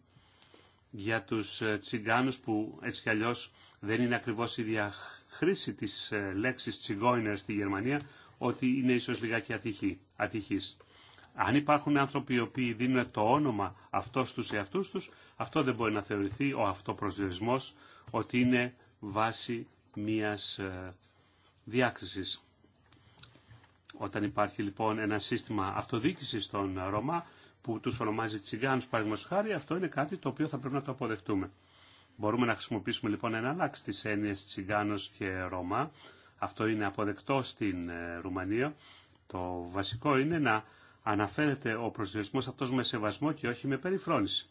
για τους ε, τσιγκάνους που έτσι κι αλλιώς δεν είναι ακριβώς η διαχρήση της ε, λέξης τσιγκόινερ στη Γερμανία ότι είναι ίσως λιγάκι ατυχή, ατυχής. Αν υπάρχουν άνθρωποι οι οποίοι δίνουν το όνομα αυτό στους εαυτούς τους, αυτό δεν μπορεί να θεωρηθεί ο αυτοπροσδιορισμός ότι είναι βάση μιας ε, διάκρισης. Όταν υπάρχει λοιπόν ένα σύστημα αυτοδιοίκηση των Ρωμά που του ονομάζει τσιγάνους παραδείγματο χάρη, αυτό είναι κάτι το οποίο θα πρέπει να το αποδεχτούμε. Μπορούμε να χρησιμοποιήσουμε λοιπόν ένα αλλάξ τι έννοια τσιγάνος και Ρωμά. Αυτό είναι αποδεκτό στην ε, Ρουμανία. Το βασικό είναι να αναφέρεται ο προσδιορισμός αυτός με σεβασμό και όχι με περιφρόνηση.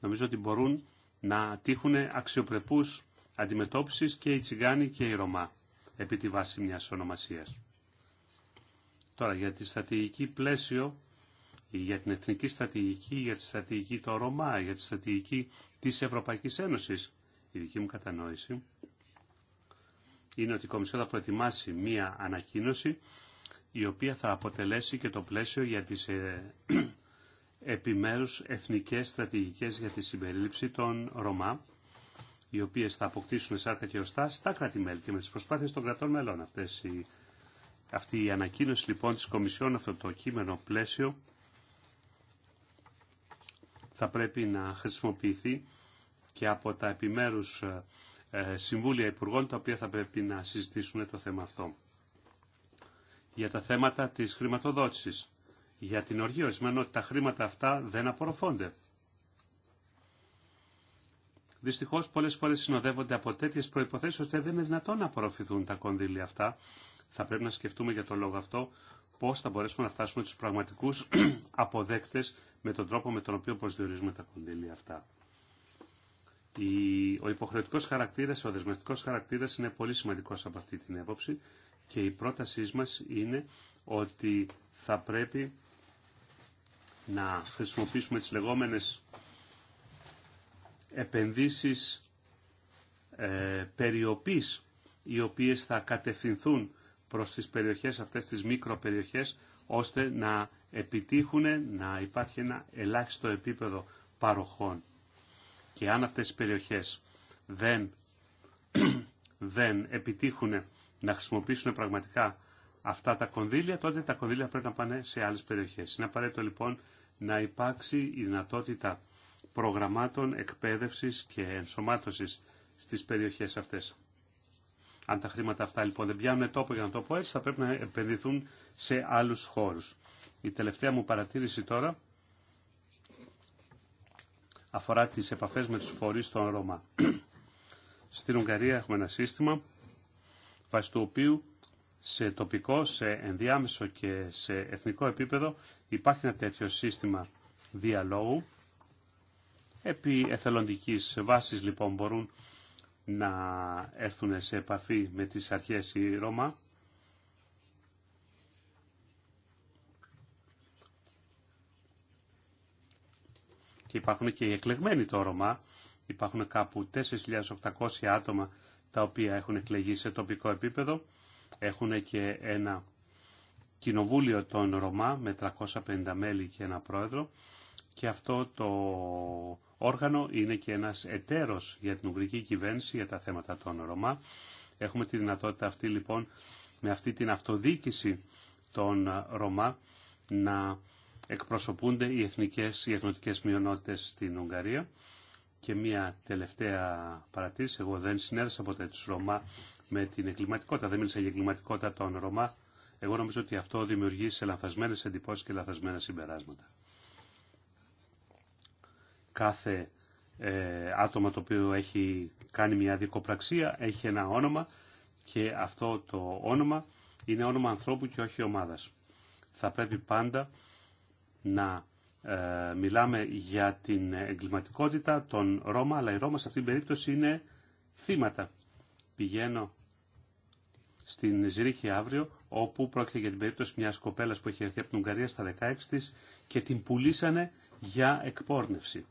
Νομίζω ότι μπορούν να τύχουν αξιοπρεπούς αντιμετώπισης και οι τσιγάνοι και οι Ρωμά επί τη βάση μιας ονομασίας. Τώρα για τη στρατηγική πλαίσιο, για την εθνική στρατηγική, για τη στρατηγική των Ρωμά, για τη στρατηγική της Ευρωπαϊκής Ένωσης, η δική μου κατανόηση είναι ότι η Κομισιόν θα προετοιμάσει μία ανακοίνωση η οποία θα αποτελέσει και το πλαίσιο για τις ε, επιμέρους εθνικές στρατηγικές για τη συμπερίληψη των Ρωμά οι οποίε θα αποκτήσουν σάρκα και οστά στα κράτη-μέλη και με τι προσπάθειες των κρατών μελών. Αυτές αυτή η ανακοίνωση λοιπόν της Κομισιόν, αυτό το κείμενο πλαίσιο, θα πρέπει να χρησιμοποιηθεί και από τα επιμέρους ε, ε, συμβούλια υπουργών, τα οποία θα πρέπει να συζητήσουν το θέμα αυτό. Για τα θέματα της χρηματοδότηση, Για την οργή ορισμένο ότι τα χρήματα αυτά δεν απορροφώνται δυστυχώ πολλέ φορέ συνοδεύονται από τέτοιε προποθέσει ώστε δεν είναι δυνατόν να απορροφηθούν τα κονδύλια αυτά. Θα πρέπει να σκεφτούμε για τον λόγο αυτό πώ θα μπορέσουμε να φτάσουμε του πραγματικού αποδέκτε με τον τρόπο με τον οποίο προσδιορίζουμε τα κονδύλια αυτά. Ο υποχρεωτικό χαρακτήρα, ο δεσμευτικό χαρακτήρα είναι πολύ σημαντικό από αυτή την έποψη και η πρότασή μα είναι ότι θα πρέπει να χρησιμοποιήσουμε τις λεγόμενες επενδύσεις ε, περιοπής οι οποίες θα κατευθυνθούν προς τις περιοχές αυτές, τις μικροπεριοχές, ώστε να επιτύχουν να υπάρχει ένα ελάχιστο επίπεδο παροχών. Και αν αυτές οι περιοχές δεν, δεν επιτύχουν να χρησιμοποιήσουν πραγματικά αυτά τα κονδύλια, τότε τα κονδύλια πρέπει να πάνε σε άλλες περιοχές. Είναι απαραίτητο λοιπόν να υπάρξει η δυνατότητα προγραμμάτων εκπαίδευσης και ενσωμάτωσης στις περιοχές αυτές. Αν τα χρήματα αυτά λοιπόν δεν πιάνουν τόπο για να το πω έτσι, θα πρέπει να επενδυθούν σε άλλους χώρους. Η τελευταία μου παρατήρηση τώρα αφορά τις επαφές με τους φορείς των Ρώμα. Στην Ουγγαρία έχουμε ένα σύστημα βάσει του οποίου σε τοπικό, σε ενδιάμεσο και σε εθνικό επίπεδο υπάρχει ένα τέτοιο σύστημα διαλόγου Επί εθελοντικής βάσης λοιπόν μπορούν να έρθουν σε επαφή με τις αρχές η Ρώμα. Και υπάρχουν και οι εκλεγμένοι το Ρώμα. Υπάρχουν κάπου 4.800 άτομα τα οποία έχουν εκλεγεί σε τοπικό επίπεδο. Έχουν και ένα κοινοβούλιο των Ρωμά με 350 μέλη και ένα πρόεδρο. Και αυτό το όργανο, είναι και ένας εταίρος για την Ουγγρική κυβέρνηση για τα θέματα των Ρωμά. Έχουμε τη δυνατότητα αυτή λοιπόν με αυτή την αυτοδίκηση των Ρωμά να εκπροσωπούνται οι εθνικές, οι εθνοτικε μειονότητες στην Ουγγαρία. Και μια τελευταία παρατήρηση, εγώ δεν συνέδεσα ποτέ τους Ρωμά με την εγκληματικότητα, δεν μίλησα για εγκληματικότητα των Ρωμά. Εγώ νομίζω ότι αυτό δημιουργεί σε λανθασμένες εντυπώσεις και λανθασμένα συμπεράσματα κάθε ε, άτομα το οποίο έχει κάνει μια δικοπραξία έχει ένα όνομα και αυτό το όνομα είναι όνομα ανθρώπου και όχι ομάδας. Θα πρέπει πάντα να ε, μιλάμε για την εγκληματικότητα των Ρώμα, αλλά οι Ρώμα σε αυτήν την περίπτωση είναι θύματα. Πηγαίνω στην Ζηρίχη αύριο, όπου πρόκειται για την περίπτωση μιας κοπέλας που έχει έρθει από την Ουγγαρία στα 16 της και την πουλήσανε για εκπόρνευση.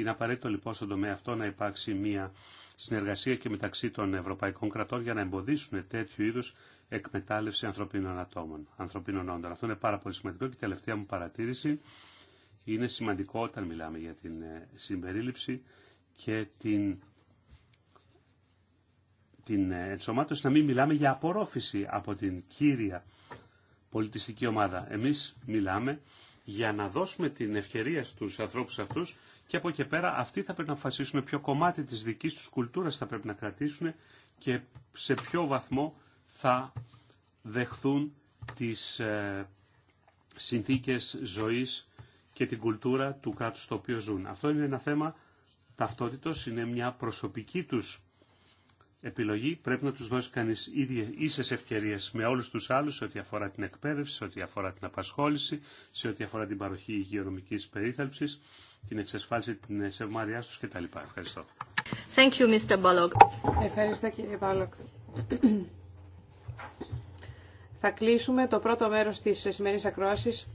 Είναι απαραίτητο λοιπόν στον τομέα αυτό να υπάρξει μια συνεργασία και μεταξύ των ευρωπαϊκών κρατών για να εμποδίσουν τέτοιου είδου εκμετάλλευση ανθρωπίνων ατόμων, ανθρωπίνων όντων. Αυτό είναι πάρα πολύ σημαντικό και η τελευταία μου παρατήρηση είναι σημαντικό όταν μιλάμε για την ε, συμπερίληψη και την, την ε, ενσωμάτωση να μην μιλάμε για απορρόφηση από την κύρια πολιτιστική ομάδα. Εμείς μιλάμε για να δώσουμε την ευκαιρία στους ανθρώπους αυτούς και από εκεί πέρα αυτοί θα πρέπει να αποφασίσουν ποιο κομμάτι της δικής τους κουλτούρας θα πρέπει να κρατήσουν και σε ποιο βαθμό θα δεχθούν τις ε, συνθήκες ζωής και την κουλτούρα του κράτους στο οποίο ζουν. Αυτό είναι ένα θέμα ταυτότητος, είναι μια προσωπική τους επιλογή. Πρέπει να τους δώσει κανείς ίδιες, ίσες ευκαιρίες με όλους τους άλλους σε ό,τι αφορά την εκπαίδευση, σε ό,τι αφορά την απασχόληση, σε ό,τι αφορά την παροχή υγειονομικής περίθαλψης την εξασφάλιση της ευμάρειά του κτλ. Ευχαριστώ. Thank you, Mr. Ευχαριστώ κύριε Μπάλοκ. Θα κλείσουμε το πρώτο μέρος της σημερινής ακρόασης.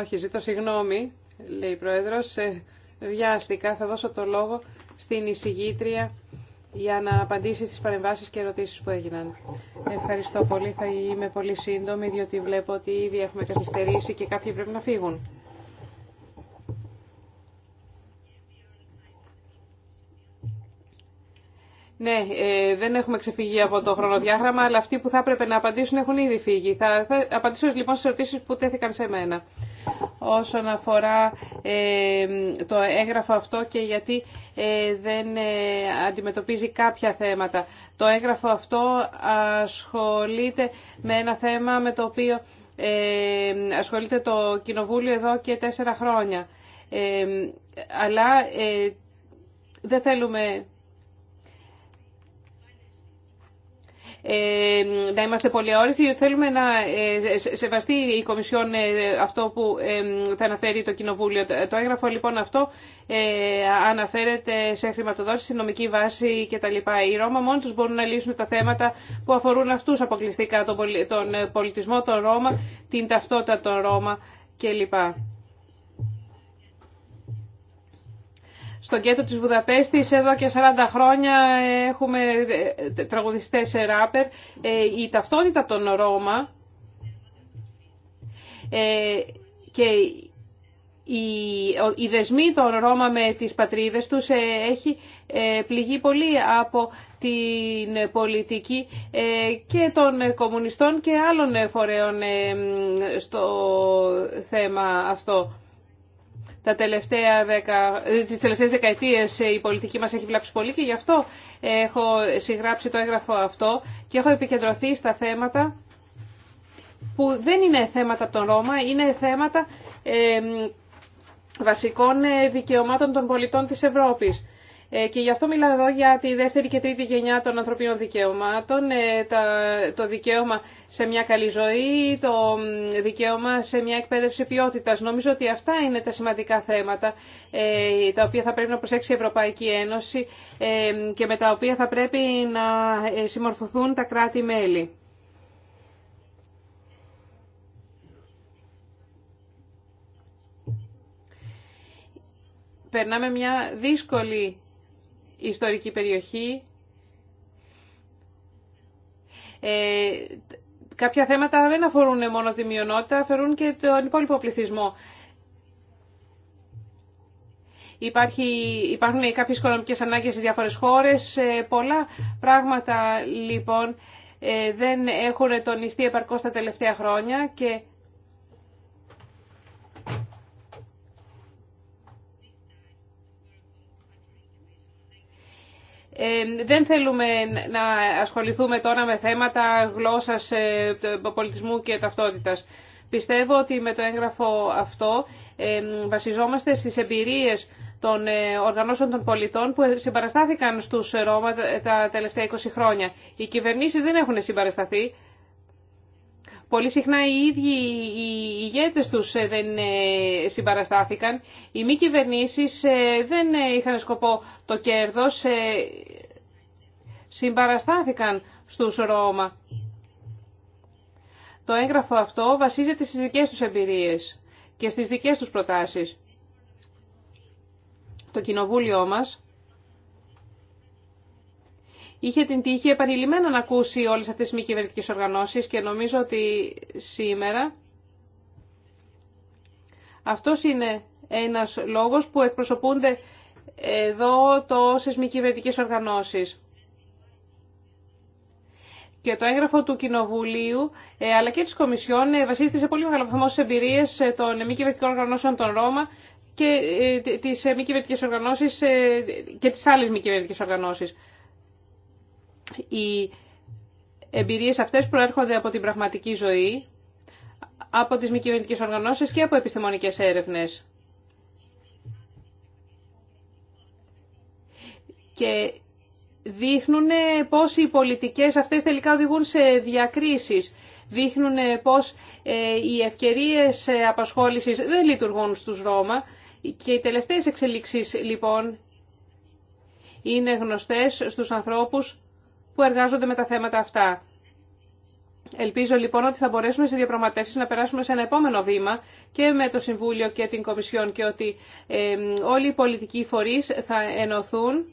Όχι, ζητώ συγγνώμη, λέει η Πρόεδρος. Ε, βιάστηκα, θα δώσω το λόγο στην εισηγήτρια για να απαντήσει στις παρεμβάσεις και ερωτήσεις που έγιναν. Ευχαριστώ πολύ. Θα είμαι πολύ σύντομη, διότι βλέπω ότι ήδη έχουμε καθυστερήσει και κάποιοι πρέπει να φύγουν. Ναι, ε, δεν έχουμε ξεφύγει από το χρονοδιάγραμμα, αλλά αυτοί που θα έπρεπε να απαντήσουν έχουν ήδη φύγει. Θα, απαντήσω λοιπόν στις ερωτήσεις που τέθηκαν σε μένα. Όσον αφορά ε, το έγγραφο αυτό και γιατί ε, δεν ε, αντιμετωπίζει κάποια θέματα. Το έγγραφο αυτό ασχολείται με ένα θέμα με το οποίο ε, ασχολείται το Κοινοβούλιο εδώ και τέσσερα χρόνια. Αλλά δεν θέλουμε Ε, να είμαστε πολυαόριστοι, διότι θέλουμε να ε, σεβαστεί η Κομισιόν ε, αυτό που θα αναφέρει το Κοινοβούλιο. Το έγγραφο λοιπόν αυτό αναφέρεται σε χρηματοδότηση, νομική βάση κτλ. Οι Ρώμα μόνοι τους μπορούν να λύσουν τα θέματα που αφορούν αυτούς αποκλειστικά, τον πολιτισμό των Ρώμα, την ταυτότητα των Ρώμα κλπ. στο κέντρο της Βουδαπέστης εδώ και 40 χρόνια έχουμε ε, τραγουδιστές ε, ράπερ. Ε, η ταυτότητα των Ρώμα και η δεσμή των Ρώμα με τις πατρίδες τους έχει πληγεί πολύ από την πολιτική και των κομμουνιστών και άλλων φορέων στο θέμα αυτό τα τελευταία δεκα, ε, τις τελευταίες δεκαετίες ε, η πολιτική μας έχει βλάψει πολύ και γι' αυτό έχω συγγράψει το έγγραφο αυτό και έχω επικεντρωθεί στα θέματα που δεν είναι θέματα των Ρώμα, είναι θέματα ε, βασικών δικαιωμάτων των πολιτών της Ευρώπης. Ε, και γι' αυτό μιλάω εδώ για τη δεύτερη και τρίτη γενιά των ανθρωπίνων δικαιωμάτων, ε, το δικαίωμα σε μια καλή ζωή, το δικαίωμα σε μια εκπαίδευση ποιότητα. Νομίζω ότι αυτά είναι τα σημαντικά θέματα ε, τα οποία θα πρέπει να προσέξει η Ευρωπαϊκή Ένωση και με τα οποία θα πρέπει να συμμορφωθούν τα κράτη-μέλη. Περνάμε μια δύσκολη η ιστορική περιοχή. Ε, κάποια θέματα δεν αφορούν μόνο τη μειονότητα, αφορούν και τον υπόλοιπο πληθυσμό. Υπάρχει, υπάρχουν κάποιες οικονομικές ανάγκες στις διάφορες χώρες. Ε, πολλά πράγματα λοιπόν ε, δεν έχουν τονιστεί επαρκώς τα τελευταία χρόνια και δεν θέλουμε να ασχοληθούμε τώρα με θέματα γλώσσας, ε, πολιτισμού και ταυτότητας. Πιστεύω ότι με το έγγραφο αυτό βασιζόμαστε στις εμπειρίες των ε, οργανώσεων των πολιτών που συμπαραστάθηκαν στους Ρώμα τα τελευταία 20 χρόνια. Οι κυβερνήσεις δεν έχουν συμπαρασταθεί. Πολύ συχνά οι ίδιοι οι ηγέτες τους ε, δεν ε, συμπαραστάθηκαν. Οι μη κυβερνήσει ε, δεν είχαν σκοπό το κέρδος, συμπαραστάθηκαν στους Ρώμα. Το έγγραφο αυτό βασίζεται στις δικές τους εμπειρίες και στις δικές τους προτάσεις. Το κοινοβούλιο μας είχε την τύχη επανειλημμένα να ακούσει όλες αυτές τις μη κυβερνητικέ οργανώσεις και νομίζω ότι σήμερα αυτός είναι ένας λόγος που εκπροσωπούνται εδώ τόσες μη κυβερνητικέ οργανώσεις. Και το έγγραφο του Κοινοβουλίου ε, αλλά και της Κομισιόν ε, βασίζεται σε πολύ μεγάλο βαθμό στις εμπειρίες ε, των μη κυβερνητικών οργανώσεων των Ρώμα και τις μη οργανώσεις και τις άλλες μη κυβερνητικές οργανώσεις. Οι εμπειρίες αυτές προέρχονται από την πραγματική ζωή, από τις μη κυβερνητικές οργανώσεις και από επιστημονικές έρευνες. Και δείχνουν πώς οι πολιτικές αυτές τελικά οδηγούν σε διακρίσεις. Δείχνουν πώς ε, οι ευκαιρίες ε, απασχόλησης δεν λειτουργούν στους Ρώμα. Και οι τελευταίες εξελίξεις λοιπόν είναι γνωστές στους ανθρώπους που εργάζονται με τα θέματα αυτά. Ελπίζω λοιπόν ότι θα μπορέσουμε σε διαπραγματεύσει να περάσουμε σε ένα επόμενο βήμα και με το Συμβούλιο και την Κομισιόν και ότι όλοι οι πολιτικοί φορεί θα ενωθούν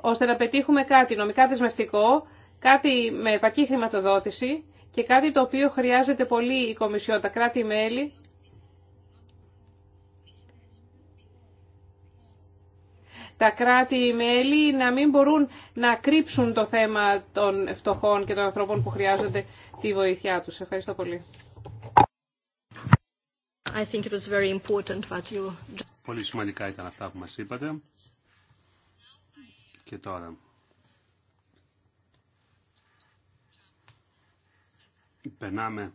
ώστε να πετύχουμε κάτι νομικά δεσμευτικό, κάτι με επαρκή χρηματοδότηση και κάτι το οποίο χρειάζεται πολύ η Κομισιόν, τα κράτη-μέλη τα κράτη-μέλη να μην μπορούν να κρύψουν το θέμα των φτωχών και των ανθρώπων που χρειάζονται τη βοήθειά τους. Ευχαριστώ πολύ. I think it was very important you... Πολύ σημαντικά ήταν αυτά που μας είπατε. Και τώρα. Περνάμε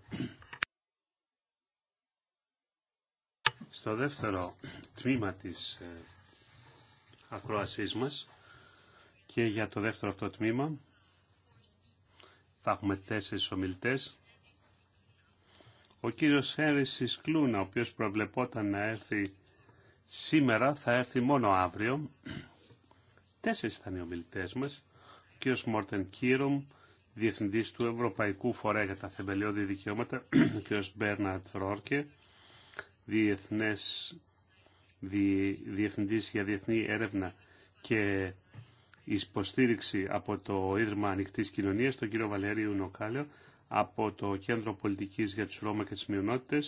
στο δεύτερο τμήμα της ε, ακρόασής και για το δεύτερο αυτό τμήμα θα έχουμε τέσσερις ομιλητές. Ο κύριος Έρησης Κλούνα, ο οποίος προβλεπόταν να έρθει σήμερα, θα έρθει μόνο αύριο. Τέσσερις ήταν οι ομιλητές μας. Ο κύριος Μόρτεν Κίρομ, διευθυντής του Ευρωπαϊκού Φορέα για τα Θεμελιώδη Δικαιώματα, ο κύριος Μπέρναρτ Ρόρκε, διεθνές διευθυντής για διεθνή έρευνα και υποστήριξη από το Ίδρυμα Ανοιχτή Κοινωνία, τον κύριο Βαλέριου Νοκάλιο, από το Κέντρο Πολιτική για του Ρώμα και τι Μειονότητε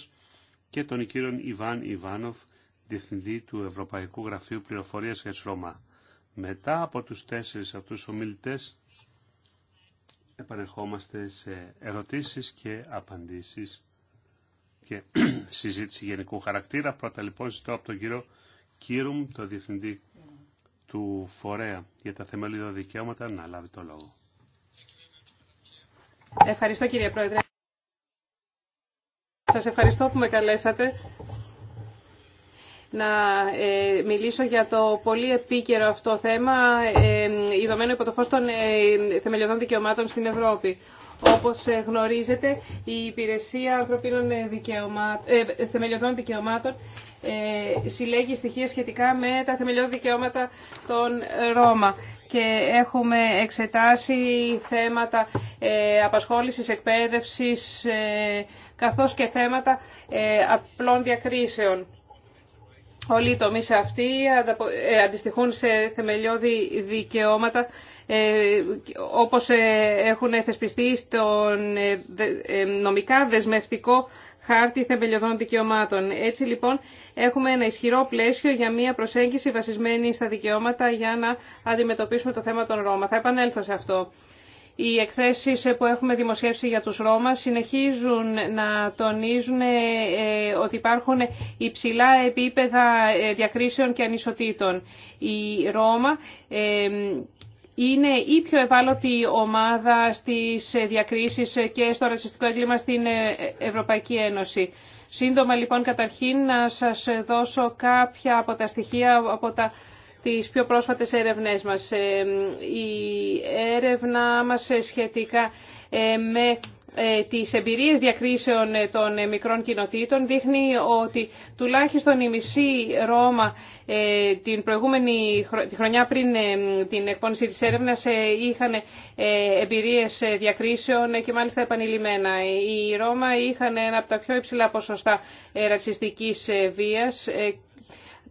και τον κύριο Ιβάν Ιβάνοφ, Διευθυντή του Ευρωπαϊκού Γραφείου Πληροφορία για του Ρώμα. Μετά από του τέσσερι αυτού ομιλητέ, επανερχόμαστε σε ερωτήσει και απαντήσει και συζήτηση γενικού χαρακτήρα. Πρώτα λοιπόν ζητώ από τον κύριο Κύρουμ, το Διευθυντή του Φορέα για τα Θεμελιώδη Δικαιώματα, να λάβει το λόγο. Ευχαριστώ κύριε Πρόεδρε. Σας ευχαριστώ που με καλέσατε να ε, μιλήσω για το πολύ επίκαιρο αυτό θέμα, ε, ειδωμένο υπό το φως των ε, θεμελιωδών δικαιωμάτων στην Ευρώπη. Όπως ε, γνωρίζετε, η Υπηρεσία Ανθρωπίνων ε, Δικαιωμάτων, ε, Θεμελιωδών Δικαιωμάτων ε, συλλέγει στοιχεία σχετικά με τα θεμελιώδη δικαιώματα των Ρώμα και έχουμε εξετάσει θέματα ε, απασχόλησης, εκπαίδευσης, καθώς και θέματα απλών διακρίσεων. Όλοι οι τομείς αυτοί αντιστοιχούν σε θεμελιώδη δικαιώματα ε, όπως ε, έχουν θεσπιστεί στον ε, νομικά δεσμευτικό χάρτη θεμελιωδών δικαιωμάτων. Έτσι λοιπόν έχουμε ένα ισχυρό πλαίσιο για μια προσέγγιση βασισμένη στα δικαιώματα για να αντιμετωπίσουμε το θέμα των Ρώμα. Θα επανέλθω σε αυτό. Οι εκθέσεις που έχουμε δημοσιεύσει για τους Ρώμα συνεχίζουν να τονίζουν ότι υπάρχουν υψηλά επίπεδα διακρίσεων και ανισοτήτων. Οι Ρώμα είναι η πιο ευάλωτη ομάδα στις ε, διακρίσεις και στο ρατσιστικό έγκλημα στην ε, Ευρωπαϊκή Ένωση. Σύντομα λοιπόν καταρχήν να σας δώσω κάποια από τα στοιχεία από τα τις πιο πρόσφατες έρευνές μας. Ε, η έρευνα μας σχετικά με ε, τις εμπειρίες διακρίσεων ε, των ε, μικρών κοινοτήτων δείχνει ότι τουλάχιστον η μισή Ρώμα την προηγούμενη τη χρονιά πριν την εκπόνηση της έρευνας είχαν εμπειρίες διακρίσεων και μάλιστα επανειλημμένα. Οι Ρώμα είχαν ένα από τα πιο υψηλά ποσοστά ρατσιστικής βίας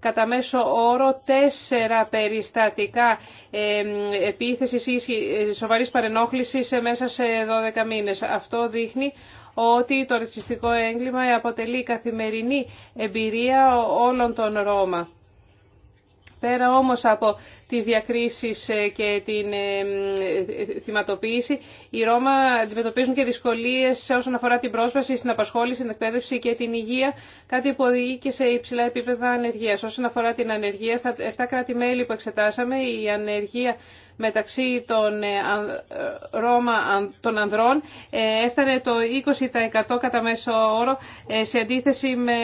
κατά μέσο όρο τέσσερα περιστατικά επίθεσης ή σοβαρής παρενόχλησης μέσα σε 12 μήνες. Αυτό δείχνει ότι το ρετσιστικό έγκλημα αποτελεί καθημερινή εμπειρία όλων των Ρώμα. Πέρα όμως από τις διακρίσεις ε, και την ε, ε, θυματοποίηση, οι Ρώμα αντιμετωπίζουν και δυσκολίες όσον αφορά την πρόσβαση στην απασχόληση, την εκπαίδευση και την υγεία, κάτι που οδηγεί και σε υψηλά επίπεδα ανεργίας. Όσον αφορά την ανεργία, στα 7 κράτη-μέλη που εξετάσαμε, η ανεργία μεταξύ των Ρώμα των ανδρών έφτανε το 20% κατά μέσο όρο σε, αντίθεση με,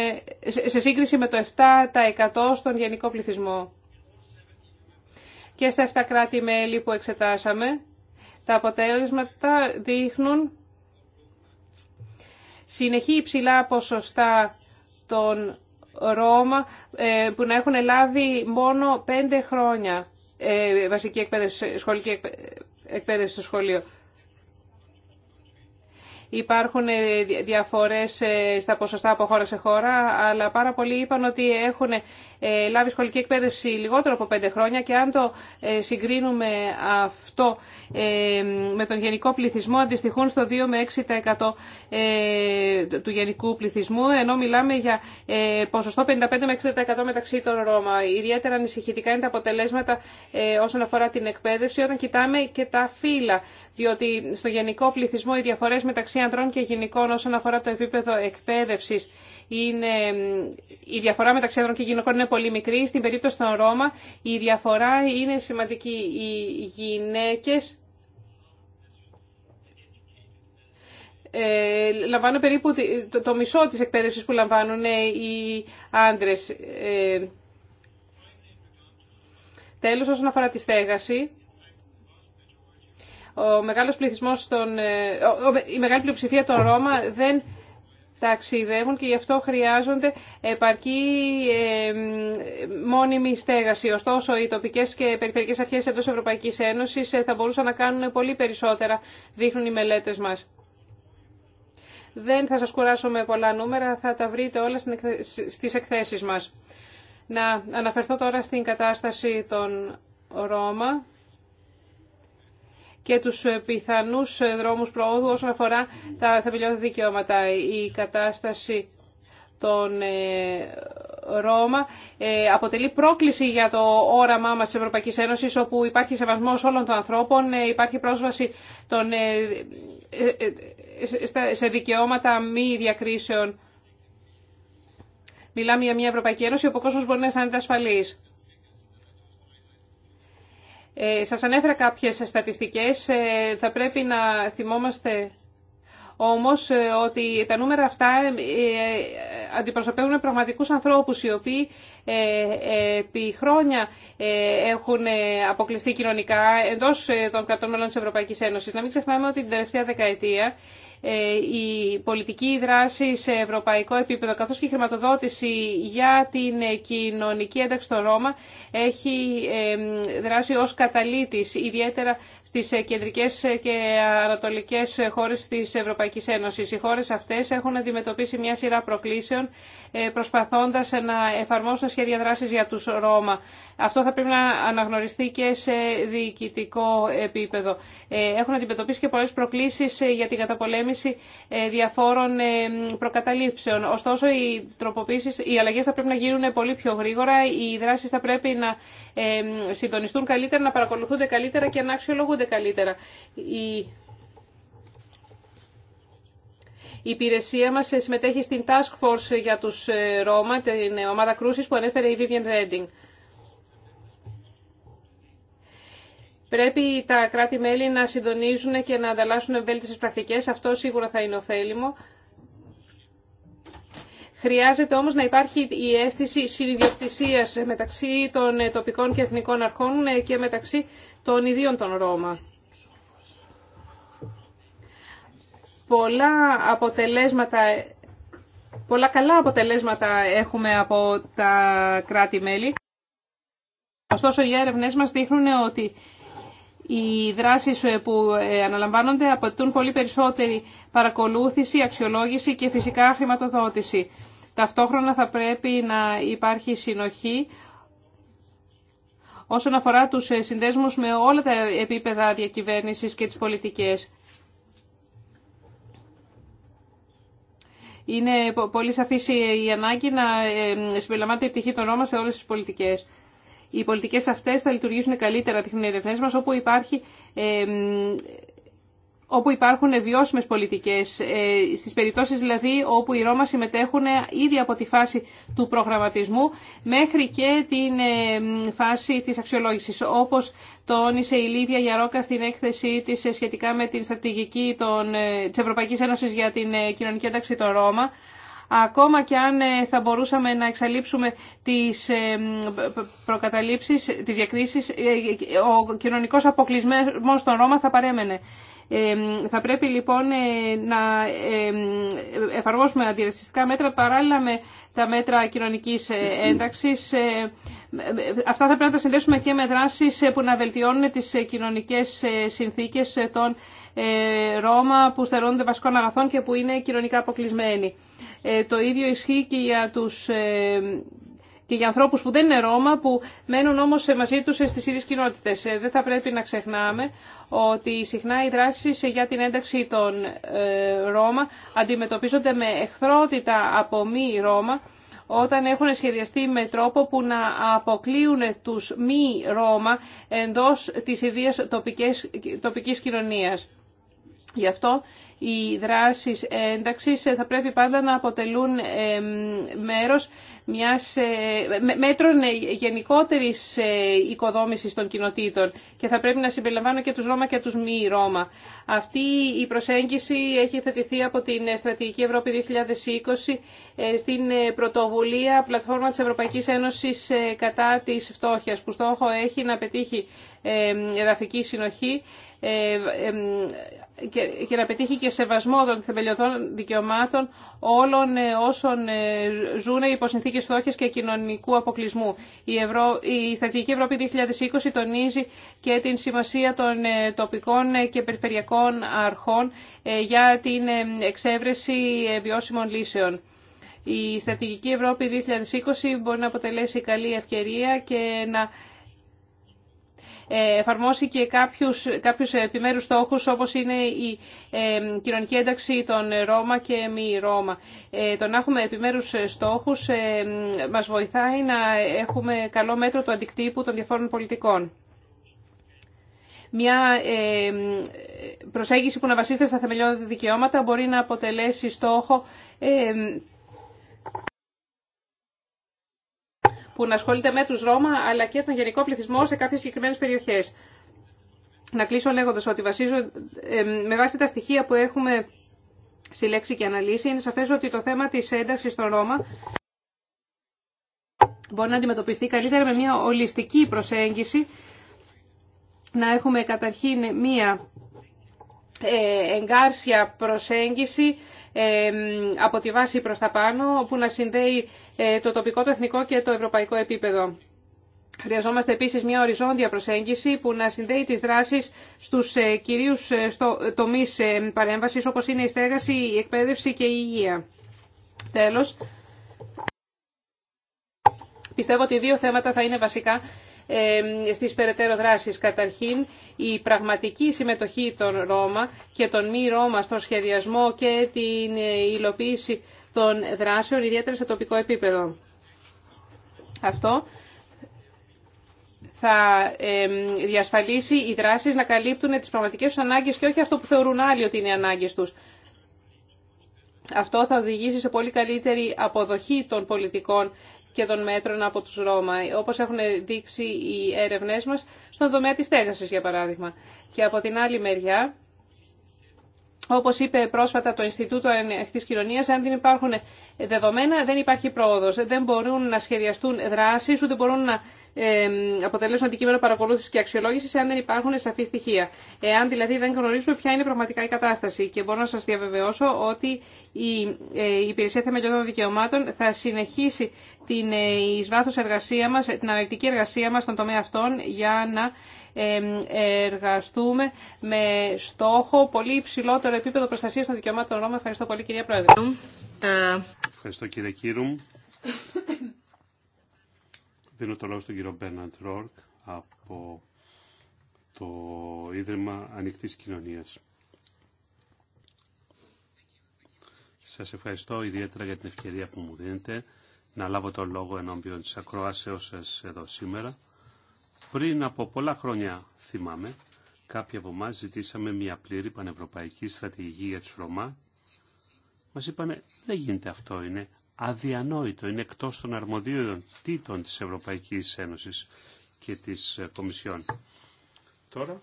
σε σύγκριση με το 7% στον γενικό πληθυσμό και στα 7 κράτη-μέλη που εξετάσαμε, τα αποτέλεσματα δείχνουν συνεχή υψηλά ποσοστά των Ρώμα ε, που να έχουν λάβει μόνο 5 χρόνια ε, βασική εκπαίδευση, σχολική εκπαίδευση στο σχολείο. Υπάρχουν ε, διαφορές ε, στα ποσοστά από χώρα σε χώρα, αλλά πάρα πολλοί είπαν ότι έχουν ε, λάβει σχολική εκπαίδευση λιγότερο από πέντε χρόνια και αν το συγκρίνουμε αυτό με τον γενικό πληθυσμό αντιστοιχούν στο 2 με 6% του γενικού πληθυσμού, ενώ μιλάμε για ποσοστό 55 με 60% μεταξύ των Ρώμα. Ιδιαίτερα ανησυχητικά είναι τα αποτελέσματα όσον αφορά την εκπαίδευση όταν κοιτάμε και τα φύλλα διότι στο γενικό πληθυσμό οι διαφορές μεταξύ ανδρών και γυναικών όσον αφορά το επίπεδο εκπαίδευσης είναι, η διαφορά μεταξύ ανδρών και γυναικών είναι πολύ μικρή. Στην περίπτωση των Ρώμα η διαφορά είναι σημαντική. Οι γυναίκες ε, λαμβάνουν περίπου το, μισό της εκπαίδευσης που λαμβάνουν ε, οι άντρες. Ε, τέλος, όσον αφορά τη στέγαση, ο μεγάλος πληθυσμός των, ε, η μεγάλη πλειοψηφία των Ρώμα δεν ταξιδεύουν και γι' αυτό χρειάζονται επαρκή ε, μόνιμη στέγαση. Ωστόσο, οι τοπικές και περιφερειακές αρχές εντός Ευρωπαϊκής Ένωσης ε, θα μπορούσαν να κάνουν πολύ περισσότερα, δείχνουν οι μελέτες μας. Δεν θα σας κουράσω με πολλά νούμερα, θα τα βρείτε όλα στις εκθέσεις μας. Να αναφερθώ τώρα στην κατάσταση των Ρώμα και τους ε, πιθανούς ε, δρόμους προόδου όσον αφορά τα θεμελιώδη δικαιώματα. Η κατάσταση των ε, Ρώμα αποτελεί πρόκληση για το όραμά μας της Ευρωπαϊκής Ένωσης όπου υπάρχει σεβασμός όλων των ανθρώπων, υπάρχει πρόσβαση των, σε δικαιώματα μη διακρίσεων. Μιλάμε για μια Ευρωπαϊκή Ένωση όπου ο κόσμος μπορεί να αισθάνεται ασφαλής. Ε, σας ανέφερα κάποιες στατιστικές. Ε, θα πρέπει να θυμόμαστε όμως ε, ότι τα νούμερα αυτά αντιπροσωπεύουν πραγματικούς ανθρώπους οι οποίοι επί χρόνια έχουν αποκλειστεί κοινωνικά εντός των κρατών μελών της Ευρωπαϊκής Ένωσης. Να μην ξεχνάμε ότι την τελευταία δεκαετία ε, η πολιτική δράση σε ευρωπαϊκό επίπεδο καθώς και η χρηματοδότηση για την ε, κοινωνική ένταξη στο Ρώμα έχει ε, δράσει ως καταλήτης ιδιαίτερα στις ε, κεντρικές ε, και ανατολικές χώρες της Ευρωπαϊκής Ένωσης. Οι χώρες αυτές έχουν αντιμετωπίσει μια σειρά προκλήσεων ε, προσπαθώντας να εφαρμόσουν σχέδια δράσης για τους Ρώμα. Αυτό θα πρέπει να αναγνωριστεί και σε διοικητικό επίπεδο. Έχουν αντιμετωπίσει και πολλές προκλήσεις για την καταπολέμηση διαφόρων προκαταλήψεων. Ωστόσο, οι, τροποποίησεις, οι αλλαγές θα πρέπει να γίνουν πολύ πιο γρήγορα, οι δράσεις θα πρέπει να συντονιστούν καλύτερα, να παρακολουθούνται καλύτερα και να αξιολογούνται καλύτερα. Η η υπηρεσία μας συμμετέχει στην Task Force για τους ε, Ρώμα, την ομάδα κρούσης που ανέφερε η Vivian Redding. Πρέπει τα κράτη-μέλη να συντονίζουν και να ανταλλάσσουν ευέλτιστες πρακτικές. Αυτό σίγουρα θα είναι ωφέλιμο. Χρειάζεται όμως να υπάρχει η αίσθηση συνειδιοκτησίας μεταξύ των ε, τοπικών και εθνικών αρχών ε, και μεταξύ των ιδίων των Ρώμα. Πολλά αποτελέσματα Πολλά καλά αποτελέσματα έχουμε από τα κράτη-μέλη. Ωστόσο, οι έρευνές μας δείχνουν ότι οι δράσεις ε, που ε, αναλαμβάνονται απαιτούν πολύ περισσότερη παρακολούθηση, αξιολόγηση και φυσικά χρηματοδότηση. Ταυτόχρονα θα πρέπει να υπάρχει συνοχή όσον αφορά τους ε, συνδέσμους με όλα τα επίπεδα διακυβέρνησης και τις πολιτικές. Είναι πολύ σαφής η ανάγκη να συμπεριλαμβάνεται η πτυχή των νόμων σε όλες τις πολιτικές οι πολιτικές αυτές θα λειτουργήσουν καλύτερα οι ερευνές μας όπου, υπάρχει, ε, όπου υπάρχουν βιώσιμε πολιτικές, στι ε, στις περιπτώσεις δηλαδή όπου οι Ρώμα συμμετέχουν ήδη από τη φάση του προγραμματισμού μέχρι και την φάση της αξιολόγησης, όπως τόνισε η Λίδια Γιαρόκα στην έκθεσή της ε, σχετικά με την στρατηγική τη ε, της Ένωση για την κοινωνική ένταξη των Ρώμα, ακόμα και αν ε, θα μπορούσαμε να εξαλείψουμε τις ε, προκαταλήψεις, τις διακρίσεις, ε, ο κοινωνικός αποκλεισμός στον Ρώμα θα παρέμενε. Θα πρέπει λοιπόν να εφαρμόσουμε αντιρρεσιστικά μέτρα παράλληλα με τα μέτρα κοινωνικής ένταξης. Αυτά θα πρέπει να τα συνδέσουμε και με δράσεις που να βελτιώνουν τις κοινωνικές συνθήκες των ε, Ρώμα που στερώνονται βασικών αγαθών και που είναι κοινωνικά αποκλεισμένοι. Ε, το ίδιο ισχύει και για τους ε, και για ανθρώπους που δεν είναι Ρώμα, που μένουν όμως μαζί τους στις ίδιες κοινότητες. Δεν θα πρέπει να ξεχνάμε ότι συχνά οι δράσεις για την ένταξη των Ρώμα αντιμετωπίζονται με εχθρότητα από μη Ρώμα, όταν έχουν σχεδιαστεί με τρόπο που να αποκλείουν τους μη Ρώμα εντός της ιδίας τοπικής κοινωνίας. Γι' αυτό οι δράσεις ένταξης θα πρέπει πάντα να αποτελούν μέρος μιας ε, μέτρων γενικότερης ε, οικοδόμησης των κοινοτήτων και θα πρέπει να συμπεριλαμβάνουν και τους Ρώμα και τους μη Ρώμα. Αυτή η προσέγγιση έχει θετηθεί από την Στρατηγική Ευρώπη 2020 ε, στην πρωτοβουλία πλατφόρμα της Ευρωπαϊκής Ένωσης κατά της φτώχειας που στόχο έχει να πετύχει εδαφική συνοχή και να πετύχει και σεβασμό των θεμελιωτών δικαιωμάτων όλων ε, όσων ε, ζουν υπό συνθήκε φτώχεια και κοινωνικού αποκλεισμού. Η, Ευρω... η Στρατηγική Ευρώπη 2020 τονίζει και την σημασία των ε, τοπικών και περιφερειακών αρχών για την εξέβρεση βιώσιμων λύσεων. Η Στρατηγική Ευρώπη 2020 μπορεί να αποτελέσει καλή ευκαιρία και να ε, εφαρμόσει και κάποιους, κάποιους επιμέρους στόχους όπως είναι η ε, κοινωνική ένταξη των Ρώμα και μη Ρώμα. Ε, το να έχουμε επιμέρους στόχους ε, μας βοηθάει να έχουμε καλό μέτρο του αντικτύπου των διαφόρων πολιτικών. Μια ε, προσέγγιση που να βασίζεται στα θεμελιώδη δικαιώματα μπορεί να αποτελέσει στόχο που να ασχολείται με του Ρώμα αλλά και τον γενικό πληθυσμό σε κάποιες συγκεκριμένες περιοχές. Να κλείσω λέγοντα ότι βασίζω, ε, με βάση τα στοιχεία που έχουμε συλλέξει και αναλύσει, είναι σαφές ότι το θέμα της ένταξης στο Ρώμα μπορεί να αντιμετωπιστεί καλύτερα με μια ολιστική προσέγγιση, να έχουμε καταρχήν μία ε, εγκάρσια προσέγγιση ε, από τη βάση προς τα πάνω που να συνδέει ε, το τοπικό, το εθνικό και το ευρωπαϊκό επίπεδο. Χρειαζόμαστε επίσης μια οριζόντια προσέγγιση που να συνδέει τις δράσεις στους κυρίους τομείς παρέμβασης όπως είναι η στέγαση, η εκπαίδευση και η υγεία. Τέλος, πιστεύω ότι δύο θέματα θα είναι βασικά στις περαιτέρω δράσεις. Καταρχήν, η πραγματική συμμετοχή των Ρώμα και των μη Ρώμα στον σχεδιασμό και την ε, υλοποίηση των δράσεων, ιδιαίτερα σε τοπικό επίπεδο. Αυτό θα διασφαλίσει οι δράσεις να καλύπτουν τις πραγματικές τους ανάγκες και όχι αυτό που θεωρούν άλλοι ότι είναι οι ανάγκες τους. Αυτό θα οδηγήσει σε πολύ καλύτερη αποδοχή των πολιτικών και των μέτρων από τους Ρώμα, όπως έχουν δείξει οι έρευνές μας στον τομέα της στέγασης, για παράδειγμα. Και από την άλλη μεριά, όπως είπε πρόσφατα το Ινστιτούτο Ανοιχτής Κοινωνίας, αν δεν υπάρχουν δεδομένα δεν υπάρχει πρόοδος. Δεν μπορούν να σχεδιαστούν δράσεις, ούτε μπορούν να αποτελέσουν αντικείμενο παρακολούθηση και αξιολόγηση αν δεν υπάρχουν σαφή στοιχεία. Εάν δηλαδή δεν γνωρίζουμε ποια είναι πραγματικά η κατάσταση. Και μπορώ να σα διαβεβαιώσω ότι ε, η Υπηρεσία Θεμελιωδών Δικαιωμάτων θα συνεχίσει την ε, ει εργασία μα, την αναλυτική εργασία μα στον τομέα αυτών για να εργαστούμε με στόχο πολύ υψηλότερο επίπεδο προστασία των δικαιωμάτων των Ρώμα. Ευχαριστώ πολύ, κυρία Πρόεδρε. Ευχαριστώ, κύριε Κύρουμ. Δίνω το λόγο στον κύριο Μπέρναντ Ρόρκ από το Ίδρυμα Ανοιχτής Κοινωνίας. Σας ευχαριστώ ιδιαίτερα για την ευκαιρία που μου δίνετε να λάβω το λόγο ενώπιον της ακροάσεως σας εδώ σήμερα. Πριν από πολλά χρόνια, θυμάμαι, κάποιοι από εμά ζητήσαμε μια πλήρη πανευρωπαϊκή στρατηγική για του Ρωμά. Μας είπανε, δεν γίνεται αυτό, είναι αδιανόητο, είναι εκτός των αρμοδίων τίτων της Ευρωπαϊκής Ένωση και της ε, Κομισιόν. Τώρα,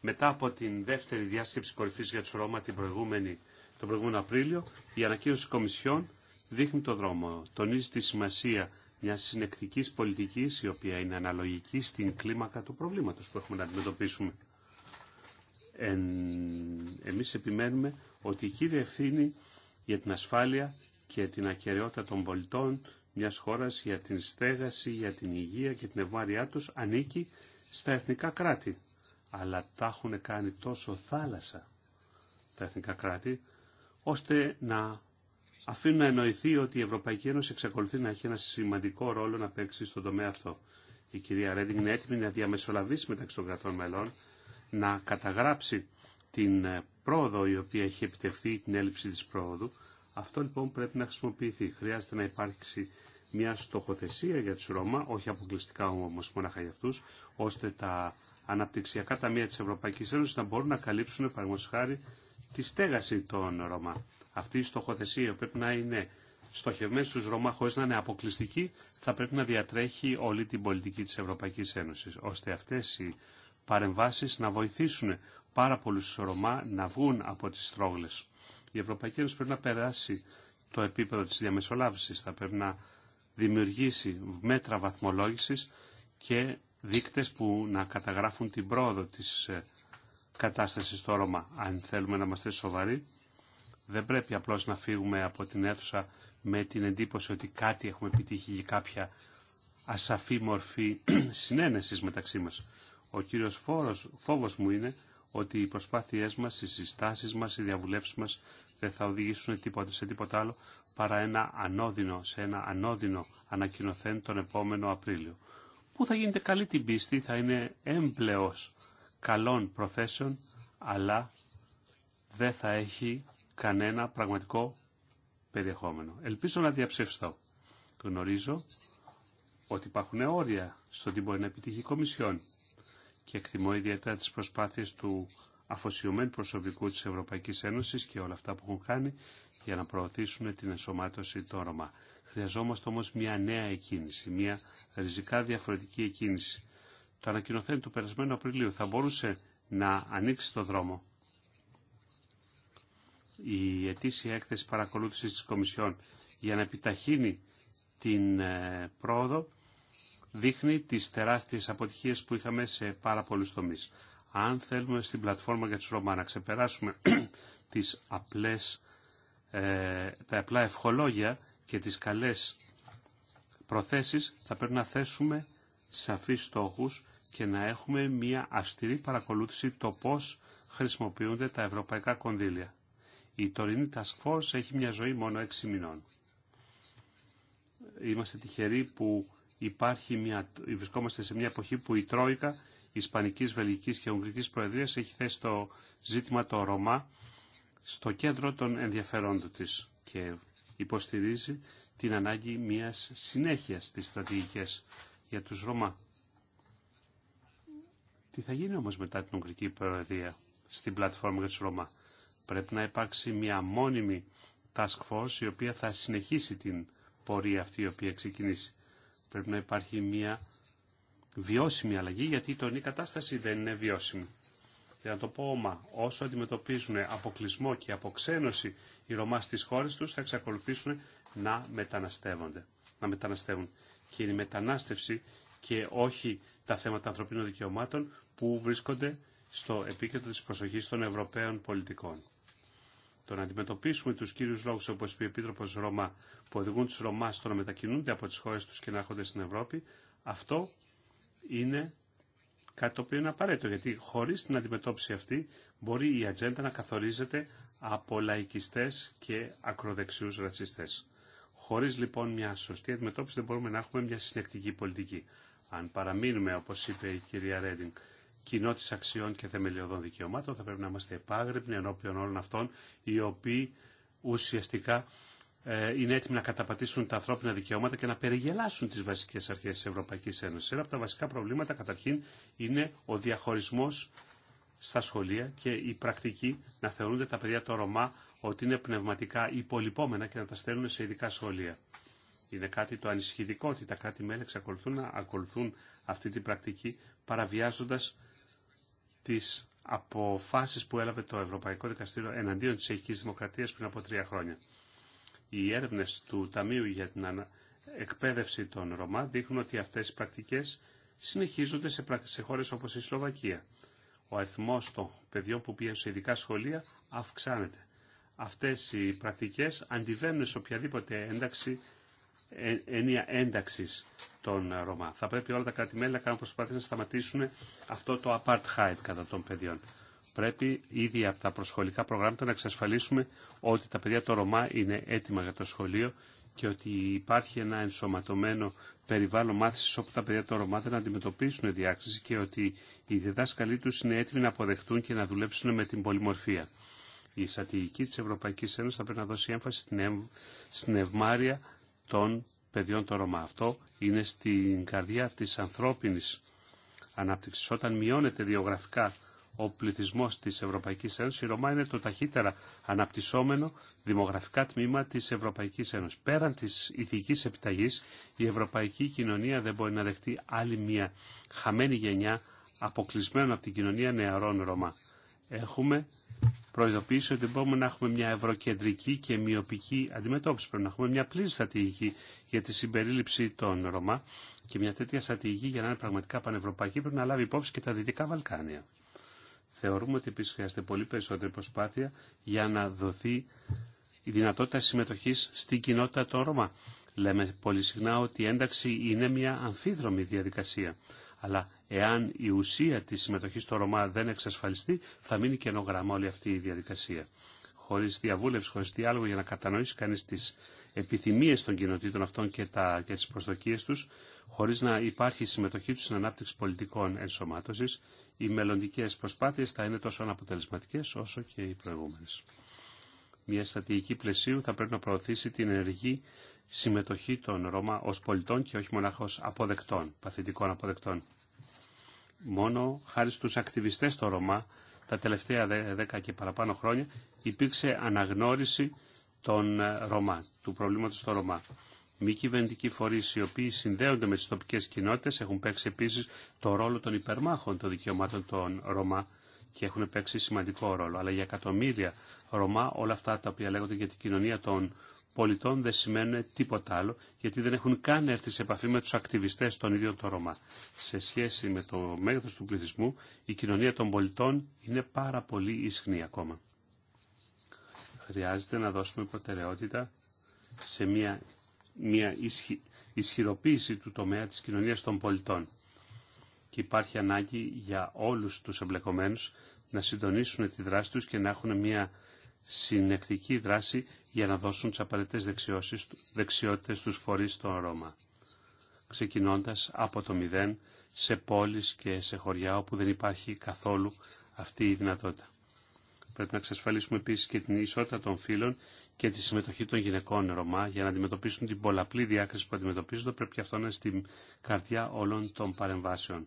μετά από την δεύτερη διάσκεψη κορυφής για του Ρώμα την προηγούμενη, τον προηγούμενο Απρίλιο, η ανακοίνωση τη Κομισιόν δείχνει το δρόμο, τονίζει τη σημασία μια συνεκτικής πολιτικής η οποία είναι αναλογική στην κλίμακα του προβλήματος που έχουμε να αντιμετωπίσουμε. εμείς επιμένουμε ότι η κύρια ευθύνη για την ασφάλεια και την ακαιρεότητα των πολιτών μιας χώρας για την στέγαση, για την υγεία και την ευμάρειά τους ανήκει στα εθνικά κράτη. Αλλά τα έχουν κάνει τόσο θάλασσα τα εθνικά κράτη, ώστε να αφήνουν να εννοηθεί ότι η Ευρωπαϊκή Ένωση εξακολουθεί να έχει ένα σημαντικό ρόλο να παίξει στον τομέα αυτό. Η κυρία Ρέντινγκ είναι έτοιμη να διαμεσολαβήσει μεταξύ των κρατών μελών, να καταγράψει την ε, πρόοδο η οποία έχει επιτευχθεί, την έλλειψη τη πρόοδου. Αυτό λοιπόν πρέπει να χρησιμοποιηθεί. Χρειάζεται να υπάρξει μια στοχοθεσία για του Ρώμα, όχι αποκλειστικά όμω μόνο για αυτού, ώστε τα αναπτυξιακά ταμεία τη Ευρωπαϊκή Ένωση να μπορούν να καλύψουν, παραδείγματο χάρη, τη στέγαση των Ρώμα αυτή η στοχοθεσία πρέπει να είναι στοχευμένη στους Ρωμά χωρίς να είναι αποκλειστική, θα πρέπει να διατρέχει όλη την πολιτική της Ευρωπαϊκής Ένωσης, ώστε αυτές οι παρεμβάσεις να βοηθήσουν πάρα πολλούς Ρωμά να βγουν από τις τρόγλες. Η Ευρωπαϊκή Ένωση πρέπει να περάσει το επίπεδο της διαμεσολάβησης, θα πρέπει να δημιουργήσει μέτρα βαθμολόγησης και δείκτες που να καταγράφουν την πρόοδο της ε, κατάστασης στο Ρώμα. Αν θέλουμε να είμαστε σοβαροί, δεν πρέπει απλώς να φύγουμε από την αίθουσα με την εντύπωση ότι κάτι έχουμε επιτύχει για κάποια ασαφή μορφή συνένεσης μεταξύ μας. Ο κύριος φόρος, φόβος μου είναι ότι οι προσπάθειές μας, οι συστάσεις μας, οι διαβουλεύσεις μας δεν θα οδηγήσουν τίποτα σε τίποτα άλλο παρά ένα ανώδυνο, σε ένα ανώδυνο ανακοινωθέν τον επόμενο Απρίλιο. Που θα γίνεται καλή την πίστη, θα είναι έμπλεος καλών προθέσεων, αλλά δεν θα έχει κανένα πραγματικό περιεχόμενο. Ελπίζω να διαψευστώ. Γνωρίζω ότι υπάρχουν όρια στο τι μπορεί να επιτύχει η Κομισιόν και εκτιμώ ιδιαίτερα τις προσπάθειες του αφοσιωμένου προσωπικού της Ευρωπαϊκής Ένωσης και όλα αυτά που έχουν κάνει για να προωθήσουν την ενσωμάτωση των Ρωμά. Χρειαζόμαστε όμως μια νέα εκκίνηση, μια ριζικά διαφορετική εκκίνηση. Το ανακοινωθέν του περασμένου Απριλίου θα μπορούσε να ανοίξει το δρόμο η ετήσια έκθεση παρακολούθησης της Κομισιόν για να επιταχύνει την ε, πρόοδο δείχνει τις τεράστιες αποτυχίες που είχαμε σε πάρα πολλούς τομείς. Αν θέλουμε στην πλατφόρμα για τους Ρωμά να ξεπεράσουμε τις απλές, ε, τα απλά ευχολόγια και τις καλές προθέσεις, θα πρέπει να θέσουμε σαφείς στόχους και να έχουμε μια αυστηρή παρακολούθηση το πώς χρησιμοποιούνται τα ευρωπαϊκά κονδύλια. Η τωρινή Task Force έχει μια ζωή μόνο έξι μηνών. Είμαστε τυχεροί που υπάρχει μια, βρισκόμαστε σε μια εποχή που η Τρόικα η Ισπανικής, Βελγικής και Ουγγρική Προεδρία έχει θέσει το ζήτημα το Ρωμά στο κέντρο των ενδιαφερόντων της και υποστηρίζει την ανάγκη μιας συνέχεια της στρατηγικής για τους Ρωμά. Τι θα γίνει όμως μετά την Ουγγρική Προεδρία στην πλατφόρμα για τους Ρωμά. Πρέπει να υπάρξει μια μόνιμη task force η οποία θα συνεχίσει την πορεία αυτή η οποία ξεκινήσει. Πρέπει να υπάρχει μια βιώσιμη αλλαγή γιατί η τωρινή κατάσταση δεν είναι βιώσιμη. Για να το πω όμα, όσο αντιμετωπίζουν αποκλεισμό και αποξένωση οι Ρωμά στι χώρε του, θα εξακολουθήσουν να μεταναστεύονται. Να μεταναστεύουν. Και η μετανάστευση και όχι τα θέματα ανθρωπίνων δικαιωμάτων που βρίσκονται στο επίκεντρο της προσοχής των Ευρωπαίων πολιτικών. Το να αντιμετωπίσουμε τους κύριους λόγους, όπως είπε η Επίτροπος Ρωμά, που οδηγούν τους Ρωμά στο να μετακινούνται από τις χώρες τους και να έρχονται στην Ευρώπη, αυτό είναι κάτι το οποίο είναι απαραίτητο, γιατί χωρίς την αντιμετώπιση αυτή μπορεί η ατζέντα να καθορίζεται από λαϊκιστές και ακροδεξιούς ρατσιστές. Χωρίς λοιπόν μια σωστή αντιμετώπιση δεν μπορούμε να έχουμε μια συνεκτική πολιτική. Αν παραμείνουμε, όπως είπε η κυρία Ρέντινγκ, κοινότη αξιών και θεμελιωδών δικαιωμάτων. Θα πρέπει να είμαστε επάγρυπνοι ενώπιον όλων αυτών οι οποίοι ουσιαστικά ε, είναι έτοιμοι να καταπατήσουν τα ανθρώπινα δικαιώματα και να περιγελάσουν τις βασικές αρχές της Ευρωπαϊκής Ένωσης. Ένα από τα βασικά προβλήματα καταρχήν είναι ο διαχωρισμός στα σχολεία και η πρακτική να θεωρούνται τα παιδιά το Ρωμά ότι είναι πνευματικά υπολοιπόμενα και να τα στέλνουν σε ειδικά σχολεία. Είναι κάτι το ανησυχητικό ότι τα κράτη-μέλη εξακολουθούν να ακολουθούν αυτή την πρακτική παραβιάζοντας τις αποφάσεις που έλαβε το Ευρωπαϊκό Δικαστήριο εναντίον της Τσεχικής Δημοκρατίας πριν από τρία χρόνια. Οι έρευνες του Ταμείου για την εκπαίδευση των Ρωμά δείχνουν ότι αυτές οι πρακτικές συνεχίζονται σε χώρες όπως η Σλοβακία. Ο αριθμό των παιδιών που πήγαν σε ειδικά σχολεία αυξάνεται. Αυτές οι πρακτικές αντιβαίνουν σε οποιαδήποτε ένταξη έννοια ένταξη των Ρωμά. Θα πρέπει όλα τα κράτη-μέλη να κάνουν προσπάθειες να σταματήσουν αυτό το apartheid κατά των παιδιών. Πρέπει ήδη από τα προσχολικά προγράμματα να εξασφαλίσουμε ότι τα παιδιά των Ρωμά είναι έτοιμα για το σχολείο και ότι υπάρχει ένα ενσωματωμένο περιβάλλον μάθηση όπου τα παιδιά των Ρωμά δεν αντιμετωπίσουν διάκριση και ότι οι διδάσκαλοι του είναι έτοιμοι να αποδεχτούν και να δουλέψουν με την πολυμορφία. Η στρατηγική τη Ευρωπαϊκή Ένωση θα πρέπει να δώσει έμφαση στην ευμάρεια των παιδιών των Ρωμά. Αυτό είναι στην καρδιά της ανθρώπινης ανάπτυξης. Όταν μειώνεται διογραφικά ο πληθυσμό τη Ευρωπαϊκή Ένωση. Η Ρωμά είναι το ταχύτερα αναπτυσσόμενο δημογραφικά τμήμα τη Ευρωπαϊκή Ένωση. Πέραν τη ηθική επιταγή, η ευρωπαϊκή κοινωνία δεν μπορεί να δεχτεί άλλη μια χαμένη γενιά αποκλεισμένων από την κοινωνία νεαρών Ρωμά έχουμε προειδοποιήσει ότι μπορούμε να έχουμε μια ευρωκεντρική και μειοπική αντιμετώπιση. Πρέπει να έχουμε μια πλήρη στρατηγική για τη συμπερίληψη των Ρωμά και μια τέτοια στρατηγική για να είναι πραγματικά πανευρωπαϊκή πρέπει να λάβει υπόψη και τα Δυτικά Βαλκάνια. Θεωρούμε ότι επίση χρειάζεται πολύ περισσότερη προσπάθεια για να δοθεί η δυνατότητα συμμετοχή στην κοινότητα των Ρωμά. Λέμε πολύ συχνά ότι η ένταξη είναι μια αμφίδρομη διαδικασία. Αλλά εάν η ουσία της συμμετοχή στο Ρωμά δεν εξασφαλιστεί, θα μείνει καινογραμμά όλη αυτή η διαδικασία. Χωρίς διαβούλευση, χωρίς διάλογο για να κατανοήσει κανείς τις επιθυμίες των κοινοτήτων αυτών και, τα, και τις προσδοκίες τους, χωρίς να υπάρχει συμμετοχή τους στην ανάπτυξη πολιτικών ενσωμάτωση, οι μελλοντικέ προσπάθειες θα είναι τόσο αναποτελεσματικέ όσο και οι προηγούμενε μια στρατηγική πλαισίου θα πρέπει να προωθήσει την ενεργή συμμετοχή των Ρώμα ως πολιτών και όχι μονάχα ως αποδεκτών, παθητικών αποδεκτών. Μόνο χάρη στους ακτιβιστές των Ρωμά τα τελευταία δέκα και παραπάνω χρόνια υπήρξε αναγνώριση των ε, Ρωμά, του προβλήματος των Ρωμά. Μη κυβερνητικοί φορεί οι οποίοι συνδέονται με τι τοπικέ κοινότητε έχουν παίξει επίση το ρόλο των υπερμάχων των δικαιωμάτων των Ρωμά και έχουν παίξει σημαντικό ρόλο. Αλλά για εκατομμύρια Ρωμά όλα αυτά τα οποία λέγονται για την κοινωνία των πολιτών δεν σημαίνουν τίποτα άλλο, γιατί δεν έχουν καν έρθει σε επαφή με τους ακτιβιστές των ίδιων των Ρωμά. Σε σχέση με το μέγεθος του πληθυσμού, η κοινωνία των πολιτών είναι πάρα πολύ ισχνή ακόμα. Χρειάζεται να δώσουμε προτεραιότητα σε μια, μια ισχυ, ισχυροποίηση του τομέα της κοινωνίας των πολιτών και υπάρχει ανάγκη για όλους τους εμπλεκομένους να συντονίσουν τη δράση τους και να έχουν μια συνεκτική δράση για να δώσουν τις απαραίτητες δεξιότητες στους φορείς των Ρώμα. Ξεκινώντας από το μηδέν σε πόλεις και σε χωριά όπου δεν υπάρχει καθόλου αυτή η δυνατότητα. Πρέπει να εξασφαλίσουμε επίση και την ισότητα των φύλων και τη συμμετοχή των γυναικών Ρωμά για να αντιμετωπίσουν την πολλαπλή διάκριση που αντιμετωπίζονται. Πρέπει και αυτό να είναι στην καρδιά όλων των παρεμβάσεων.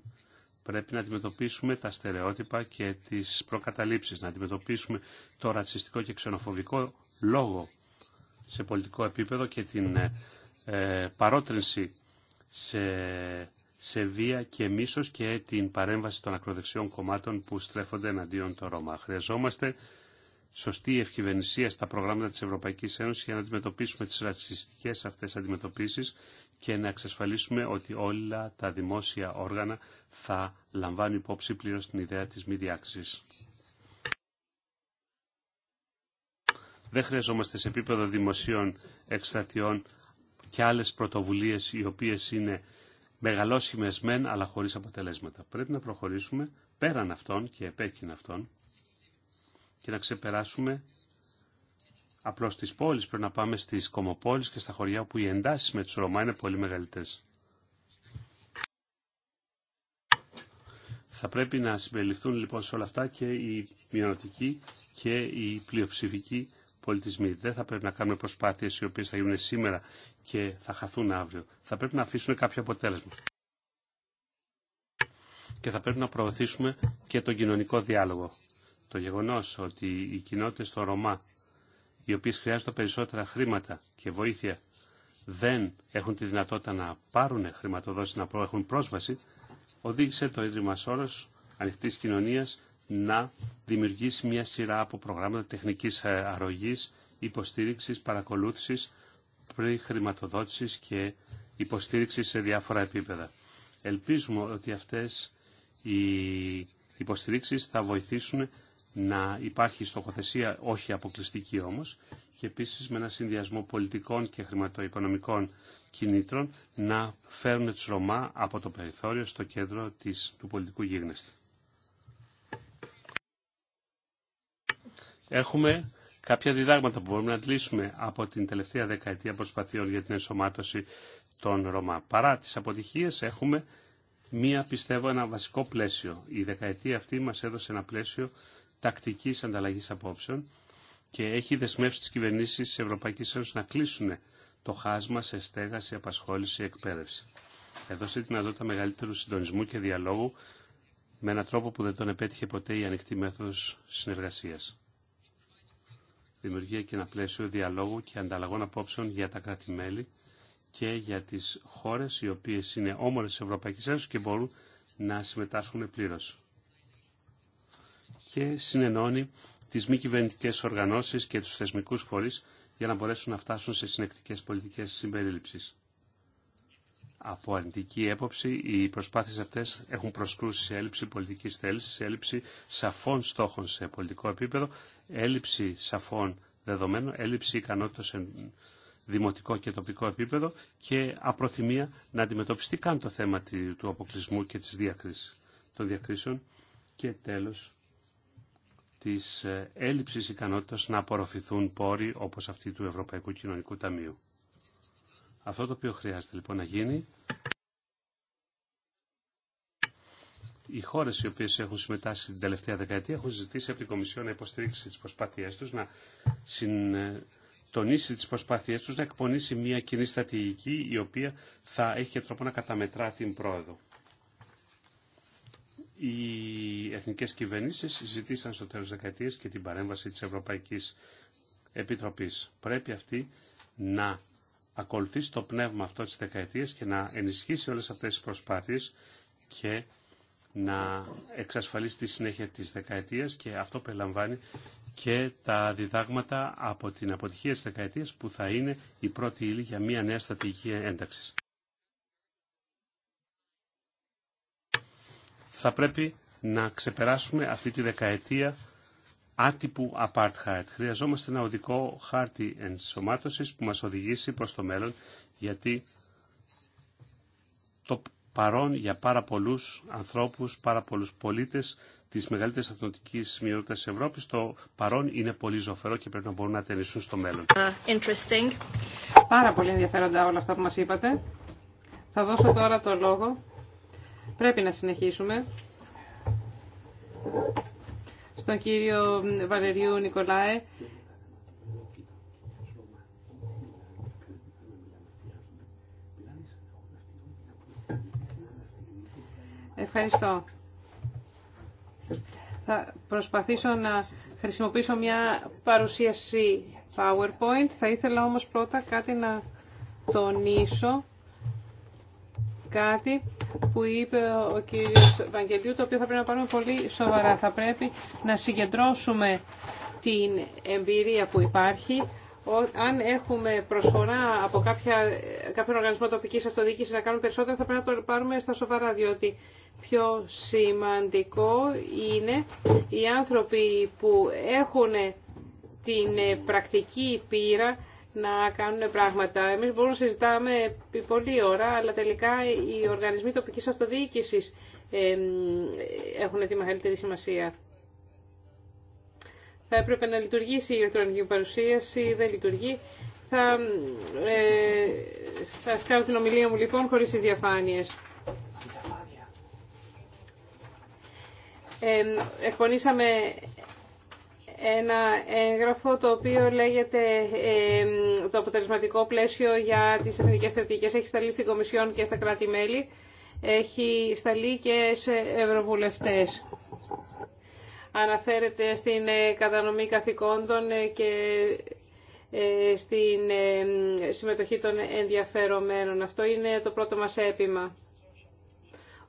Πρέπει να αντιμετωπίσουμε τα στερεότυπα και τι προκαταλήψει, να αντιμετωπίσουμε το ρατσιστικό και ξενοφοβικό λόγο σε πολιτικό επίπεδο και την ε, ε παρότρινση σε σε βία και μίσος και την παρέμβαση των ακροδεξιών κομμάτων που στρέφονται εναντίον των Ρώμα. Χρειαζόμαστε σωστή ευκυβερνησία στα προγράμματα της Ευρωπαϊκής Ένωσης για να αντιμετωπίσουμε τις ρατσιστικές αυτές αντιμετωπίσεις και να εξασφαλίσουμε ότι όλα τα δημόσια όργανα θα λαμβάνουν υπόψη πλήρω την ιδέα της μη διάξης. Δεν χρειαζόμαστε σε επίπεδο δημοσίων εκστρατιών και άλλες πρωτοβουλίες οι οποίες είναι μεγαλώσιμε μεν αλλά χωρίς αποτελέσματα. Πρέπει να προχωρήσουμε πέραν αυτών και επέκεινα αυτών και να ξεπεράσουμε απλώ τι πόλεις. Πρέπει να πάμε στις κομοπόλεις και στα χωριά όπου οι εντάσει με του Ρωμά είναι πολύ μεγαλύτερε. Θα πρέπει να συμπεριληφθούν λοιπόν σε όλα αυτά και οι μειονοτικοί και οι πλειοψηφικοί πολιτισμοί. Δεν θα πρέπει να κάνουμε προσπάθειες οι οποίες θα γίνουν σήμερα και θα χαθούν αύριο. Θα πρέπει να αφήσουμε κάποιο αποτέλεσμα. Και θα πρέπει να προωθήσουμε και τον κοινωνικό διάλογο. Το γεγονός ότι οι κοινότητε στο Ρωμά, οι οποίες χρειάζονται περισσότερα χρήματα και βοήθεια, δεν έχουν τη δυνατότητα να πάρουν χρηματοδότηση, να έχουν πρόσβαση, οδήγησε το Ίδρυμα Σόρο ανοιχτή Κοινωνίας να δημιουργήσει μια σειρά από προγράμματα τεχνικής ε, αρρωγής, υποστήριξης, παρακολούθησης, χρηματοδότησης και υποστήριξης σε διάφορα επίπεδα. Ελπίζουμε ότι αυτές οι υποστηρίξεις θα βοηθήσουν να υπάρχει στοχοθεσία, όχι αποκλειστική όμως, και επίσης με ένα συνδυασμό πολιτικών και χρηματοοικονομικών κινήτρων να φέρουν τους Ρωμά από το περιθώριο στο κέντρο της, του πολιτικού γίγνεσθε. έχουμε κάποια διδάγματα που μπορούμε να αντλήσουμε από την τελευταία δεκαετία προσπαθειών για την ενσωμάτωση των Ρωμά. Παρά τις αποτυχίες έχουμε μία, πιστεύω, ένα βασικό πλαίσιο. Η δεκαετία αυτή μας έδωσε ένα πλαίσιο τακτικής ανταλλαγής απόψεων και έχει δεσμεύσει τις κυβερνήσεις της Ευρωπαϊκής Ένωσης να κλείσουν το χάσμα σε στέγαση, απασχόληση, εκπαίδευση. Έδωσε τη δυνατότητα μεγαλύτερου συντονισμού και διαλόγου με έναν τρόπο που δεν τον επέτυχε ποτέ η ανοιχτή μέθοδος συνεργασίας δημιουργία και ένα πλαίσιο διαλόγου και ανταλλαγών απόψεων για τα κράτη-μέλη και για τις χώρες οι οποίες είναι όμορες τη Ευρωπαϊκής Ένωση και μπορούν να συμμετάσχουν πλήρως. Και συνενώνει τις μη κυβερνητικέ οργανώσεις και τους θεσμικούς φορείς για να μπορέσουν να φτάσουν σε συνεκτικές πολιτικές συμπερίληψεις. Από αρνητική έποψη, οι προσπάθειες αυτές έχουν προσκρούσει σε έλλειψη πολιτικής θέλησης, σε έλλειψη σαφών στόχων σε πολιτικό επίπεδο, έλλειψη σαφών δεδομένων, έλλειψη ικανότητα σε δημοτικό και τοπικό επίπεδο και απροθυμία να αντιμετωπιστεί καν το θέμα του αποκλεισμού και της διακρίσης, των διακρίσεων και τέλος της ε, έλλειψης ικανότητας να απορροφηθούν πόροι όπως αυτή του Ευρωπαϊκού Κοινωνικού Ταμείου. Αυτό το οποίο χρειάζεται λοιπόν να γίνει οι χώρε οι οποίε έχουν συμμετάσχει την τελευταία δεκαετία έχουν ζητήσει από την Κομισιόν να υποστηρίξει τι προσπάθειέ του, να συν... τονίσει τι προσπάθειέ του, να εκπονήσει μια κοινή στρατηγική η οποία θα έχει και τρόπο να καταμετρά την πρόοδο. Οι εθνικέ κυβερνήσει συζητήσαν στο τέλο δεκαετίας και την παρέμβαση τη Ευρωπαϊκή Επιτροπή. Πρέπει αυτή να ακολουθήσει το πνεύμα αυτό της δεκαετίας και να ενισχύσει όλες αυτές τις προσπάθειες και να εξασφαλίσει τη συνέχεια της δεκαετίας και αυτό περιλαμβάνει και τα διδάγματα από την αποτυχία της δεκαετίας που θα είναι η πρώτη ύλη για μια νέα στρατηγική ένταξης. Θα πρέπει να ξεπεράσουμε αυτή τη δεκαετία άτυπου apartheid. Χρειαζόμαστε ένα οδικό χάρτη ενσωμάτωσης που μας οδηγήσει προς το μέλλον, γιατί το παρόν για πάρα πολλούς ανθρώπους, πάρα πολλούς πολίτες της μεγαλύτερης αθνοτικής μειονότητας Ευρώπης, το παρόν είναι πολύ ζωφερό και πρέπει να μπορούν να ταινιστούν στο μέλλον. Ε, interesting. Πάρα πολύ ενδιαφέροντα όλα αυτά που μας είπατε. Θα δώσω τώρα το λόγο. Πρέπει να συνεχίσουμε στον κύριο Βαλεριού Νικολάε. Ευχαριστώ. Θα προσπαθήσω να χρησιμοποιήσω μια παρουσίαση PowerPoint. Θα ήθελα όμως πρώτα κάτι να τονίσω κάτι που είπε ο κύριος Βαγγελίου, το οποίο θα πρέπει να πάρουμε πολύ σοβαρά. Θα πρέπει να συγκεντρώσουμε την εμπειρία που υπάρχει. Αν έχουμε προσφορά από κάποια, κάποιον οργανισμό τοπικής αυτοδιοίκησης να κάνουμε περισσότερο, θα πρέπει να το πάρουμε στα σοβαρά, διότι πιο σημαντικό είναι οι άνθρωποι που έχουν την πρακτική πείρα να κάνουν πράγματα. Εμείς μπορούμε να συζητάμε επί πολλή ώρα, αλλά τελικά οι οργανισμοί τοπικής αυτοδιοίκησης έχουν τη μεγαλύτερη σημασία. Θα έπρεπε να λειτουργήσει η ηλεκτρονική παρουσίαση, δεν λειτουργεί. Θα ε, σας κάνω την ομιλία μου λοιπόν χωρίς τις διαφάνειες. Ε, εκπονήσαμε ένα έγγραφο το οποίο λέγεται το αποτελεσματικό πλαίσιο για τις εθνικές στρατηγικές. Έχει σταλεί στην Κομισιόν και στα κράτη-μέλη. Έχει σταλεί και σε ευρωβουλευτές. Αναφέρεται στην ε, κατανομή καθηκόντων και ε, στην ε, συμμετοχή των ενδιαφερομένων. Αυτό είναι το πρώτο μας έπιμα.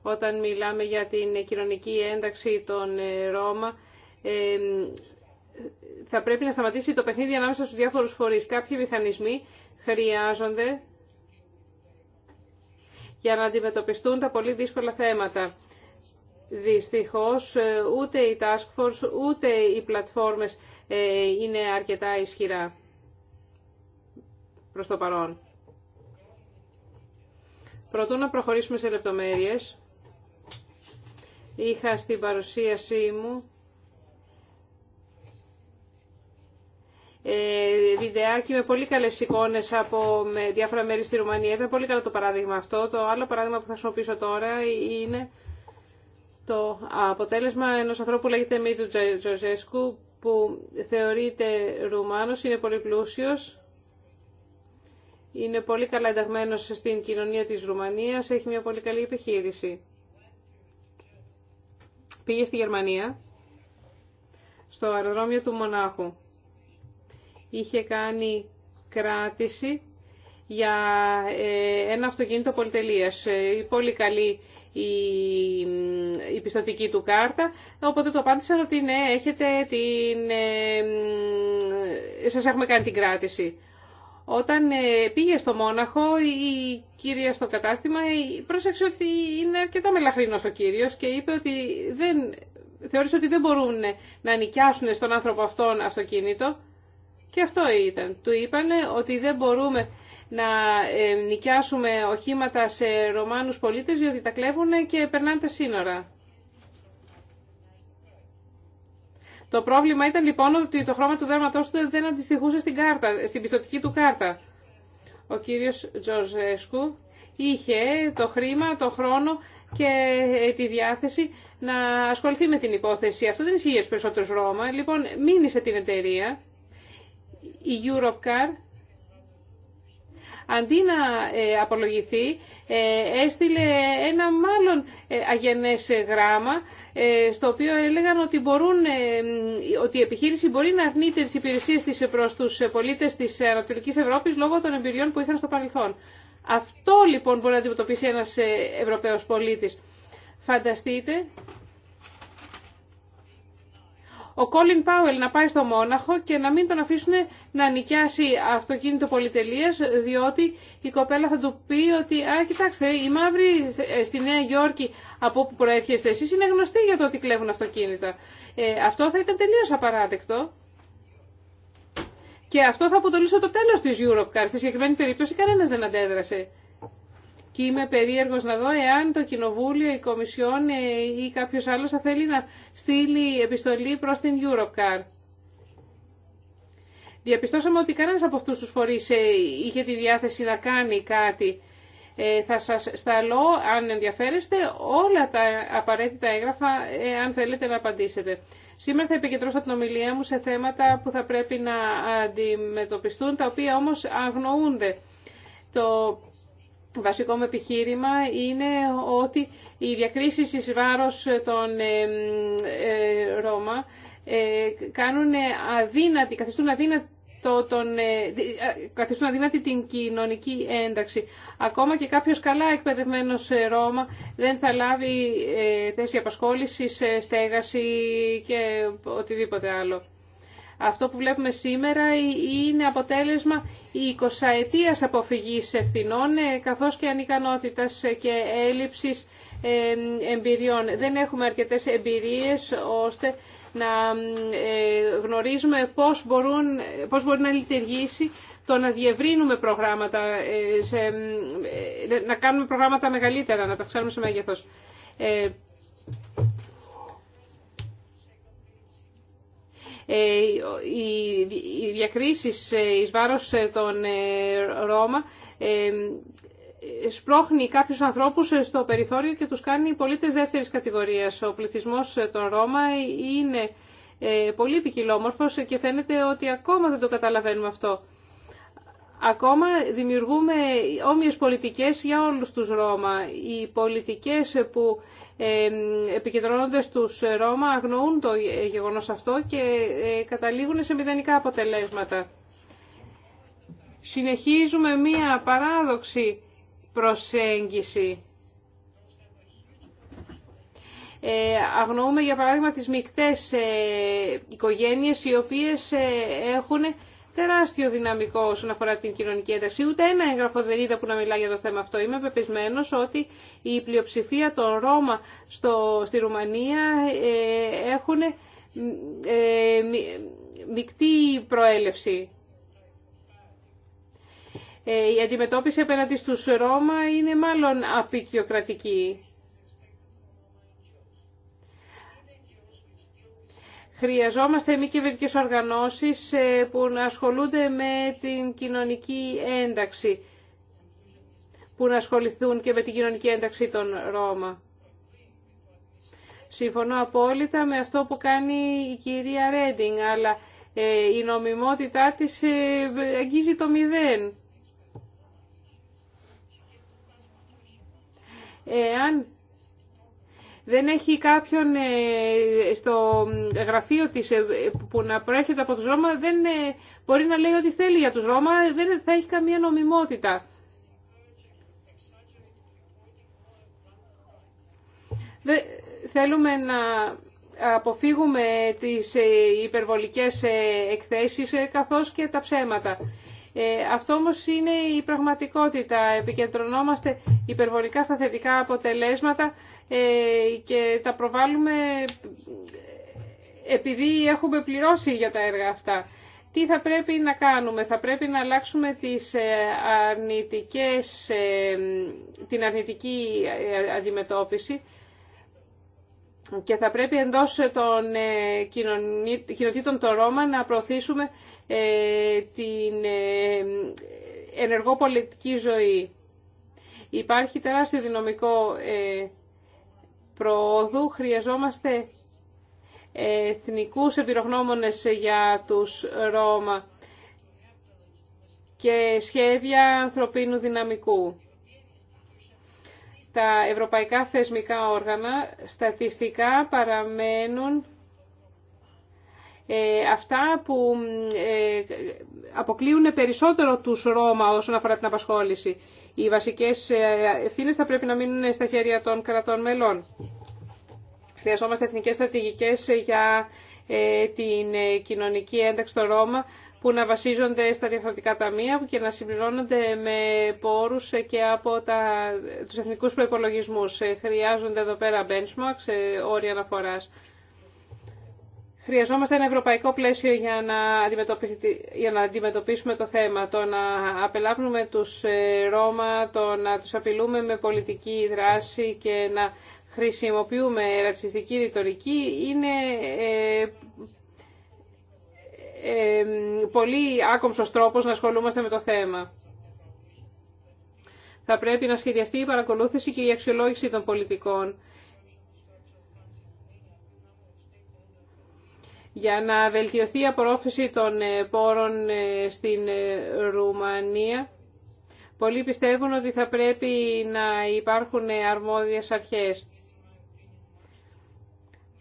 Όταν μιλάμε για την κοινωνική ένταξη των Ρώμα, θα πρέπει να σταματήσει το παιχνίδι ανάμεσα στους διάφορους φορείς. Κάποιοι μηχανισμοί χρειάζονται για να αντιμετωπιστούν τα πολύ δύσκολα θέματα. Δυστυχώς ε, ούτε η Task Force ούτε οι πλατφόρμες ε, είναι αρκετά ισχυρά προς το παρόν. Προτού να προχωρήσουμε σε λεπτομέρειες, είχα στην παρουσίασή μου Ε, βιντεάκι με πολύ καλέ εικόνε από με διάφορα μέρη στη Ρουμανία. Ήταν πολύ καλό το παράδειγμα αυτό. Το άλλο παράδειγμα που θα χρησιμοποιήσω τώρα είναι το αποτέλεσμα ενό ανθρώπου που λέγεται Μίτου Τζοζέσκου που θεωρείται Ρουμάνος, είναι πολύ πλούσιος, είναι πολύ καλά ενταγμένος στην κοινωνία της Ρουμανίας, έχει μια πολύ καλή επιχείρηση. Πήγε στη Γερμανία, στο αεροδρόμιο του Μονάχου είχε κάνει κράτηση για ε, ένα αυτοκίνητο πολυτελείας. Ε, πολύ καλή η, η πιστοτική του κάρτα, οπότε το απάντησαν ότι ναι, έχετε την, ε, σας έχουμε κάνει την κράτηση. Όταν πήγε στο Μόναχο, η κυρία στο κατάστημα πρόσεξε ότι είναι αρκετά μελαχρινός ο κύριος και είπε ότι δεν, θεώρησε ότι δεν μπορούν να νοικιάσουν στον άνθρωπο αυτόν αυτοκίνητο, και αυτό ήταν. Του είπανε ότι δεν μπορούμε να ε, νοικιάσουμε οχήματα σε Ρωμάνους πολίτες διότι τα κλέβουν και περνάνε τα σύνορα. Το πρόβλημα ήταν λοιπόν ότι το χρώμα του δέρματός του δεν αντιστοιχούσε στην, κάρτα, στην πιστοτική του κάρτα. Ο κύριος Τζοζέσκου είχε το χρήμα, το χρόνο και ε, τη διάθεση να ασχοληθεί με την υπόθεση. Αυτό δεν ισχύει για τους περισσότερους Ρώμα. Λοιπόν, μείνει την εταιρεία η Eurocar αντί να ε, απολογηθεί, ε, έστειλε ένα μάλλον ε, αγενές γράμμα, στο οποίο έλεγαν ότι, μπορούν, ότι η επιχείρηση μπορεί να αρνείται τις υπηρεσίες της προς τους πολίτες της Ανατολικής Ευρώπης λόγω των εμπειριών που είχαν στο παρελθόν. Αυτό λοιπόν μπορεί να αντιμετωπίσει ένας Ευρωπαίος πολίτης. Φανταστείτε ο Κόλιν Πάουελ να πάει στο Μόναχο και να μην τον αφήσουν να νοικιάσει αυτοκίνητο πολυτελεία, διότι η κοπέλα θα του πει ότι «Α, κοιτάξτε, οι μαύροι ε, στη Νέα Υόρκη από όπου προέρχεστε εσείς είναι γνωστοί για το ότι κλέβουν αυτοκίνητα». Ε, αυτό θα ήταν τελείως απαράδεκτο. Και αυτό θα αποτελούσε το τέλος της Eurocar. Στη συγκεκριμένη περίπτωση κανένα δεν αντέδρασε και είμαι περίεργος να δω εάν το Κοινοβούλιο, η Κομισιόν ε, ή κάποιος άλλος θα θέλει να στείλει επιστολή προς την Eurocar. Διαπιστώσαμε ότι κανένας από αυτούς τους φορείς ε, είχε τη διάθεση να κάνει κάτι. Ε, θα σας σταλώ, αν ενδιαφέρεστε, όλα τα απαραίτητα έγγραφα, αν θέλετε να απαντήσετε. Σήμερα θα επικεντρώσω την ομιλία μου σε θέματα που θα πρέπει να αντιμετωπιστούν, τα οποία όμως αγνοούνται. Το βασικό μου επιχείρημα είναι ότι οι διακρίσεις εις βάρος των ε, ε, Ρώμα ε, κάνουν αδύνατη, καθιστούν αδύνατη τον, καθιστούν αδύνατη την κοινωνική ένταξη. Ακόμα και κάποιος καλά εκπαιδευμένος Ρώμα δεν θα λάβει θέση απασχόλησης, στέγαση και οτιδήποτε άλλο. Αυτό που βλέπουμε σήμερα είναι αποτέλεσμα η 20 αποφυγής ευθυνών ε, καθώς και ανικανότητας ε, και έλλειψης ε, εμπειριών. Δεν έχουμε αρκετές εμπειρίες ώστε να γνωρίζουμε πώς, μπορούν, πώς μπορεί να λειτουργήσει το να διευρύνουμε προγράμματα, σε, να κάνουμε προγράμματα μεγαλύτερα, να τα ξέρουμε σε μέγεθος. Ε, οι διακρίσεις ε, εις βάρος ε, των Ρώμα σπρώχνει κάποιους ανθρώπους στο περιθώριο και τους κάνει πολίτες δεύτερης κατηγορίας. Ο πληθυσμός των Ρώμα είναι πολύ ποικιλόμορφος και φαίνεται ότι ακόμα δεν το καταλαβαίνουμε αυτό. Ακόμα δημιουργούμε όμοιες πολιτικές για όλους τους Ρώμα. Οι πολιτικές που επικεντρώνονται τους ε, Ρώμα, αγνοούν το ε, γεγονός αυτό και ε, καταλήγουν σε μηδενικά αποτελέσματα. Συνεχίζουμε μία παράδοξη προσέγγιση. Αγνοούμε, για παράδειγμα, τις μικτές οικογένειες οι οποίες έχουν τεράστιο δυναμικό όσον αφορά την κοινωνική ένταξη. Ούτε ένα έγγραφο δεν είδα που να μιλά για το θέμα αυτό. Είμαι πεπισμένο ότι η πλειοψηφία των Ρώμα στο, στη Ρουμανία ε, έχουν ε, μεικτή προέλευση. Ε, η αντιμετώπιση απέναντι στους Ρώμα είναι μάλλον απεικιοκρατική. Χρειαζόμαστε μη κυβερνητικές οργανώσεις ε, που να ασχολούνται με την κοινωνική ένταξη, που να ασχοληθούν και με την κοινωνική ένταξη των Ρώμα. Συμφωνώ απόλυτα με αυτό που κάνει η κυρία Ρέντινγκ, αλλά ε, η νομιμότητά της ε, αγγίζει το μηδέν. Εάν δεν έχει κάποιον ε, στο γραφείο της ε, που να προέρχεται από τους Ρώμα, δεν ε, μπορεί να λέει ό,τι θέλει για τους Ρώμα, δεν θα έχει καμία νομιμότητα. θέλουμε να αποφύγουμε τις υπερβολικές εκθέσεις καθώς και τα ψέματα. Ε, αυτό όμως είναι η πραγματικότητα. Επικεντρωνόμαστε υπερβολικά στα θετικά αποτελέσματα ε, και τα προβάλλουμε επειδή έχουμε πληρώσει για τα έργα αυτά. Τι θα πρέπει να κάνουμε. Θα πρέπει να αλλάξουμε τις ε, αρνητικές, την αρνητική αντιμετώπιση και θα πρέπει εντός των κοινοτήτων των Ρώμα να προωθήσουμε ε, την ε, ενεργό πολιτική ζωή. Υπάρχει τεράστιο δυναμικό ε, προόδου. Χρειαζόμαστε εθνικούς εμπειρογνώμονες για τους Ρώμα και σχέδια ανθρωπίνου δυναμικού. Τα ευρωπαϊκά θεσμικά όργανα στατιστικά παραμένουν ε, αυτά που ε, αποκλείουν περισσότερο τους Ρώμα όσον αφορά την απασχόληση. Οι βασικές ε, ευθύνε θα πρέπει να μείνουν στα χέρια των κρατών μελών. Χρειαζόμαστε εθνικές στρατηγικές για την κοινωνική ένταξη στο Ρώμα που να βασίζονται στα διαφορετικά ταμεία και να συμπληρώνονται με πόρους και από τα, τους εθνικούς προϋπολογισμούς. Χρειάζονται εδώ πέρα benchmarks, όρια αναφοράς. Χρειαζόμαστε ένα ευρωπαϊκό πλαίσιο για να, για αντιμετωπίσουμε το θέμα. Το να απελάβουμε τους ε, Ρώμα, το να τους απειλούμε με πολιτική δράση και να χρησιμοποιούμε ρατσιστική ρητορική είναι ε, ε, πολύ άκομψος τρόπος να ασχολούμαστε με το θέμα. Θα πρέπει να σχεδιαστεί η παρακολούθηση και η αξιολόγηση των πολιτικών. για να βελτιωθεί η απορρόφηση των ε, πόρων ε, στην ε, Ρουμανία. Πολλοί πιστεύουν ότι θα πρέπει να υπάρχουν αρμόδιες αρχές.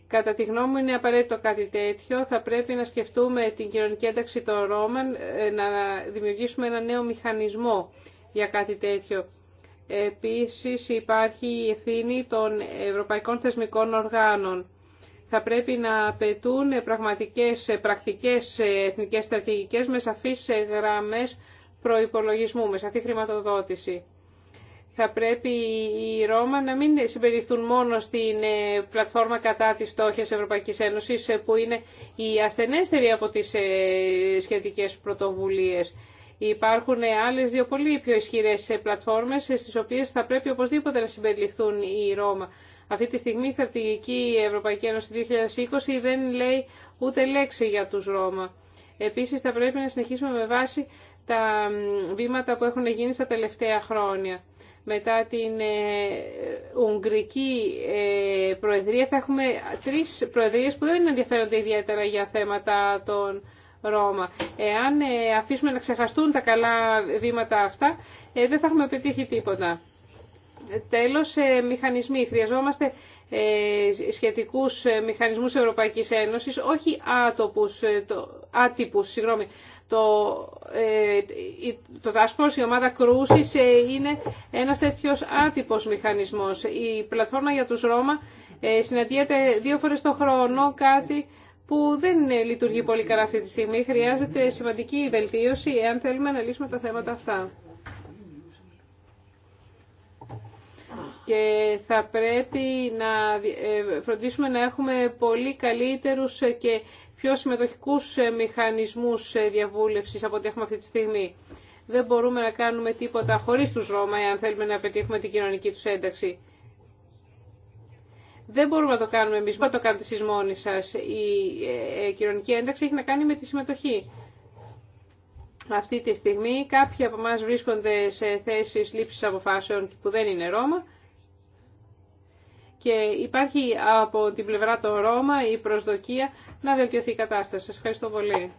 Κατά τη γνώμη μου είναι απαραίτητο κάτι τέτοιο. Θα πρέπει να σκεφτούμε την κοινωνική ένταξη των Ρώμαν, να δημιουργήσουμε ένα νέο μηχανισμό για κάτι τέτοιο. Επίσης υπάρχει η ευθύνη των ευρωπαϊκών θεσμικών οργάνων θα πρέπει να απαιτούν πραγματικές, πρακτικές εθνικές στρατηγικές με σαφείς γραμμές προϋπολογισμού, με σαφή χρηματοδότηση. Θα πρέπει οι Ρώμα να μην συμπεριληφθούν μόνο στην ε, πλατφόρμα κατά της φτώχειας Ευρωπαϊκής Ένωσης ε, που είναι η ασθενέστερη από τις ε, σχετικές πρωτοβουλίες. Υπάρχουν άλλες δύο πολύ πιο ισχυρές πλατφόρμες στις οποίες θα πρέπει οπωσδήποτε να συμπεριληφθούν οι Ρώμα. Αυτή τη στιγμή η στρατηγική Ευρωπαϊκή Ένωση 2020 δεν λέει ούτε λέξη για τους Ρώμα. Επίσης θα πρέπει να συνεχίσουμε με βάση τα βήματα που έχουν γίνει στα τελευταία χρόνια. Μετά την ε, Ουγγρική ε, Προεδρία θα έχουμε τρεις προεδρίες που δεν ενδιαφέρονται ιδιαίτερα για θέματα των Ρώμα. Εάν ε, αφήσουμε να ξεχαστούν τα καλά βήματα αυτά, δεν θα έχουμε πετύχει τίποτα. Τέλος, ε, μηχανισμοί. Χρειαζόμαστε ε, σχετικούς ε, μηχανισμούς Ευρωπαϊκής Ένωσης, όχι άτοπους, το, άτυπους, συγγνώμη. Το, το Task η ομάδα κρούσης, είναι ένας τέτοιος άτυπος μηχανισμός. Η πλατφόρμα για τους Ρώμα συναντιέται δύο φορές το χρόνο, κάτι που δεν λειτουργεί πολύ καλά αυτή τη στιγμή. Χρειάζεται σημαντική βελτίωση εάν θέλουμε να λύσουμε τα θέματα αυτά. και θα πρέπει να ε, φροντίσουμε να έχουμε πολύ καλύτερους και πιο συμμετοχικούς ε, μηχανισμούς ε, διαβούλευσης από ό,τι έχουμε αυτή τη στιγμή. Δεν μπορούμε να κάνουμε τίποτα χωρίς τους Ρώμα, εάν θέλουμε να πετύχουμε την κοινωνική τους ένταξη. Δεν μπορούμε να το κάνουμε εμείς, μπορείτε να το κάνετε εσείς μόνοι σας. Η κοινωνική ένταξη έχει να κάνει με τη συμμετοχή. Αυτή τη στιγμή κάποιοι από εμά βρίσκονται σε θέσεις λήψης αποφάσεων που δεν είναι Ρώμα και υπάρχει από την πλευρά των Ρώμα η προσδοκία να βελτιωθεί η κατάσταση. Σας ευχαριστώ πολύ.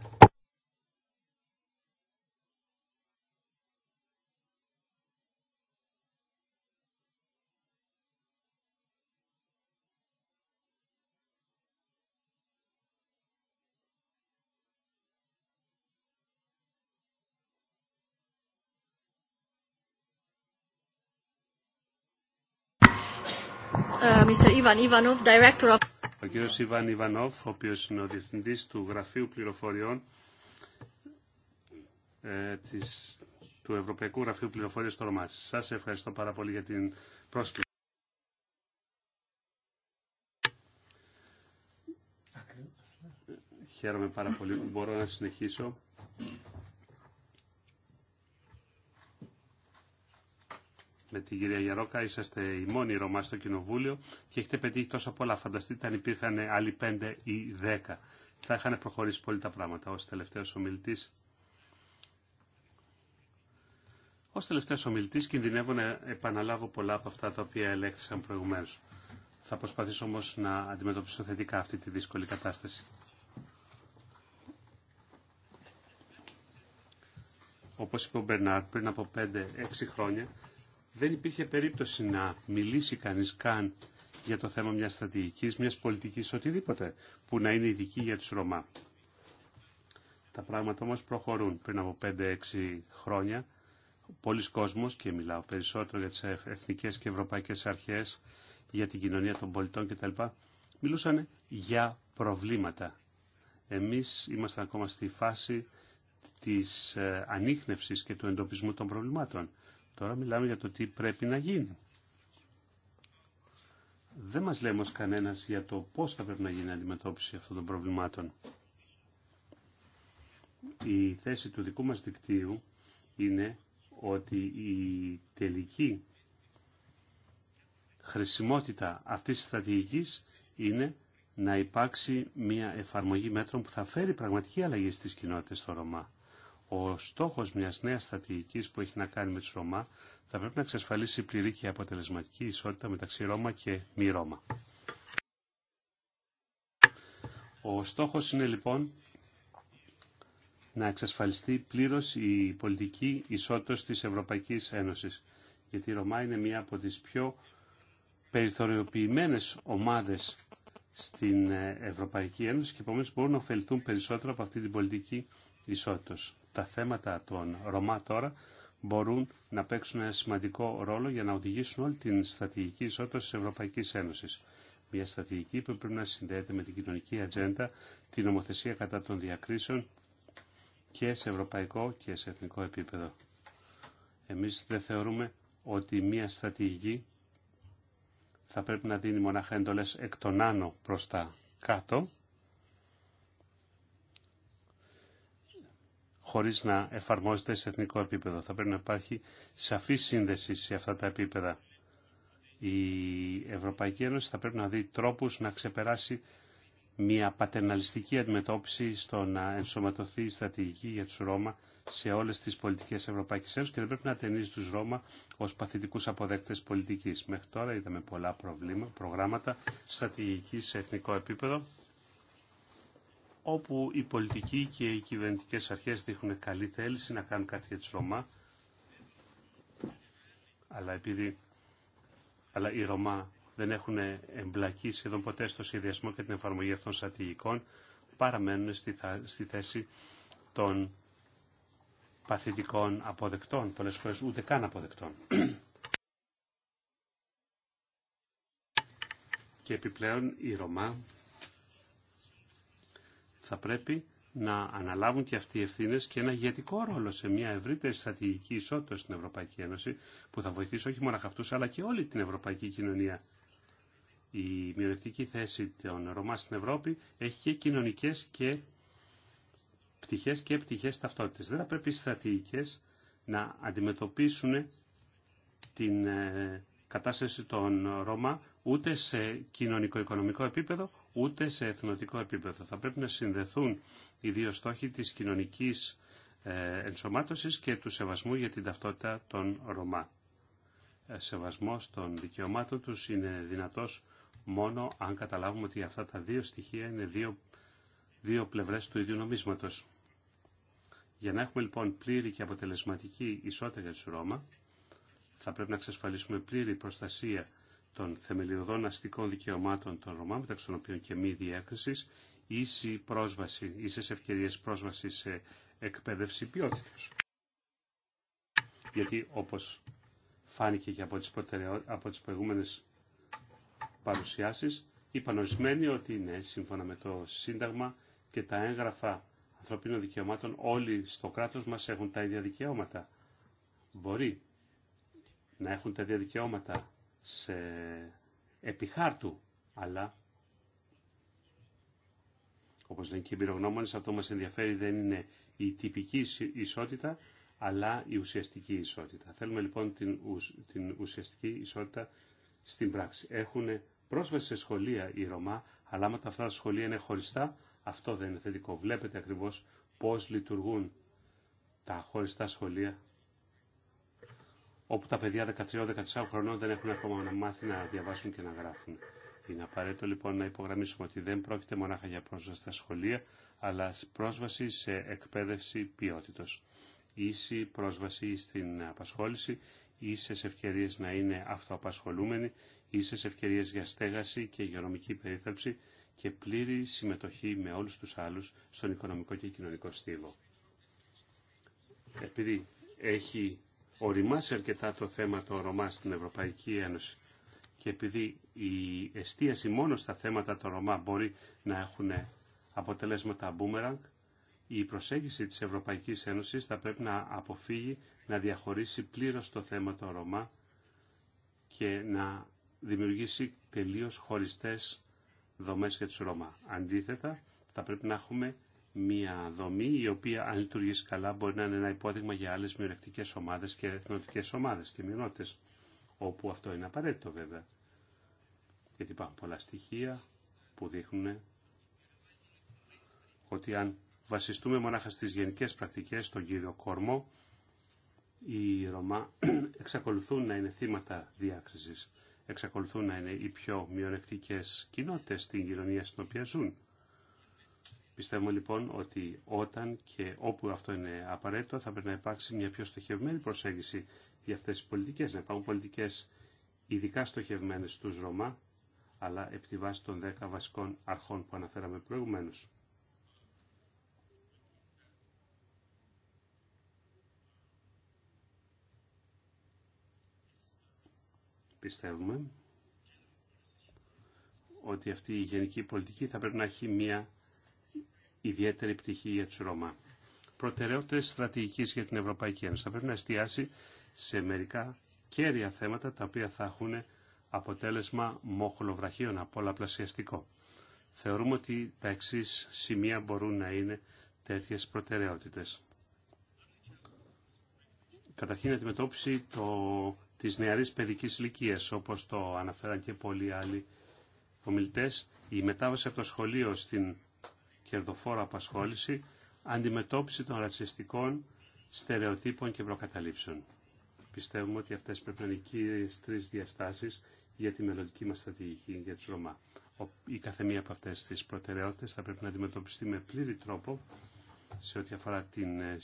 Ε, ο κύριος Ιβάν Ιβανόφ, ο οποίος είναι ο Διευθυντής του Γραφείου Πληροφοριών ε, της, του Ευρωπαϊκού Γραφείου Πληροφοριών στο Ρωμά. Σας ευχαριστώ πάρα πολύ για την πρόσκληση. Χαίρομαι πάρα πολύ που μπορώ να συνεχίσω με την κυρία Γιαρόκα. Είσαστε η μόνη Ρωμά στο Κοινοβούλιο και έχετε πετύχει τόσο πολλά. Φανταστείτε αν υπήρχαν άλλοι πέντε ή δέκα. Θα είχαν προχωρήσει πολύ τα πράγματα ως τελευταίος ομιλητής. Ως τελευταίος ομιλητής κινδυνεύω να επαναλάβω πολλά από αυτά τα οποία ελέγχθησαν προηγουμένως. Θα προσπαθήσω όμως να αντιμετωπίσω θετικά αυτή τη δύσκολη κατάσταση. Όπως είπε ο Μπερνάρ, πριν από 5-6 χρόνια δεν υπήρχε περίπτωση να μιλήσει κανείς καν για το θέμα μιας στρατηγικής, μιας πολιτικής, οτιδήποτε, που να είναι ειδική για τους Ρωμά. Τα πράγματα όμως προχωρούν. Πριν από 5-6 χρόνια, πολλοί κόσμος, και μιλάω περισσότερο για τις εθνικές και ευρωπαϊκές αρχές, για την κοινωνία των πολιτών κτλ, μιλούσαν για προβλήματα. Εμείς είμαστε ακόμα στη φάση της ε, ανείχνευσης και του εντοπισμού των προβλημάτων. Τώρα μιλάμε για το τι πρέπει να γίνει. Δεν μας λέει όμως κανένας για το πώς θα πρέπει να γίνει η αντιμετώπιση αυτών των προβλημάτων. Η θέση του δικού μας δικτύου είναι ότι η τελική χρησιμότητα αυτής της στρατηγικής είναι να υπάρξει μια εφαρμογή μέτρων που θα φέρει πραγματική αλλαγή στις κοινότητες στο Ρωμά ο στόχος μιας νέας στρατηγική που έχει να κάνει με του Ρωμά θα πρέπει να εξασφαλίσει πληρή και αποτελεσματική ισότητα μεταξύ Ρώμα και μη Ρώμα. Ο στόχος είναι λοιπόν να εξασφαλιστεί πλήρω η πολιτική ισότητα τη Ευρωπαϊκή Ένωσης. Γιατί η Ρωμά είναι μία από τις πιο περιθωριοποιημένε ομάδες στην ε, Ευρωπαϊκή Ένωση και επομένω μπορούν να ωφεληθούν περισσότερο από αυτή την πολιτική ισότητας τα θέματα των Ρωμά τώρα μπορούν να παίξουν ένα σημαντικό ρόλο για να οδηγήσουν όλη την στρατηγική ισότητα τη Ευρωπαϊκή Ένωση. Μια στρατηγική που πρέπει να συνδέεται με την κοινωνική ατζέντα, την νομοθεσία κατά των διακρίσεων και σε ευρωπαϊκό και σε εθνικό επίπεδο. Εμείς δεν θεωρούμε ότι μια στρατηγική θα πρέπει να δίνει μονάχα εντολές εκ των άνω προς τα κάτω, χωρίς να εφαρμόζεται σε εθνικό επίπεδο. Θα πρέπει να υπάρχει σαφή σύνδεση σε αυτά τα επίπεδα. Η Ευρωπαϊκή Ένωση θα πρέπει να δει τρόπους να ξεπεράσει μια πατερναλιστική αντιμετώπιση στο να ενσωματωθεί η στρατηγική για τους Ρώμα σε όλες τις πολιτικές Ευρωπαϊκής Ένωσης και δεν πρέπει να ταινίζει τους Ρώμα ως παθητικούς αποδέκτες πολιτικής. Μέχρι τώρα είδαμε πολλά προβλήματα, προγράμματα στρατηγική σε εθνικό επίπεδο όπου οι πολιτικοί και οι κυβερνητικές αρχές δείχνουν καλή θέληση να κάνουν κάτι για τους Ρωμά, αλλά επειδή αλλά οι Ρωμά δεν έχουν εμπλακεί σχεδόν ποτέ στο σχεδιασμό και την εφαρμογή αυτών στρατηγικών, παραμένουν στη, στη θέση των παθητικών αποδεκτών, πολλές φορές ούτε καν αποδεκτών. και επιπλέον οι Ρωμά θα πρέπει να αναλάβουν και αυτοί οι ευθύνε και ένα ηγετικό ρόλο σε μια ευρύτερη στρατηγική ισότητα στην Ευρωπαϊκή Ένωση που θα βοηθήσει όχι μόνο αυτού αλλά και όλη την ευρωπαϊκή κοινωνία. Η μειονεκτική θέση των Ρωμά στην Ευρώπη έχει και κοινωνικέ και πτυχέ και πτυχέ ταυτότητε. Δεν θα πρέπει οι στρατηγικέ να αντιμετωπίσουν την ε, κατάσταση των Ρώμα ούτε σε κοινωνικο-οικονομικό επίπεδο, ούτε σε εθνοτικό επίπεδο. Θα πρέπει να συνδεθούν οι δύο στόχοι της κοινωνικής ε, ενσωμάτωσης και του σεβασμού για την ταυτότητα των Ρωμά. Ε, σεβασμός των δικαιωμάτων τους είναι δυνατός μόνο αν καταλάβουμε ότι αυτά τα δύο στοιχεία είναι δύο, δύο πλευρές του ίδιου νομίσματος. Για να έχουμε λοιπόν πλήρη και αποτελεσματική ισότητα για τους Ρώμα, θα πρέπει να εξασφαλίσουμε πλήρη προστασία των θεμελιωδών αστικών δικαιωμάτων των Ρωμά, μεταξύ των οποίων και μη διέκριση, ίση πρόσβαση, ίσες ευκαιρίες πρόσβαση σε εκπαίδευση ποιότητα. Γιατί όπως φάνηκε και από τι προτεραιο... τις προηγούμενες είπαν ορισμένοι ότι είναι σύμφωνα με το Σύνταγμα και τα έγγραφα ανθρωπίνων δικαιωμάτων όλοι στο κράτο μα έχουν τα ίδια δικαιώματα. Μπορεί να έχουν τα ίδια δικαιώματα σε επιχάρτου, αλλά όπως λένε και οι αυτό μας ενδιαφέρει δεν είναι η τυπική ισότητα, αλλά η ουσιαστική ισότητα. Θέλουμε λοιπόν την, την ουσιαστική ισότητα στην πράξη. Έχουν πρόσβαση σε σχολεία οι Ρωμά, αλλά άμα αυτά τα σχολεία είναι χωριστά, αυτό δεν είναι θετικό. Βλέπετε ακριβώς πώς λειτουργούν τα χωριστά σχολεία όπου τα παιδιά 13-14 χρονών δεν έχουν ακόμα να μάθει να διαβάσουν και να γράφουν. Είναι απαραίτητο λοιπόν να υπογραμμίσουμε ότι δεν πρόκειται μονάχα για πρόσβαση στα σχολεία, αλλά πρόσβαση σε εκπαίδευση ποιότητος. Ίση πρόσβαση στην απασχόληση, ίσες ευκαιρίες να είναι αυτοαπασχολούμενοι, ίσες ευκαιρίες για στέγαση και υγειονομική περίθαλψη και πλήρη συμμετοχή με όλους τους άλλους στον οικονομικό και κοινωνικό στίβο. Επειδή έχει οριμάσει αρκετά το θέμα το Ρωμά στην Ευρωπαϊκή Ένωση και επειδή η εστίαση μόνο στα θέματα το Ρωμά μπορεί να έχουν αποτελέσματα μπούμεραγκ, η προσέγγιση της Ευρωπαϊκής Ένωσης θα πρέπει να αποφύγει να διαχωρίσει πλήρως το θέμα το Ρωμά και να δημιουργήσει τελείως χωριστές δομές για τους Ρωμά. Αντίθετα, θα πρέπει να έχουμε μια δομή η οποία αν λειτουργήσει καλά μπορεί να είναι ένα υπόδειγμα για άλλες μειονεκτικές ομάδες και εθνοτικές ομάδες και μειονότητες όπου αυτό είναι απαραίτητο βέβαια γιατί υπάρχουν πολλά στοιχεία που δείχνουν ότι αν βασιστούμε μονάχα στις γενικές πρακτικές στον κύριο Κόρμο οι Ρωμά εξακολουθούν να είναι θύματα διάκρισης εξακολουθούν να είναι οι πιο μειονεκτικές κοινότητες στην κοινωνία στην οποία ζουν Πιστεύουμε λοιπόν ότι όταν και όπου αυτό είναι απαραίτητο θα πρέπει να υπάρξει μια πιο στοχευμένη προσέγγιση για αυτές τις πολιτικές. Να υπάρχουν πολιτικές ειδικά στοχευμένες στους Ρωμά, αλλά επί τη βάση των 10 βασικών αρχών που αναφέραμε προηγουμένως. Πιστεύουμε ότι αυτή η γενική πολιτική θα πρέπει να έχει μια ιδιαίτερη πτυχή για του Ρωμά. Προτεραιότητες στρατηγικής για την Ευρωπαϊκή Ένωση. Θα πρέπει να εστιάσει σε μερικά κέρια θέματα τα οποία θα έχουν αποτέλεσμα βραχιών απόλαπλασιαστικό. Θεωρούμε ότι τα εξή σημεία μπορούν να είναι τέτοιε προτεραιότητε. Καταρχήν, αντιμετώπιση το, της νεαρής παιδικής ηλικία, όπως το αναφέραν και πολλοί άλλοι ομιλητέ, η μετάβαση από το σχολείο στην κερδοφόρα απασχόληση, αντιμετώπιση των ρατσιστικών στερεοτύπων και προκαταλήψεων. Πιστεύουμε ότι αυτές πρέπει να είναι οι τρεις διαστάσεις για τη μελλοντική μας στρατηγική για τους Ρωμά. Η καθεμία από αυτές τις προτεραιότητες θα πρέπει να αντιμετωπιστεί με πλήρη τρόπο σε ό,τι αφορά την, ε,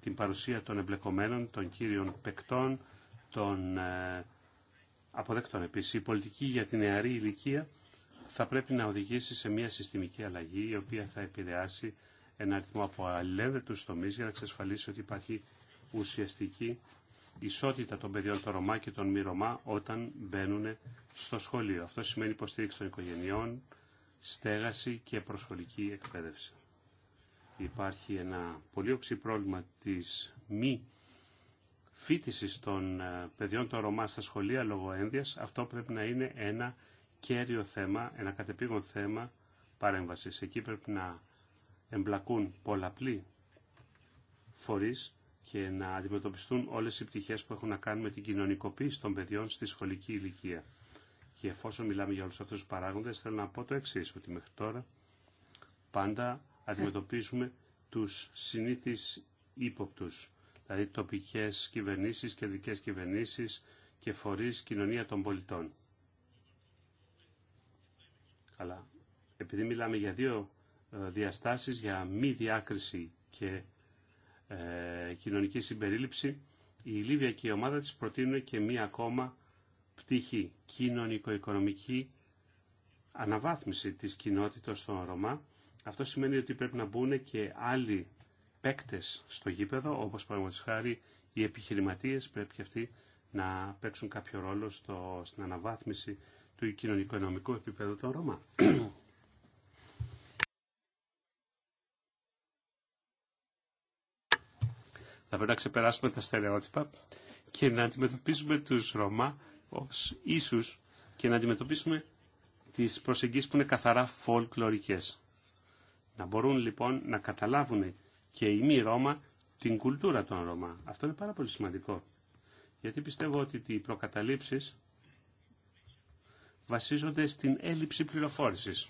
την παρουσία των εμπλεκομένων, των κύριων παικτών, των ε, αποδεκτών επίσης. Η πολιτική για την νεαρή ηλικία θα πρέπει να οδηγήσει σε μια συστημική αλλαγή η οποία θα επηρεάσει ένα αριθμό από αλληλένδετους τομείς για να εξασφαλίσει ότι υπάρχει ουσιαστική ισότητα των παιδιών των Ρωμά και των μη Ρωμά όταν μπαίνουν στο σχολείο. Αυτό σημαίνει υποστήριξη των οικογενειών, στέγαση και προσχολική εκπαίδευση. Υπάρχει ένα πολύ οξύ πρόβλημα της μη φίτησης των ε, παιδιών των Ρωμά στα σχολεία λόγω ένδυας. Αυτό πρέπει να είναι ένα κέριο θέμα, ένα κατεπήγον θέμα παρέμβασης. Εκεί πρέπει να εμπλακούν πολλαπλή φορείς και να αντιμετωπιστούν όλες οι πτυχές που έχουν να κάνουν με την κοινωνικοποίηση των παιδιών στη σχολική ηλικία. Και εφόσον μιλάμε για όλους αυτούς τους παράγοντες, θέλω να πω το εξή ότι μέχρι τώρα πάντα αντιμετωπίζουμε τους συνήθεις ύποπτους, δηλαδή τοπικές κυβερνήσεις, κεντρικές κυβερνήσεις και φορείς κοινωνία των πολιτών. Αλλά επειδή μιλάμε για δύο ε, διαστάσεις, για μη διάκριση και ε, κοινωνική συμπερίληψη, η Λίβια και η ομάδα της προτείνουν και μία ακόμα πτυχή, κοινωνικο-οικονομική αναβάθμιση της κοινότητας των Ρωμά. Αυτό σημαίνει ότι πρέπει να μπουν και άλλοι παίκτες στο γήπεδο, όπως παραδείγματος χάρη οι επιχειρηματίες πρέπει και αυτοί να παίξουν κάποιο ρόλο στο, στην αναβάθμιση του κοινωνικονομικού επίπεδου των Ρωμά. Θα πρέπει να ξεπεράσουμε τα στερεότυπα και να αντιμετωπίσουμε τους Ρωμά ως ίσους και να αντιμετωπίσουμε τις προσεγγίσεις που είναι καθαρά φολκλωρικές. Να μπορούν λοιπόν να καταλάβουν και οι μη Ρώμα την κουλτούρα των Ρωμά. Αυτό είναι πάρα πολύ σημαντικό. Γιατί πιστεύω ότι οι προκαταλήψεις βασίζονται στην έλλειψη πληροφόρησης.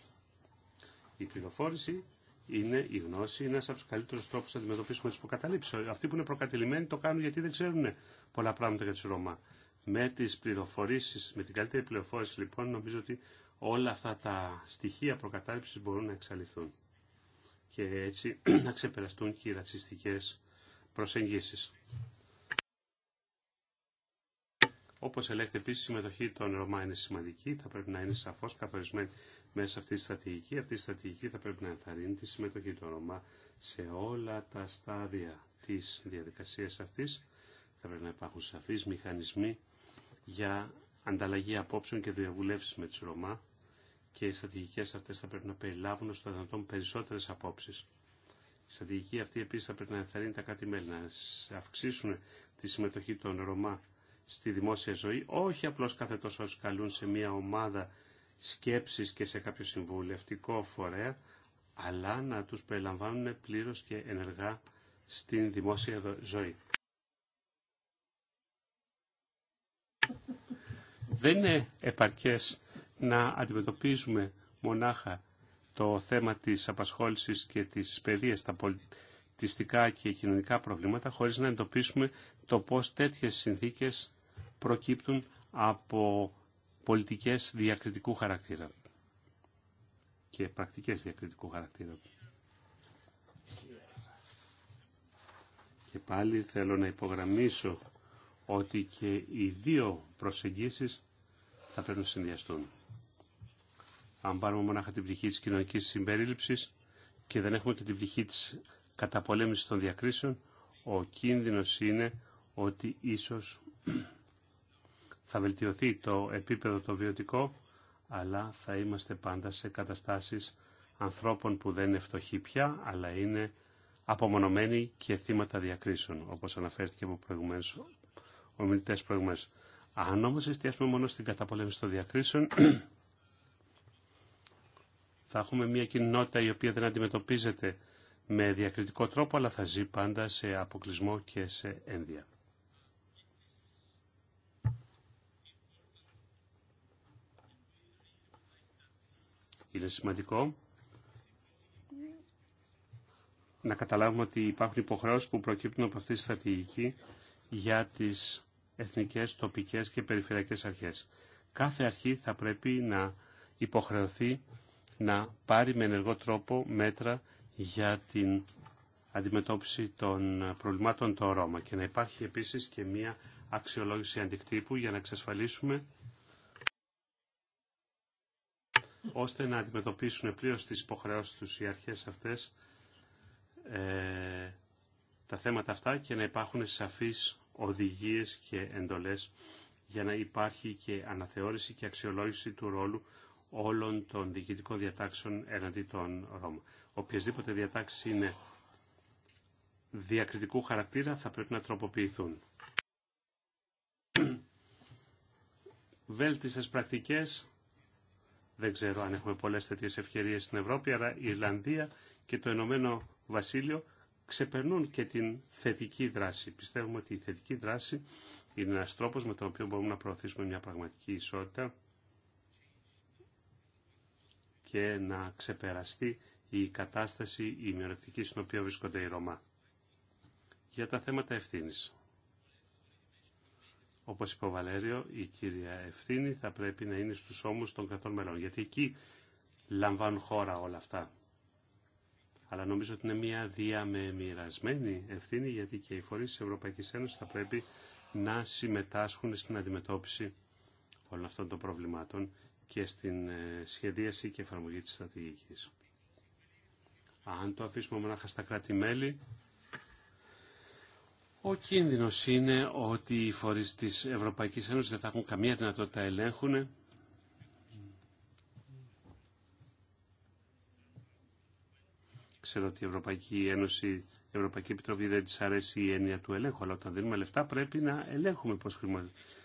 Η πληροφόρηση είναι η γνώση, είναι ένα από του καλύτερου τρόπου να αντιμετωπίσουμε τι προκαταλήψει. Αυτοί που είναι προκατελημένοι το κάνουν γιατί δεν ξέρουν πολλά πράγματα για του Ρωμά. Με τι πληροφορήσει, με την καλύτερη πληροφόρηση λοιπόν, νομίζω ότι όλα αυτά τα στοιχεία προκατάληψης μπορούν να εξαλειφθούν και έτσι να ξεπεραστούν και οι ρατσιστικές προσεγγίσεις. Όπω ελέγχεται επίση, η συμμετοχή των Ρωμά είναι σημαντική, θα πρέπει να είναι σαφώ καθορισμένη μέσα σε αυτή τη στρατηγική. Αυτή η στρατηγική θα πρέπει να ενθαρρύνει τη συμμετοχή των Ρωμά σε όλα τα στάδια τη διαδικασία αυτή. Θα πρέπει να υπάρχουν σαφεί μηχανισμοί για ανταλλαγή απόψεων και διαβουλεύσει με του Ρωμά και οι στρατηγικέ αυτέ θα πρέπει να περιλάβουν στο δυνατόν περισσότερε απόψει. Η στρατηγική αυτή επίση θα πρέπει να ενθαρρύνει τα κάτι μέλη να αυξήσουν τη συμμετοχή των Ρωμά στη δημόσια ζωή, όχι απλώς κάθε τόσο καλούν σε μια ομάδα σκέψης και σε κάποιο συμβουλευτικό φορέα, αλλά να τους περιλαμβάνουν πλήρως και ενεργά στην δημόσια ζωή. Δεν είναι επαρκές να αντιμετωπίζουμε μονάχα το θέμα της απασχόλησης και της παιδείας, τα πολιτιστικά και κοινωνικά προβλήματα, χωρίς να εντοπίσουμε το πώς τέτοιες συνθήκες προκύπτουν από πολιτικές διακριτικού χαρακτήρα και πρακτικές διακριτικού χαρακτήρα. Και πάλι θέλω να υπογραμμίσω ότι και οι δύο προσεγγίσεις θα πρέπει να συνδυαστούν. Αν πάρουμε μονάχα την πτυχή της κοινωνικής συμπερίληψης και δεν έχουμε και την πτυχή της καταπολέμησης των διακρίσεων, ο κίνδυνος είναι ότι ίσως θα βελτιωθεί το επίπεδο το βιωτικό, αλλά θα είμαστε πάντα σε καταστάσεις ανθρώπων που δεν είναι φτωχοί πια, αλλά είναι απομονωμένοι και θύματα διακρίσεων, όπως αναφέρθηκε από προηγουμένους ομιλητές προηγουμένως. Αν όμως εστιάσουμε μόνο στην καταπολέμηση των διακρίσεων, θα έχουμε μια κοινότητα η οποία δεν αντιμετωπίζεται με διακριτικό τρόπο, αλλά θα ζει πάντα σε αποκλεισμό και σε ένδια. Είναι σημαντικό να καταλάβουμε ότι υπάρχουν υποχρεώσεις που προκύπτουν από αυτή τη στρατηγική για τις εθνικές, τοπικές και περιφερειακές αρχές. Κάθε αρχή θα πρέπει να υποχρεωθεί να πάρει με ενεργό τρόπο μέτρα για την αντιμετώπιση των προβλημάτων των Ρώμα και να υπάρχει επίσης και μία αξιολόγηση αντικτύπου για να εξασφαλίσουμε ώστε να αντιμετωπίσουν πλήρως τις υποχρεώσεις τους οι αρχές αυτές ε, τα θέματα αυτά και να υπάρχουν σαφείς οδηγίες και εντολές για να υπάρχει και αναθεώρηση και αξιολόγηση του ρόλου όλων των διοικητικών διατάξεων έναντι των Ρώμα. Οποιασδήποτε διατάξεις είναι διακριτικού χαρακτήρα θα πρέπει να τροποποιηθούν. Βέλτιστες πρακτικές δεν ξέρω αν έχουμε πολλές τέτοιες ευκαιρίες στην Ευρώπη, αλλά η Ιρλανδία και το Ενωμένο Βασίλειο ξεπερνούν και την θετική δράση. Πιστεύουμε ότι η θετική δράση είναι ένας τρόπος με τον οποίο μπορούμε να προωθήσουμε μια πραγματική ισότητα και να ξεπεραστεί η κατάσταση η μειονεκτική στην οποία βρίσκονται οι Ρωμά. Για τα θέματα ευθύνης. Όπως είπε ο Βαλέριο, η κυρία Ευθύνη θα πρέπει να είναι στους ώμους των κρατών μελών, γιατί εκεί λαμβάνουν χώρα όλα αυτά. Αλλά νομίζω ότι είναι μια διαμεμοιρασμένη ευθύνη, γιατί και οι φορείς της Ευρωπαϊκής Ένωσης θα πρέπει να συμμετάσχουν στην αντιμετώπιση όλων αυτών των προβλημάτων και στην ε, σχεδίαση και εφαρμογή της στρατηγικής. Αν το αφήσουμε μονάχα στα κράτη-μέλη, ο κίνδυνος είναι ότι οι φορείς της Ευρωπαϊκής Ένωσης δεν θα έχουν καμία δυνατότητα ελέγχουν Ξέρω ότι η Ευρωπαϊκή Ένωση, η Ευρωπαϊκή Επιτροπή δεν της αρέσει η έννοια του ελέγχου, αλλά όταν δίνουμε λεφτά πρέπει να ελέγχουμε πώς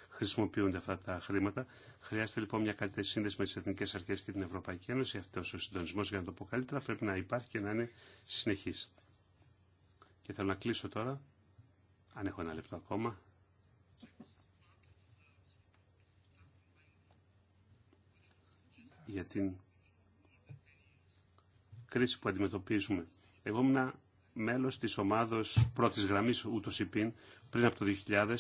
χρησιμοποιούνται αυτά τα χρήματα. Χρειάζεται λοιπόν μια καλύτερη σύνδεση με τις Εθνικές Αρχές και την Ευρωπαϊκή Ένωση. Αυτός ο συντονισμός, για να το πω καλύτερα, πρέπει να υπάρχει και να είναι συνεχής. Και θέλω να κλείσω τώρα αν έχω ένα λεπτό ακόμα. Για την κρίση που αντιμετωπίζουμε. Εγώ ήμουν μέλος της ομάδος πρώτης γραμμής ούτως υπήν πριν από το 2000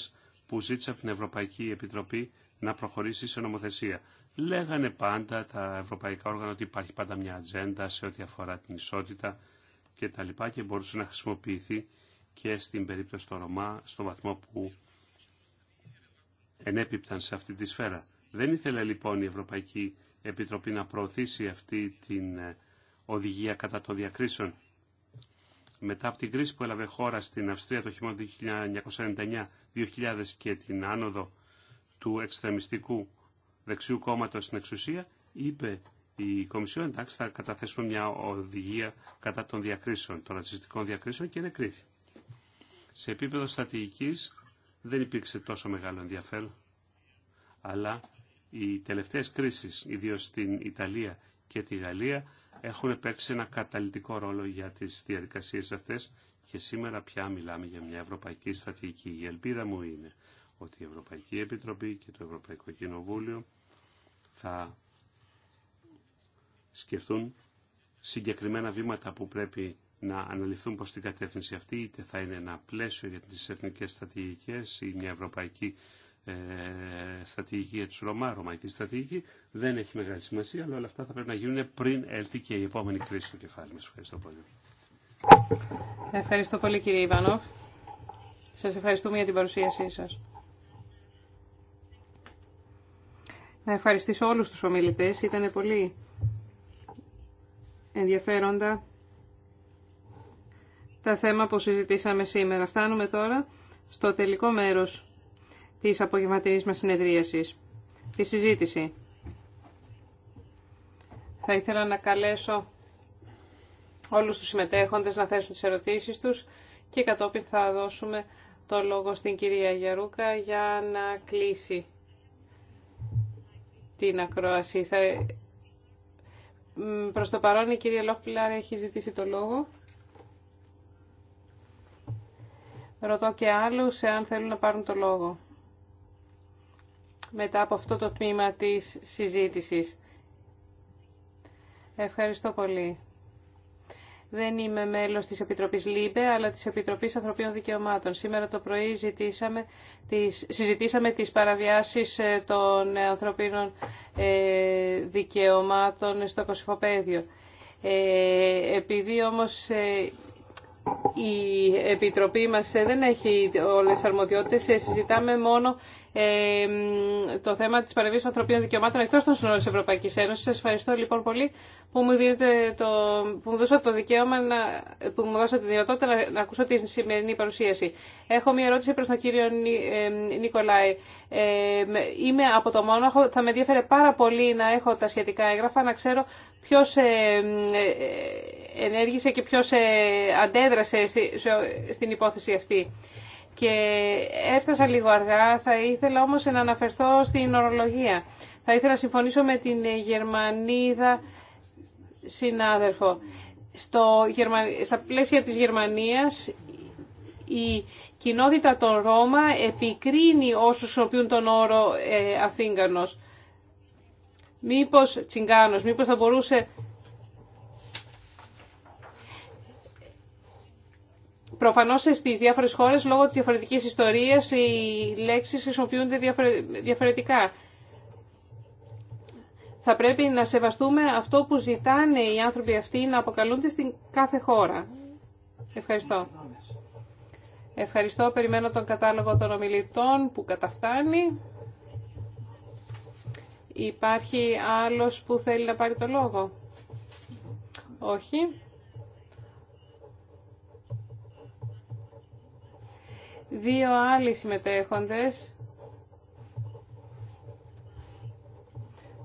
που ζήτησε από την Ευρωπαϊκή Επιτροπή να προχωρήσει σε νομοθεσία. Λέγανε πάντα τα ευρωπαϊκά όργανα ότι υπάρχει πάντα μια ατζέντα σε ό,τι αφορά την ισότητα και τα λοιπά και μπορούσε να χρησιμοποιηθεί και στην περίπτωση των Ρωμά στο βαθμό που ενέπιπταν σε αυτή τη σφαίρα. Δεν ήθελε λοιπόν η Ευρωπαϊκή Επιτροπή να προωθήσει αυτή την ε, οδηγία κατά των διακρίσεων. Μετά από την κρίση που έλαβε χώρα στην Αυστρία το χειμώνα 1999-2000 και την άνοδο του εξτρεμιστικού δεξιού κόμματος στην εξουσία, είπε η Κομισιόν εντάξει θα καταθέσουμε μια οδηγία κατά των διακρίσεων, των ρατσιστικών διακρίσεων και ενεκρίθη. Σε επίπεδο στρατηγικής δεν υπήρξε τόσο μεγάλο ενδιαφέρον, αλλά οι τελευταίες κρίσεις, ιδίως στην Ιταλία και τη Γαλλία, έχουν παίξει ένα καταλητικό ρόλο για τις διαδικασίες αυτές και σήμερα πια μιλάμε για μια ευρωπαϊκή στρατηγική. Η ελπίδα μου είναι ότι η Ευρωπαϊκή Επιτροπή και το Ευρωπαϊκό Κοινοβούλιο θα σκεφτούν συγκεκριμένα βήματα που πρέπει να αναλυθούν προς την κατεύθυνση αυτή, είτε θα είναι ένα πλαίσιο για τις εθνικές στρατηγικές ή μια ευρωπαϊκή ε, στρατηγική για τους Ρωμά, ρωμαϊκή στρατηγική, δεν έχει μεγάλη σημασία, αλλά όλα αυτά θα πρέπει να γίνουν πριν έλθει και η επόμενη κρίση στο κεφάλι μας. Ευχαριστώ πολύ. Ευχαριστώ πολύ κύριε Ιβανόφ. Σας ευχαριστούμε για την παρουσίασή σας. Να ευχαριστήσω όλους τους ομιλητές. Ήταν πολύ ενδιαφέροντα τα θέματα που συζητήσαμε σήμερα. Φτάνουμε τώρα στο τελικό μέρος της απογευματινής μας συνεδρίασης, τη συζήτηση. Θα ήθελα να καλέσω όλους τους συμμετέχοντες να θέσουν τις ερωτήσεις τους και κατόπιν θα δώσουμε το λόγο στην κυρία Γιαρούκα για να κλείσει την ακρόαση. Θα... Προς το παρόν η κυρία Λόχπιλάρ έχει ζητήσει το λόγο. Ρωτώ και άλλους εάν θέλουν να πάρουν το λόγο. Μετά από αυτό το τμήμα της συζήτησης. Ευχαριστώ πολύ. Δεν είμαι μέλος της Επιτροπής ΛΥΜΠΕ, αλλά της Επιτροπής Ανθρωπίνων Δικαιωμάτων. Σήμερα το πρωί ζητήσαμε, τις, συζητήσαμε τις παραβιάσεις ε, των ανθρωπίνων ε, δικαιωμάτων στο Κωσυφοπαίδιο. Ε, επειδή όμως η Επιτροπή μας ε, δεν έχει όλες τις αρμοδιότητες. Ε, συζητάμε μόνο ε, το θέμα της παρεμβής των ανθρωπίνων δικαιωμάτων εκτός των συνόρων της Ευρωπαϊκής Ένωσης. Σας ευχαριστώ λοιπόν πολύ που μου, δίνετε το, που μου δώσατε το δικαίωμα, να, που μου δώσατε τη δυνατότητα να, να ακούσω τη σημερινή παρουσίαση. Έχω μια ερώτηση προς τον κύριο Νι, ε, Νικολάη. Ε, είμαι από το Μόναχο. Θα με ενδιαφέρε πάρα πολύ να έχω τα σχετικά έγγραφα, να ξέρω ποιος... Ε, ε ενέργησε και ποιος ε, αντέδρασε στην υπόθεση αυτή. Και έφτασα λίγο αργά, θα ήθελα όμως να αναφερθώ στην ορολογία. Θα ήθελα να συμφωνήσω με την Γερμανίδα συνάδελφο. Στο, στα πλαίσια της Γερμανίας η κοινότητα των Ρώμα επικρίνει όσους χρησιμοποιούν τον όρο ε, Μήπως τσιγκάνος, μήπως θα μπορούσε Προφανώς στις διάφορες χώρε λόγω τη διαφορετική ιστορία οι λέξεις χρησιμοποιούνται διαφορετικά. Θα πρέπει να σεβαστούμε αυτό που ζητάνε οι άνθρωποι αυτοί να αποκαλούνται στην κάθε χώρα. Ευχαριστώ. Ευχαριστώ. Περιμένω τον κατάλογο των ομιλητών που καταφτάνει. Υπάρχει άλλος που θέλει να πάρει το λόγο. Όχι. δύο άλλοι συμμετέχοντες,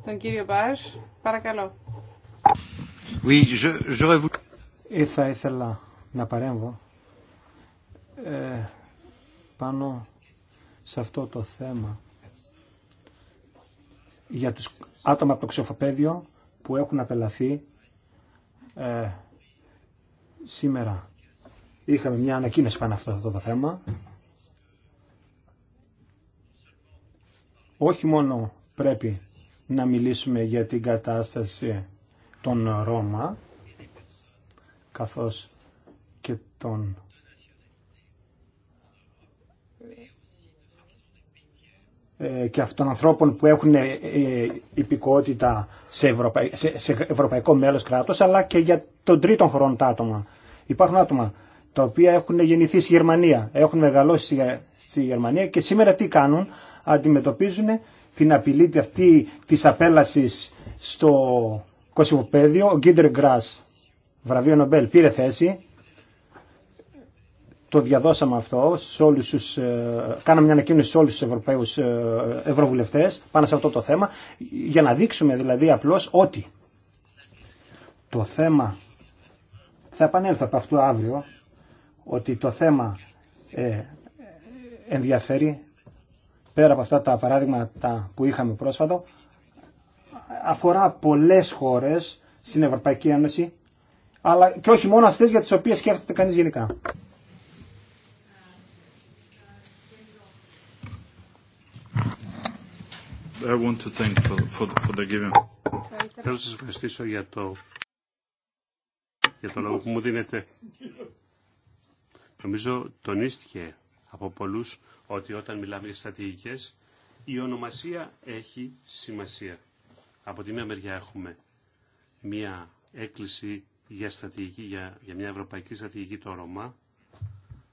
τον κύριο Μπάζ, παρακαλώ. Oui, je, ε, Θα ήθελα να παρέμβω ε, πάνω σε αυτό το θέμα για τους άτομα από το ξεφοπέδιο που έχουν απελαθεί ε, σήμερα. Είχαμε μια ανακοίνωση πάνω αυτό, αυτό το θέμα όχι μόνο πρέπει να μιλήσουμε για την κατάσταση των Ρώμα, καθώς και των ε, και αυτών των ανθρώπων που έχουν ε, ε, υπηκότητα σε, σε ευρωπαϊκό μέλος κράτος, αλλά και για τον τρίτον χρόνο τα άτομα. Υπάρχουν άτομα τα οποία έχουν γεννηθεί στη Γερμανία, έχουν μεγαλώσει στη Γερμανία και σήμερα τι κάνουν, αντιμετωπίζουν την απειλή αυτή της απέλασης στο Κωσυβοπαίδιο. Ο Γκίντερ Γκράς, βραβείο Νομπέλ, πήρε θέση. Το διαδώσαμε αυτό, σε όλους τους, ε, κάναμε μια ανακοίνωση σε όλους τους Ευρωπαίους ε, Ευρωβουλευτές πάνω σε αυτό το θέμα, για να δείξουμε δηλαδή απλώς ότι το θέμα, θα επανέλθω από αυτό αύριο, ότι το θέμα ε, ενδιαφέρει πέρα από αυτά τα παράδειγματα που είχαμε πρόσφατο, αφορά πολλές χώρες στην Ευρωπαϊκή Ένωση, αλλά και όχι μόνο αυτές για τις οποίες σκέφτεται κανείς γενικά. I want to for, for, for the Θέλω να σας ευχαριστήσω για το, για το λόγο που μου δίνετε. Νομίζω τονίστηκε από πολλούς ότι όταν μιλάμε για στρατηγικές η ονομασία έχει σημασία. Από τη μία μεριά έχουμε μία έκκληση για, για, μια ευρωπαϊκή στρατηγική το Ρωμά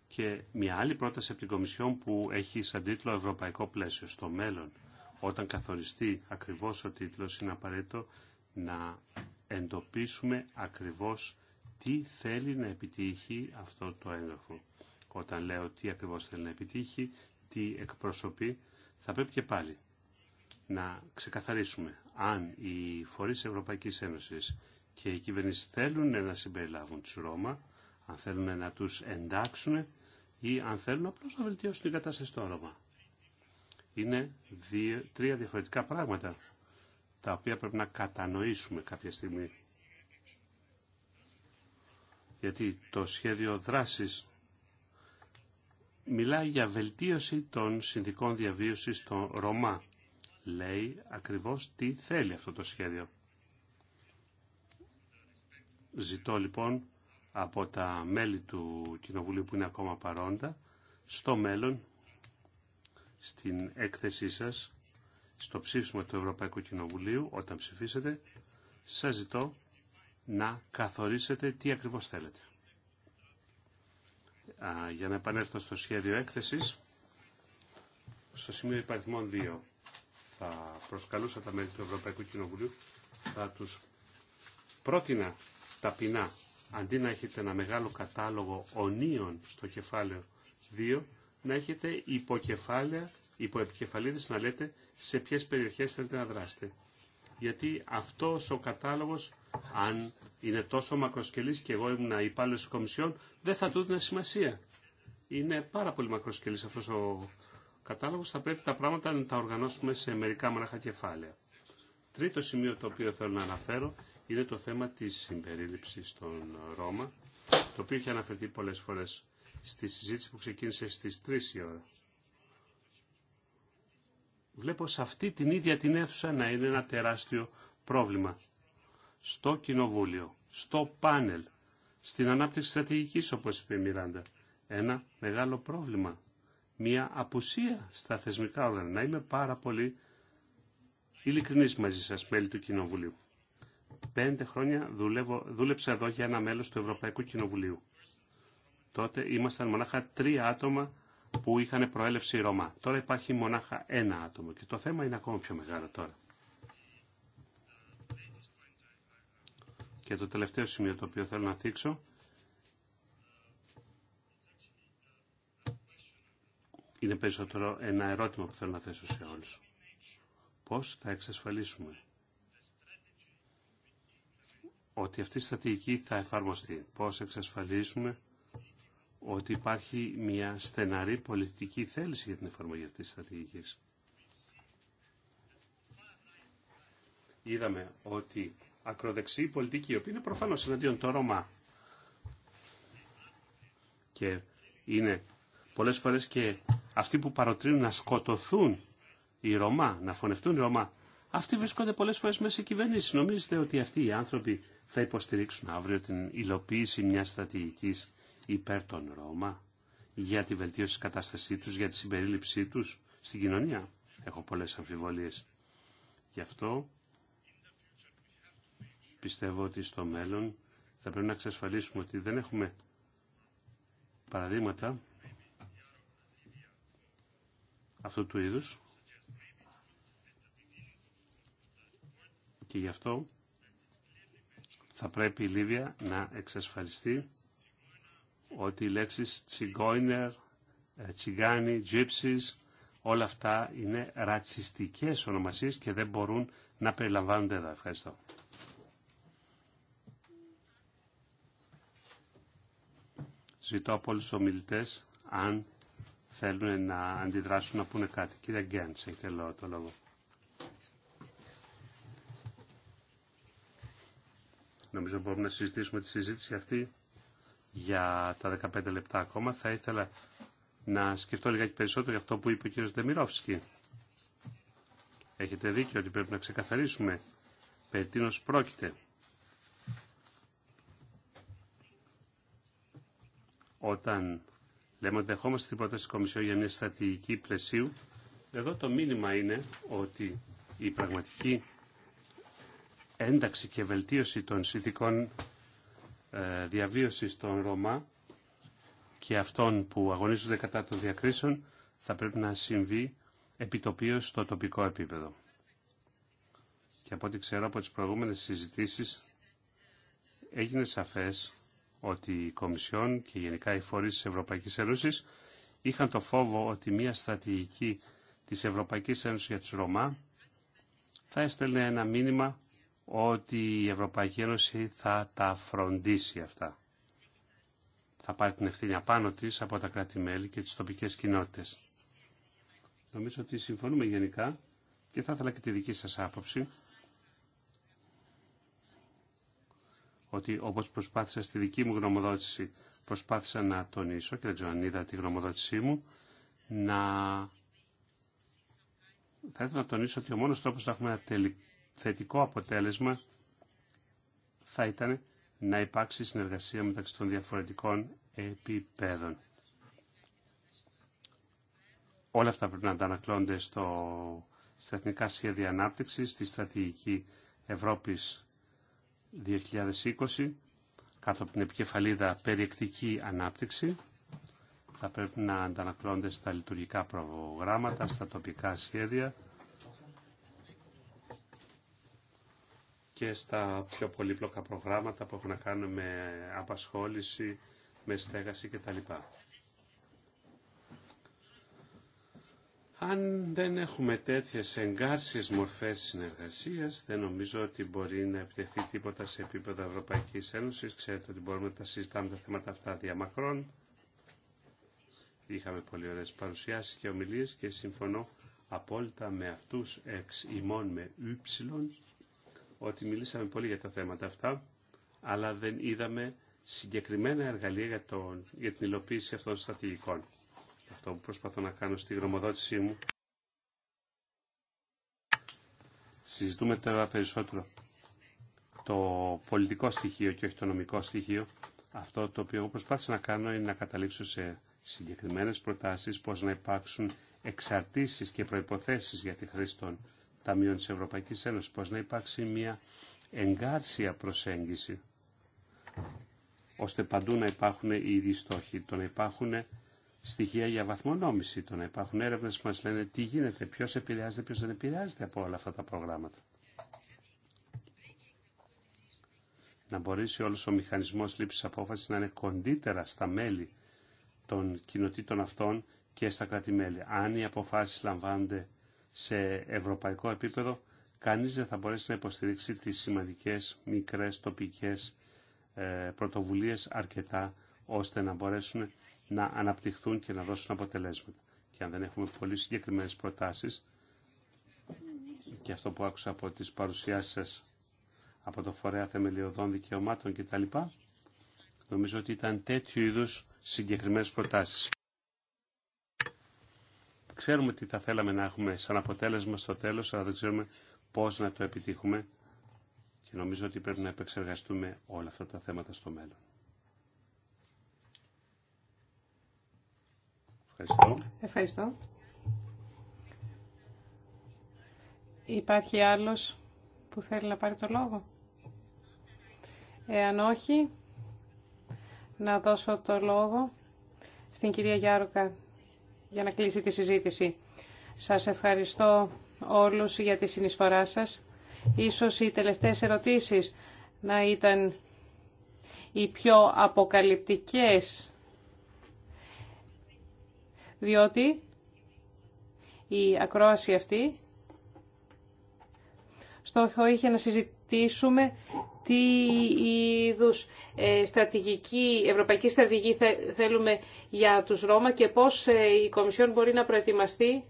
και μια άλλη πρόταση από την Κομισιόν που έχει σαν τίτλο Ευρωπαϊκό Πλαίσιο. Στο μέλλον, όταν καθοριστεί ακριβώς ο τίτλος, είναι απαραίτητο να εντοπίσουμε ακριβώς τι θέλει να επιτύχει αυτό το έγγραφο όταν λέω τι ακριβώς θέλει να επιτύχει, τι εκπροσωπεί, θα πρέπει και πάλι να ξεκαθαρίσουμε αν οι φορείς Ευρωπαϊκής Ένωσης και οι κυβερνήσεις θέλουν να συμπεριλάβουν τους Ρώμα, αν θέλουν να τους εντάξουν ή αν θέλουν απλώς να βελτιώσουν την κατάσταση στο Ρώμα. Είναι δύο, τρία διαφορετικά πράγματα τα οποία πρέπει να κατανοήσουμε κάποια στιγμή. Γιατί το σχέδιο δράσης μιλάει για βελτίωση των συνδικών διαβίωσης στον Ρωμά. Λέει ακριβώς τι θέλει αυτό το σχέδιο. Ζητώ λοιπόν από τα μέλη του Κοινοβουλίου που είναι ακόμα παρόντα, στο μέλλον, στην έκθεσή σας, στο ψήφισμα του Ευρωπαϊκού Κοινοβουλίου, όταν ψηφίσετε, σας ζητώ να καθορίσετε τι ακριβώς θέλετε για να επανέλθω στο σχέδιο έκθεσης, στο σημείο υπαριθμών 2 θα προσκαλούσα τα μέλη του Ευρωπαϊκού Κοινοβουλίου, θα τους πρότεινα ταπεινά, αντί να έχετε ένα μεγάλο κατάλογο ονίων στο κεφάλαιο 2, να έχετε υποκεφάλαια, υποεπικεφαλίδες να λέτε σε ποιες περιοχές θέλετε να δράσετε. Γιατί αυτός ο κατάλογος αν είναι τόσο μακροσκελής και εγώ ήμουν υπάλληλο τη Κομισιόν, δεν θα του έδινα σημασία. Είναι πάρα πολύ μακροσκελής αυτός ο κατάλογος, θα πρέπει τα πράγματα να τα οργανώσουμε σε μερικά μονάχα κεφάλαια. Τρίτο σημείο το οποίο θέλω να αναφέρω είναι το θέμα της συμπερίληψης των Ρώμα, το οποίο έχει αναφερθεί πολλές φορές στη συζήτηση που ξεκίνησε στις 3 η ώρα. Βλέπω σε αυτή την ίδια την αίθουσα να είναι ένα τεράστιο πρόβλημα στο κοινοβούλιο, στο πάνελ, στην ανάπτυξη στρατηγικής όπως είπε η Μιράντα. Ένα μεγάλο πρόβλημα, μια απουσία στα θεσμικά όργανα. Να είμαι πάρα πολύ ειλικρινής μαζί σας, μέλη του κοινοβουλίου. Πέντε χρόνια δουλεύω, δούλεψα εδώ για ένα μέλος του Ευρωπαϊκού Κοινοβουλίου. Τότε ήμασταν μονάχα τρία άτομα που είχαν προέλευση Ρωμά. Τώρα υπάρχει μονάχα ένα άτομο και το θέμα είναι ακόμα πιο μεγάλο τώρα. Και το τελευταίο σημείο το οποίο θέλω να θίξω είναι περισσότερο ένα ερώτημα που θέλω να θέσω σε όλους. Πώς θα εξασφαλίσουμε ότι αυτή η στρατηγική θα εφαρμοστεί. Πώς εξασφαλίσουμε ότι υπάρχει μια στεναρή πολιτική θέληση για την εφαρμογή αυτής της στρατηγικής. Είδαμε ότι Ακροδεξιοί πολιτικοί, η οποία είναι προφανώς εναντίον το Ρωμά. Και είναι πολλές φορές και αυτοί που παροτρύνουν να σκοτωθούν οι Ρωμά, να φωνευτούν οι Ρωμά, αυτοί βρίσκονται πολλές φορές μέσα σε κυβερνήσει. Νομίζετε ότι αυτοί οι άνθρωποι θα υποστηρίξουν αύριο την υλοποίηση μιας στρατηγικής υπέρ των Ρώμα για τη βελτίωση της κατάστασή τους, για τη συμπερίληψή τους στην κοινωνία. Έχω πολλές αμφιβολίες. Γι' αυτό πιστεύω ότι στο μέλλον θα πρέπει να εξασφαλίσουμε ότι δεν έχουμε παραδείγματα αυτού του είδους και γι' αυτό θα πρέπει η Λίβια να εξασφαλιστεί ότι οι λέξεις τσιγκόινερ, ε, τσιγκάνι, τζίψις, όλα αυτά είναι ρατσιστικές ονομασίες και δεν μπορούν να περιλαμβάνονται εδώ. Ευχαριστώ. Ζητώ από όλου του ομιλητέ, αν θέλουν να αντιδράσουν, να πούνε κάτι. Κύριε Γκέντς, έχετε το λόγο. Νομίζω μπορούμε να συζητήσουμε τη συζήτηση αυτή για τα 15 λεπτά ακόμα. Θα ήθελα να σκεφτώ λιγάκι περισσότερο για αυτό που είπε ο κύριος Δεμιρόφσκι. Έχετε δίκιο ότι πρέπει να ξεκαθαρίσουμε περί τίνος πρόκειται. όταν λέμε ότι δεχόμαστε την πρόταση της Κομισιόν για μια στρατηγική πλαισίου, εδώ το μήνυμα είναι ότι η πραγματική ένταξη και βελτίωση των συνθηκών ε, διαβίωσης των Ρωμά και αυτών που αγωνίζονται κατά των διακρίσεων θα πρέπει να συμβεί επιτοπίως στο τοπικό επίπεδο. Και από ό,τι ξέρω από τις προηγούμενες συζητήσεις έγινε σαφές ότι η Κομισιόν και γενικά οι φορεί της Ευρωπαϊκής Ένωση είχαν το φόβο ότι μια στρατηγική της Ευρωπαϊκής Ένωσης για τους Ρωμά θα έστελνε ένα μήνυμα ότι η Ευρωπαϊκή Ένωση θα τα φροντίσει αυτά. Θα πάρει την ευθύνη απάνω της από τα κράτη-μέλη και τις τοπικές κοινότητες. Νομίζω ότι συμφωνούμε γενικά και θα ήθελα και τη δική σας άποψη ότι όπως προσπάθησα στη δική μου γνωμοδότηση, προσπάθησα να τονίσω και δεν ξέρω είδα τη γνωμοδότησή μου, να... Θα ήθελα να τονίσω ότι ο μόνος τρόπος να έχουμε ένα θετικό αποτέλεσμα θα ήταν να υπάρξει συνεργασία μεταξύ των διαφορετικών επίπεδων. Όλα αυτά πρέπει να αντανακλώνται στο, στα εθνικά σχέδια ανάπτυξης, στη στρατηγική Ευρώπης 2020 κάτω από την επικεφαλίδα περιεκτική ανάπτυξη θα πρέπει να αντανακλώνται στα λειτουργικά προγράμματα, στα τοπικά σχέδια και στα πιο πολύπλοκα προγράμματα που έχουν να κάνουν με απασχόληση, με στέγαση κτλ. Αν δεν έχουμε τέτοιες εγκάρσιες μορφές συνεργασίας, δεν νομίζω ότι μπορεί να επιτεθεί τίποτα σε επίπεδο Ευρωπαϊκής Ένωσης. Ξέρετε ότι μπορούμε να τα συζητάμε τα θέματα αυτά διαμακρών. Είχαμε πολύ ωραίες παρουσιάσεις και ομιλίες και συμφωνώ απόλυτα με αυτούς εξ ημών με ύψιλον ότι μιλήσαμε πολύ για τα θέματα αυτά, αλλά δεν είδαμε συγκεκριμένα εργαλεία για, για την υλοποίηση αυτών των στρατηγικών. Αυτό που προσπαθώ να κάνω στη γνωμοδότησή μου. Συζητούμε τώρα περισσότερο το πολιτικό στοιχείο και όχι το νομικό στοιχείο. Αυτό το οποίο προσπάθησα να κάνω είναι να καταλήξω σε συγκεκριμένες προτάσεις πώς να υπάρξουν εξαρτήσεις και προϋποθέσεις για τη χρήση των ταμείων της Ευρωπαϊκής Ένωσης, πώς να υπάρξει μια εγκάρσια προσέγγιση, ώστε παντού να υπάρχουν οι ίδιοι στόχοι, να υπάρχουν στοιχεία για βαθμονόμηση. των να υπάρχουν έρευνε που μα λένε τι γίνεται, ποιο επηρεάζεται, ποιο δεν επηρεάζεται από όλα αυτά τα προγράμματα. Να μπορέσει όλο ο μηχανισμό λήψη απόφαση να είναι κοντύτερα στα μέλη των κοινοτήτων αυτών και στα κράτη-μέλη. Αν οι αποφάσει λαμβάνονται σε ευρωπαϊκό επίπεδο, κανεί δεν θα μπορέσει να υποστηρίξει τι σημαντικέ μικρέ τοπικέ ε, πρωτοβουλίε αρκετά ώστε να μπορέσουν να αναπτυχθούν και να δώσουν αποτελέσματα. Και αν δεν έχουμε πολύ συγκεκριμένες προτάσεις, και αυτό που άκουσα από τις παρουσιάσεις σας, από το Φορέα Θεμελιωδών Δικαιωμάτων κτλ. Νομίζω ότι ήταν τέτοιου είδους συγκεκριμένες προτάσεις. Ξέρουμε τι θα θέλαμε να έχουμε σαν αποτέλεσμα στο τέλος, αλλά δεν ξέρουμε πώς να το επιτύχουμε και νομίζω ότι πρέπει να επεξεργαστούμε όλα αυτά τα θέματα στο μέλλον. Ευχαριστώ. Ευχαριστώ. Υπάρχει άλλος που θέλει να πάρει το λόγο. Εάν όχι, να δώσω το λόγο στην κυρία Γιάρουκα για να κλείσει τη συζήτηση. Σας ευχαριστώ όλους για τη συνεισφορά σας. Ίσως οι τελευταίες ερωτήσεις να ήταν οι πιο αποκαλυπτικές διότι η ακρόαση αυτή στόχο είχε να συζητήσουμε τι είδους ε, στρατηγική, ευρωπαϊκή στρατηγική θέλουμε για τους Ρώμα και πώς ε, η Κομισιόν μπορεί να προετοιμαστεί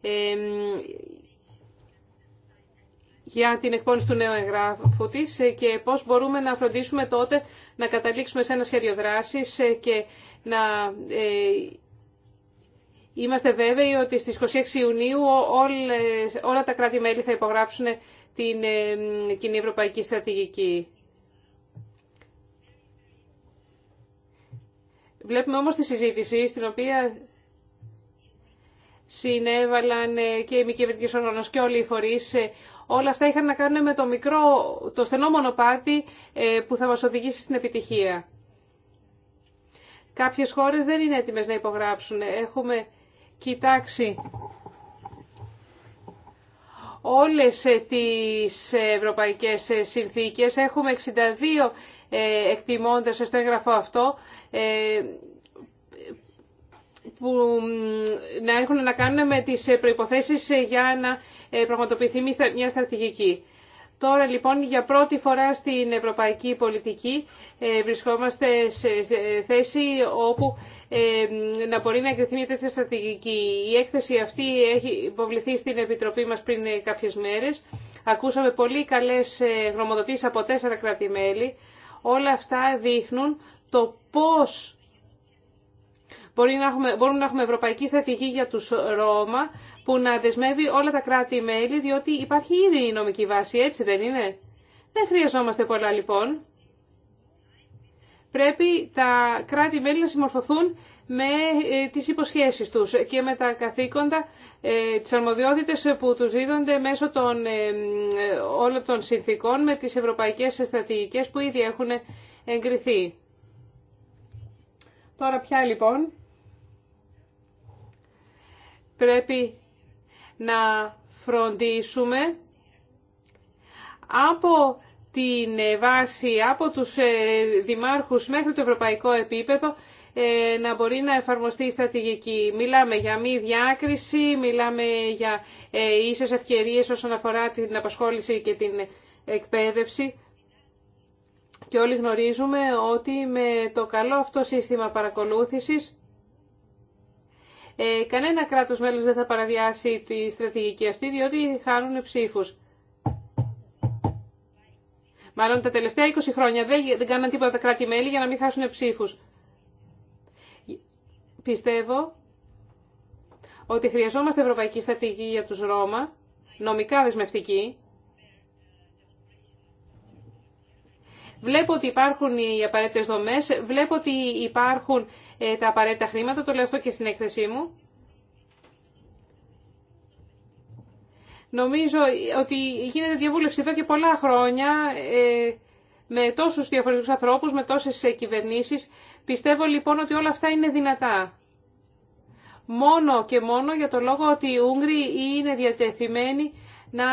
ε, για την εκπόνηση του νέου εγγράφου τη και πώς μπορούμε να φροντίσουμε τότε να καταλήξουμε σε ένα σχέδιο δράση. και να ε, είμαστε βέβαιοι ότι στις 26 Ιουνίου όλα τα κράτη-μέλη θα υπογράψουν την ε, κοινή ευρωπαϊκή στρατηγική. Βλέπουμε όμως τη συζήτηση στην οποία συνέβαλαν ε, και οι μη κυβερνητικέ οργανώσει και όλοι οι φορεί Όλα αυτά είχαν να κάνουν με το μικρό, το στενό μονοπάτι ε, που θα μας οδηγήσει στην επιτυχία. Κάποιες χώρες δεν είναι έτοιμες να υπογράψουν. Έχουμε κοιτάξει όλες ε, τις ευρωπαϊκές ε, συνθήκες. Έχουμε 62 εκτιμώντας στο έγγραφο αυτό που να έχουν να κάνουν με τις προϋποθέσεις για να ε, πραγματοποιηθεί μια στρατηγική. Τώρα λοιπόν για πρώτη φορά στην ευρωπαϊκή πολιτική ε, βρισκόμαστε σε θέση όπου ε, να μπορεί να εγκριθεί μια τέτοια στρατηγική. Η έκθεση αυτή έχει υποβληθεί στην Επιτροπή μας πριν κάποιες μέρες. Ακούσαμε πολύ καλές γνωμοδοτήσεις από τέσσερα κράτη-μέλη. Όλα αυτά δείχνουν το πώς Μπορεί να έχουμε, μπορούμε να έχουμε ευρωπαϊκή στρατηγική για τους Ρώμα που να δεσμεύει όλα τα κράτη-μέλη διότι υπάρχει ήδη η νομική βάση, έτσι δεν είναι. Δεν χρειαζόμαστε πολλά λοιπόν. Πρέπει τα κράτη-μέλη να συμμορφωθούν με ε, τις υποσχέσεις τους και με τα καθήκοντα, ε, τις αρμοδιότητες που τους δίδονται μέσω των ε, όλων των συνθήκων με τις ευρωπαϊκές στρατηγικές που ήδη έχουν εγκριθεί. Τώρα πια λοιπόν πρέπει να φροντίσουμε από την ε, βάση, από τους ε, δημάρχους μέχρι το ευρωπαϊκό επίπεδο ε, να μπορεί να εφαρμοστεί η στρατηγική. Μιλάμε για μη διάκριση, μιλάμε για ίσες ευκαιρίες όσον αφορά την απασχόληση και την εκπαίδευση. Και όλοι γνωρίζουμε ότι με το καλό αυτό σύστημα παρακολούθησης ε, κανένα κράτος μέλος δεν θα παραβιάσει τη στρατηγική αυτή, διότι χάνουν ψήφους. Μάλλον τα τελευταία 20 χρόνια δεν, δεν κάναν τίποτα τα κράτη-μέλη για να μην χάσουν ψήφους. Πιστεύω ότι χρειαζόμαστε ευρωπαϊκή στρατηγική για τους Ρώμα, νομικά δεσμευτική, Βλέπω ότι υπάρχουν οι απαραίτητε δομέ. βλέπω ότι υπάρχουν ε, τα απαραίτητα χρήματα, το λέω αυτό και στην έκθεσή μου. Νομίζω ότι γίνεται διαβούλευση εδώ και πολλά χρόνια ε, με τόσους διαφορετικούς ανθρώπους, με τόσες ε, κυβερνήσεις. Πιστεύω λοιπόν ότι όλα αυτά είναι δυνατά. Μόνο και μόνο για το λόγο ότι οι Ούγγροι είναι διατεθειμένοι να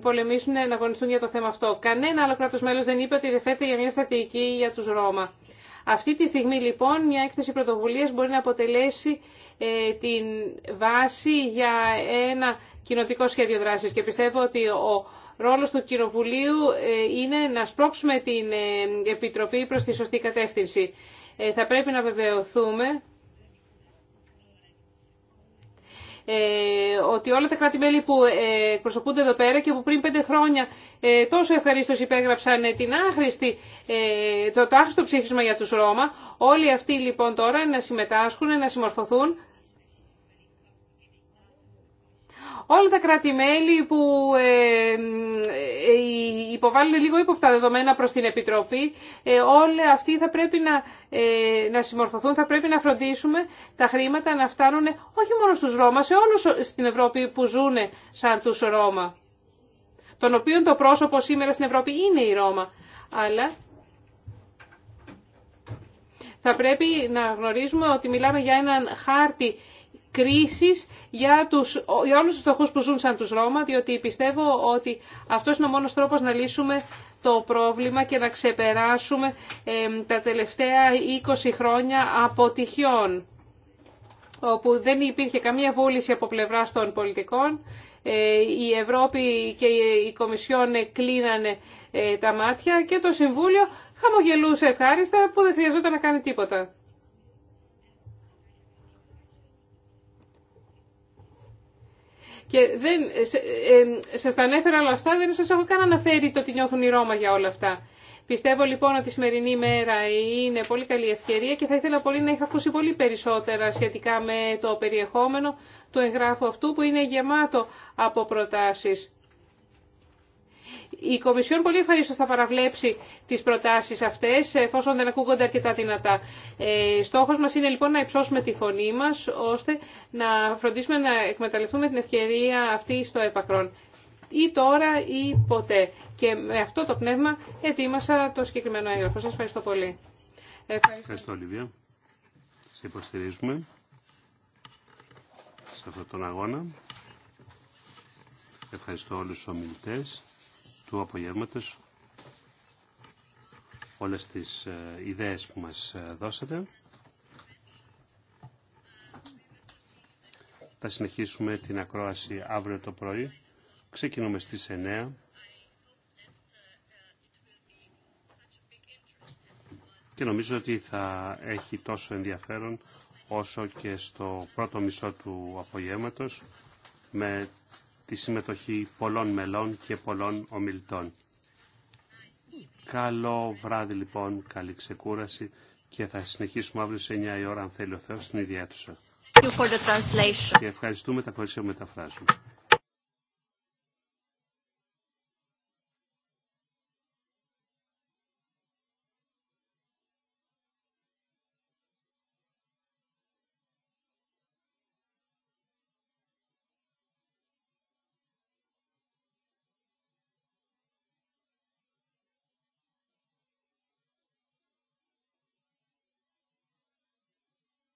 πολεμήσουν, να αγωνιστούν για το θέμα αυτό. Κανένα άλλο κράτο μέλο δεν είπε ότι διαθέτει για μια στρατηγική για τους Ρώμα. Αυτή τη στιγμή λοιπόν μια έκθεση πρωτοβουλίας μπορεί να αποτελέσει ε, την βάση για ένα κοινοτικό σχέδιο δράσης και πιστεύω ότι ο ρόλος του Κοινοβουλίου ε, είναι να σπρώξουμε την ε, Επιτροπή προς τη σωστή κατεύθυνση. Θα πρέπει να βεβαιωθούμε Ε, ότι όλα τα κράτη-μέλη που ε, εκπροσωπούνται εδώ πέρα και που πριν πέντε χρόνια ε, τόσο ευχαρίστως υπέγραψαν την άχρηστη, το, το άχρηστο ψήφισμα για τους Ρώμα, όλοι αυτοί λοιπόν τώρα να συμμετάσχουν, να συμμορφωθούν όλα τα κράτη-μέλη που ε, ε, ε, υποβάλλουν λίγο ύποπτα δεδομένα προς την Επιτροπή, όλοι αυτοί θα πρέπει να, να συμμορφωθούν, θα πρέπει να φροντίσουμε τα χρήματα να φτάνουν όχι μόνο στους Ρώμα, σε όλους στην Ευρώπη που ζουν σαν τους Ρώμα, των οποίων το πρόσωπο σήμερα στην Ευρώπη είναι η Ρώμα. Αλλά θα πρέπει να γνωρίζουμε ότι μιλάμε για έναν χάρτη κρίση για, τους, για όλους τους φτωχούς που ζουν σαν τους Ρώμα, διότι πιστεύω ότι αυτός είναι ο μόνος τρόπος να λύσουμε το πρόβλημα και να ξεπεράσουμε τα τελευταία 20 χρόνια αποτυχιών, όπου δεν υπήρχε καμία βούληση από πλευρά των πολιτικών. Ε, η Ευρώπη και η Κομισιόν κλείνανε ε, τα μάτια και το Συμβούλιο χαμογελούσε ευχάριστα που δεν χρειαζόταν να κάνει τίποτα. Και δεν, ε, σας τα ανέφερα όλα αυτά, δεν σας έχω καν αναφέρει το τι νιώθουν οι Ρώμα για όλα αυτά. Πιστεύω λοιπόν ότι η σημερινή μέρα είναι πολύ καλή ευκαιρία και θα ήθελα πολύ να είχα ακούσει πολύ περισσότερα σχετικά με το περιεχόμενο του εγγράφου αυτού που είναι γεμάτο από προτάσεις. Η Κομισιόν πολύ ευχαρίστω θα παραβλέψει τις προτάσεις αυτές εφόσον δεν ακούγονται αρκετά δυνατά. Ε, Στόχο μας είναι λοιπόν να υψώσουμε τη φωνή μας ώστε να φροντίσουμε να εκμεταλλευτούμε την ευκαιρία αυτή στο επακρόν. Ή τώρα ή ποτέ. Και με αυτό το πνεύμα ετοίμασα το συγκεκριμένο έγγραφο. Σας ευχαριστώ πολύ. Ευχαριστώ, ευχαριστώ Ολιβία. Σε υποστηρίζουμε σε αυτόν τον αγώνα. Ευχαριστώ όλους τους ομιλητές του απογεύματος όλες τις ε, ιδέες που μας ε, δώσατε. Θα συνεχίσουμε την ακρόαση αύριο το πρωί. Ξεκινούμε στις 9. Και νομίζω ότι θα έχει τόσο ενδιαφέρον όσο και στο πρώτο μισό του απογεύματος με τη συμμετοχή πολλών μελών και πολλών ομιλητών. Καλό βράδυ λοιπόν, καλή ξεκούραση και θα συνεχίσουμε αύριο σε 9 η ώρα αν θέλει ο Θεός στην ίδια του. Και ευχαριστούμε τα κορίτσια που μεταφράζουν.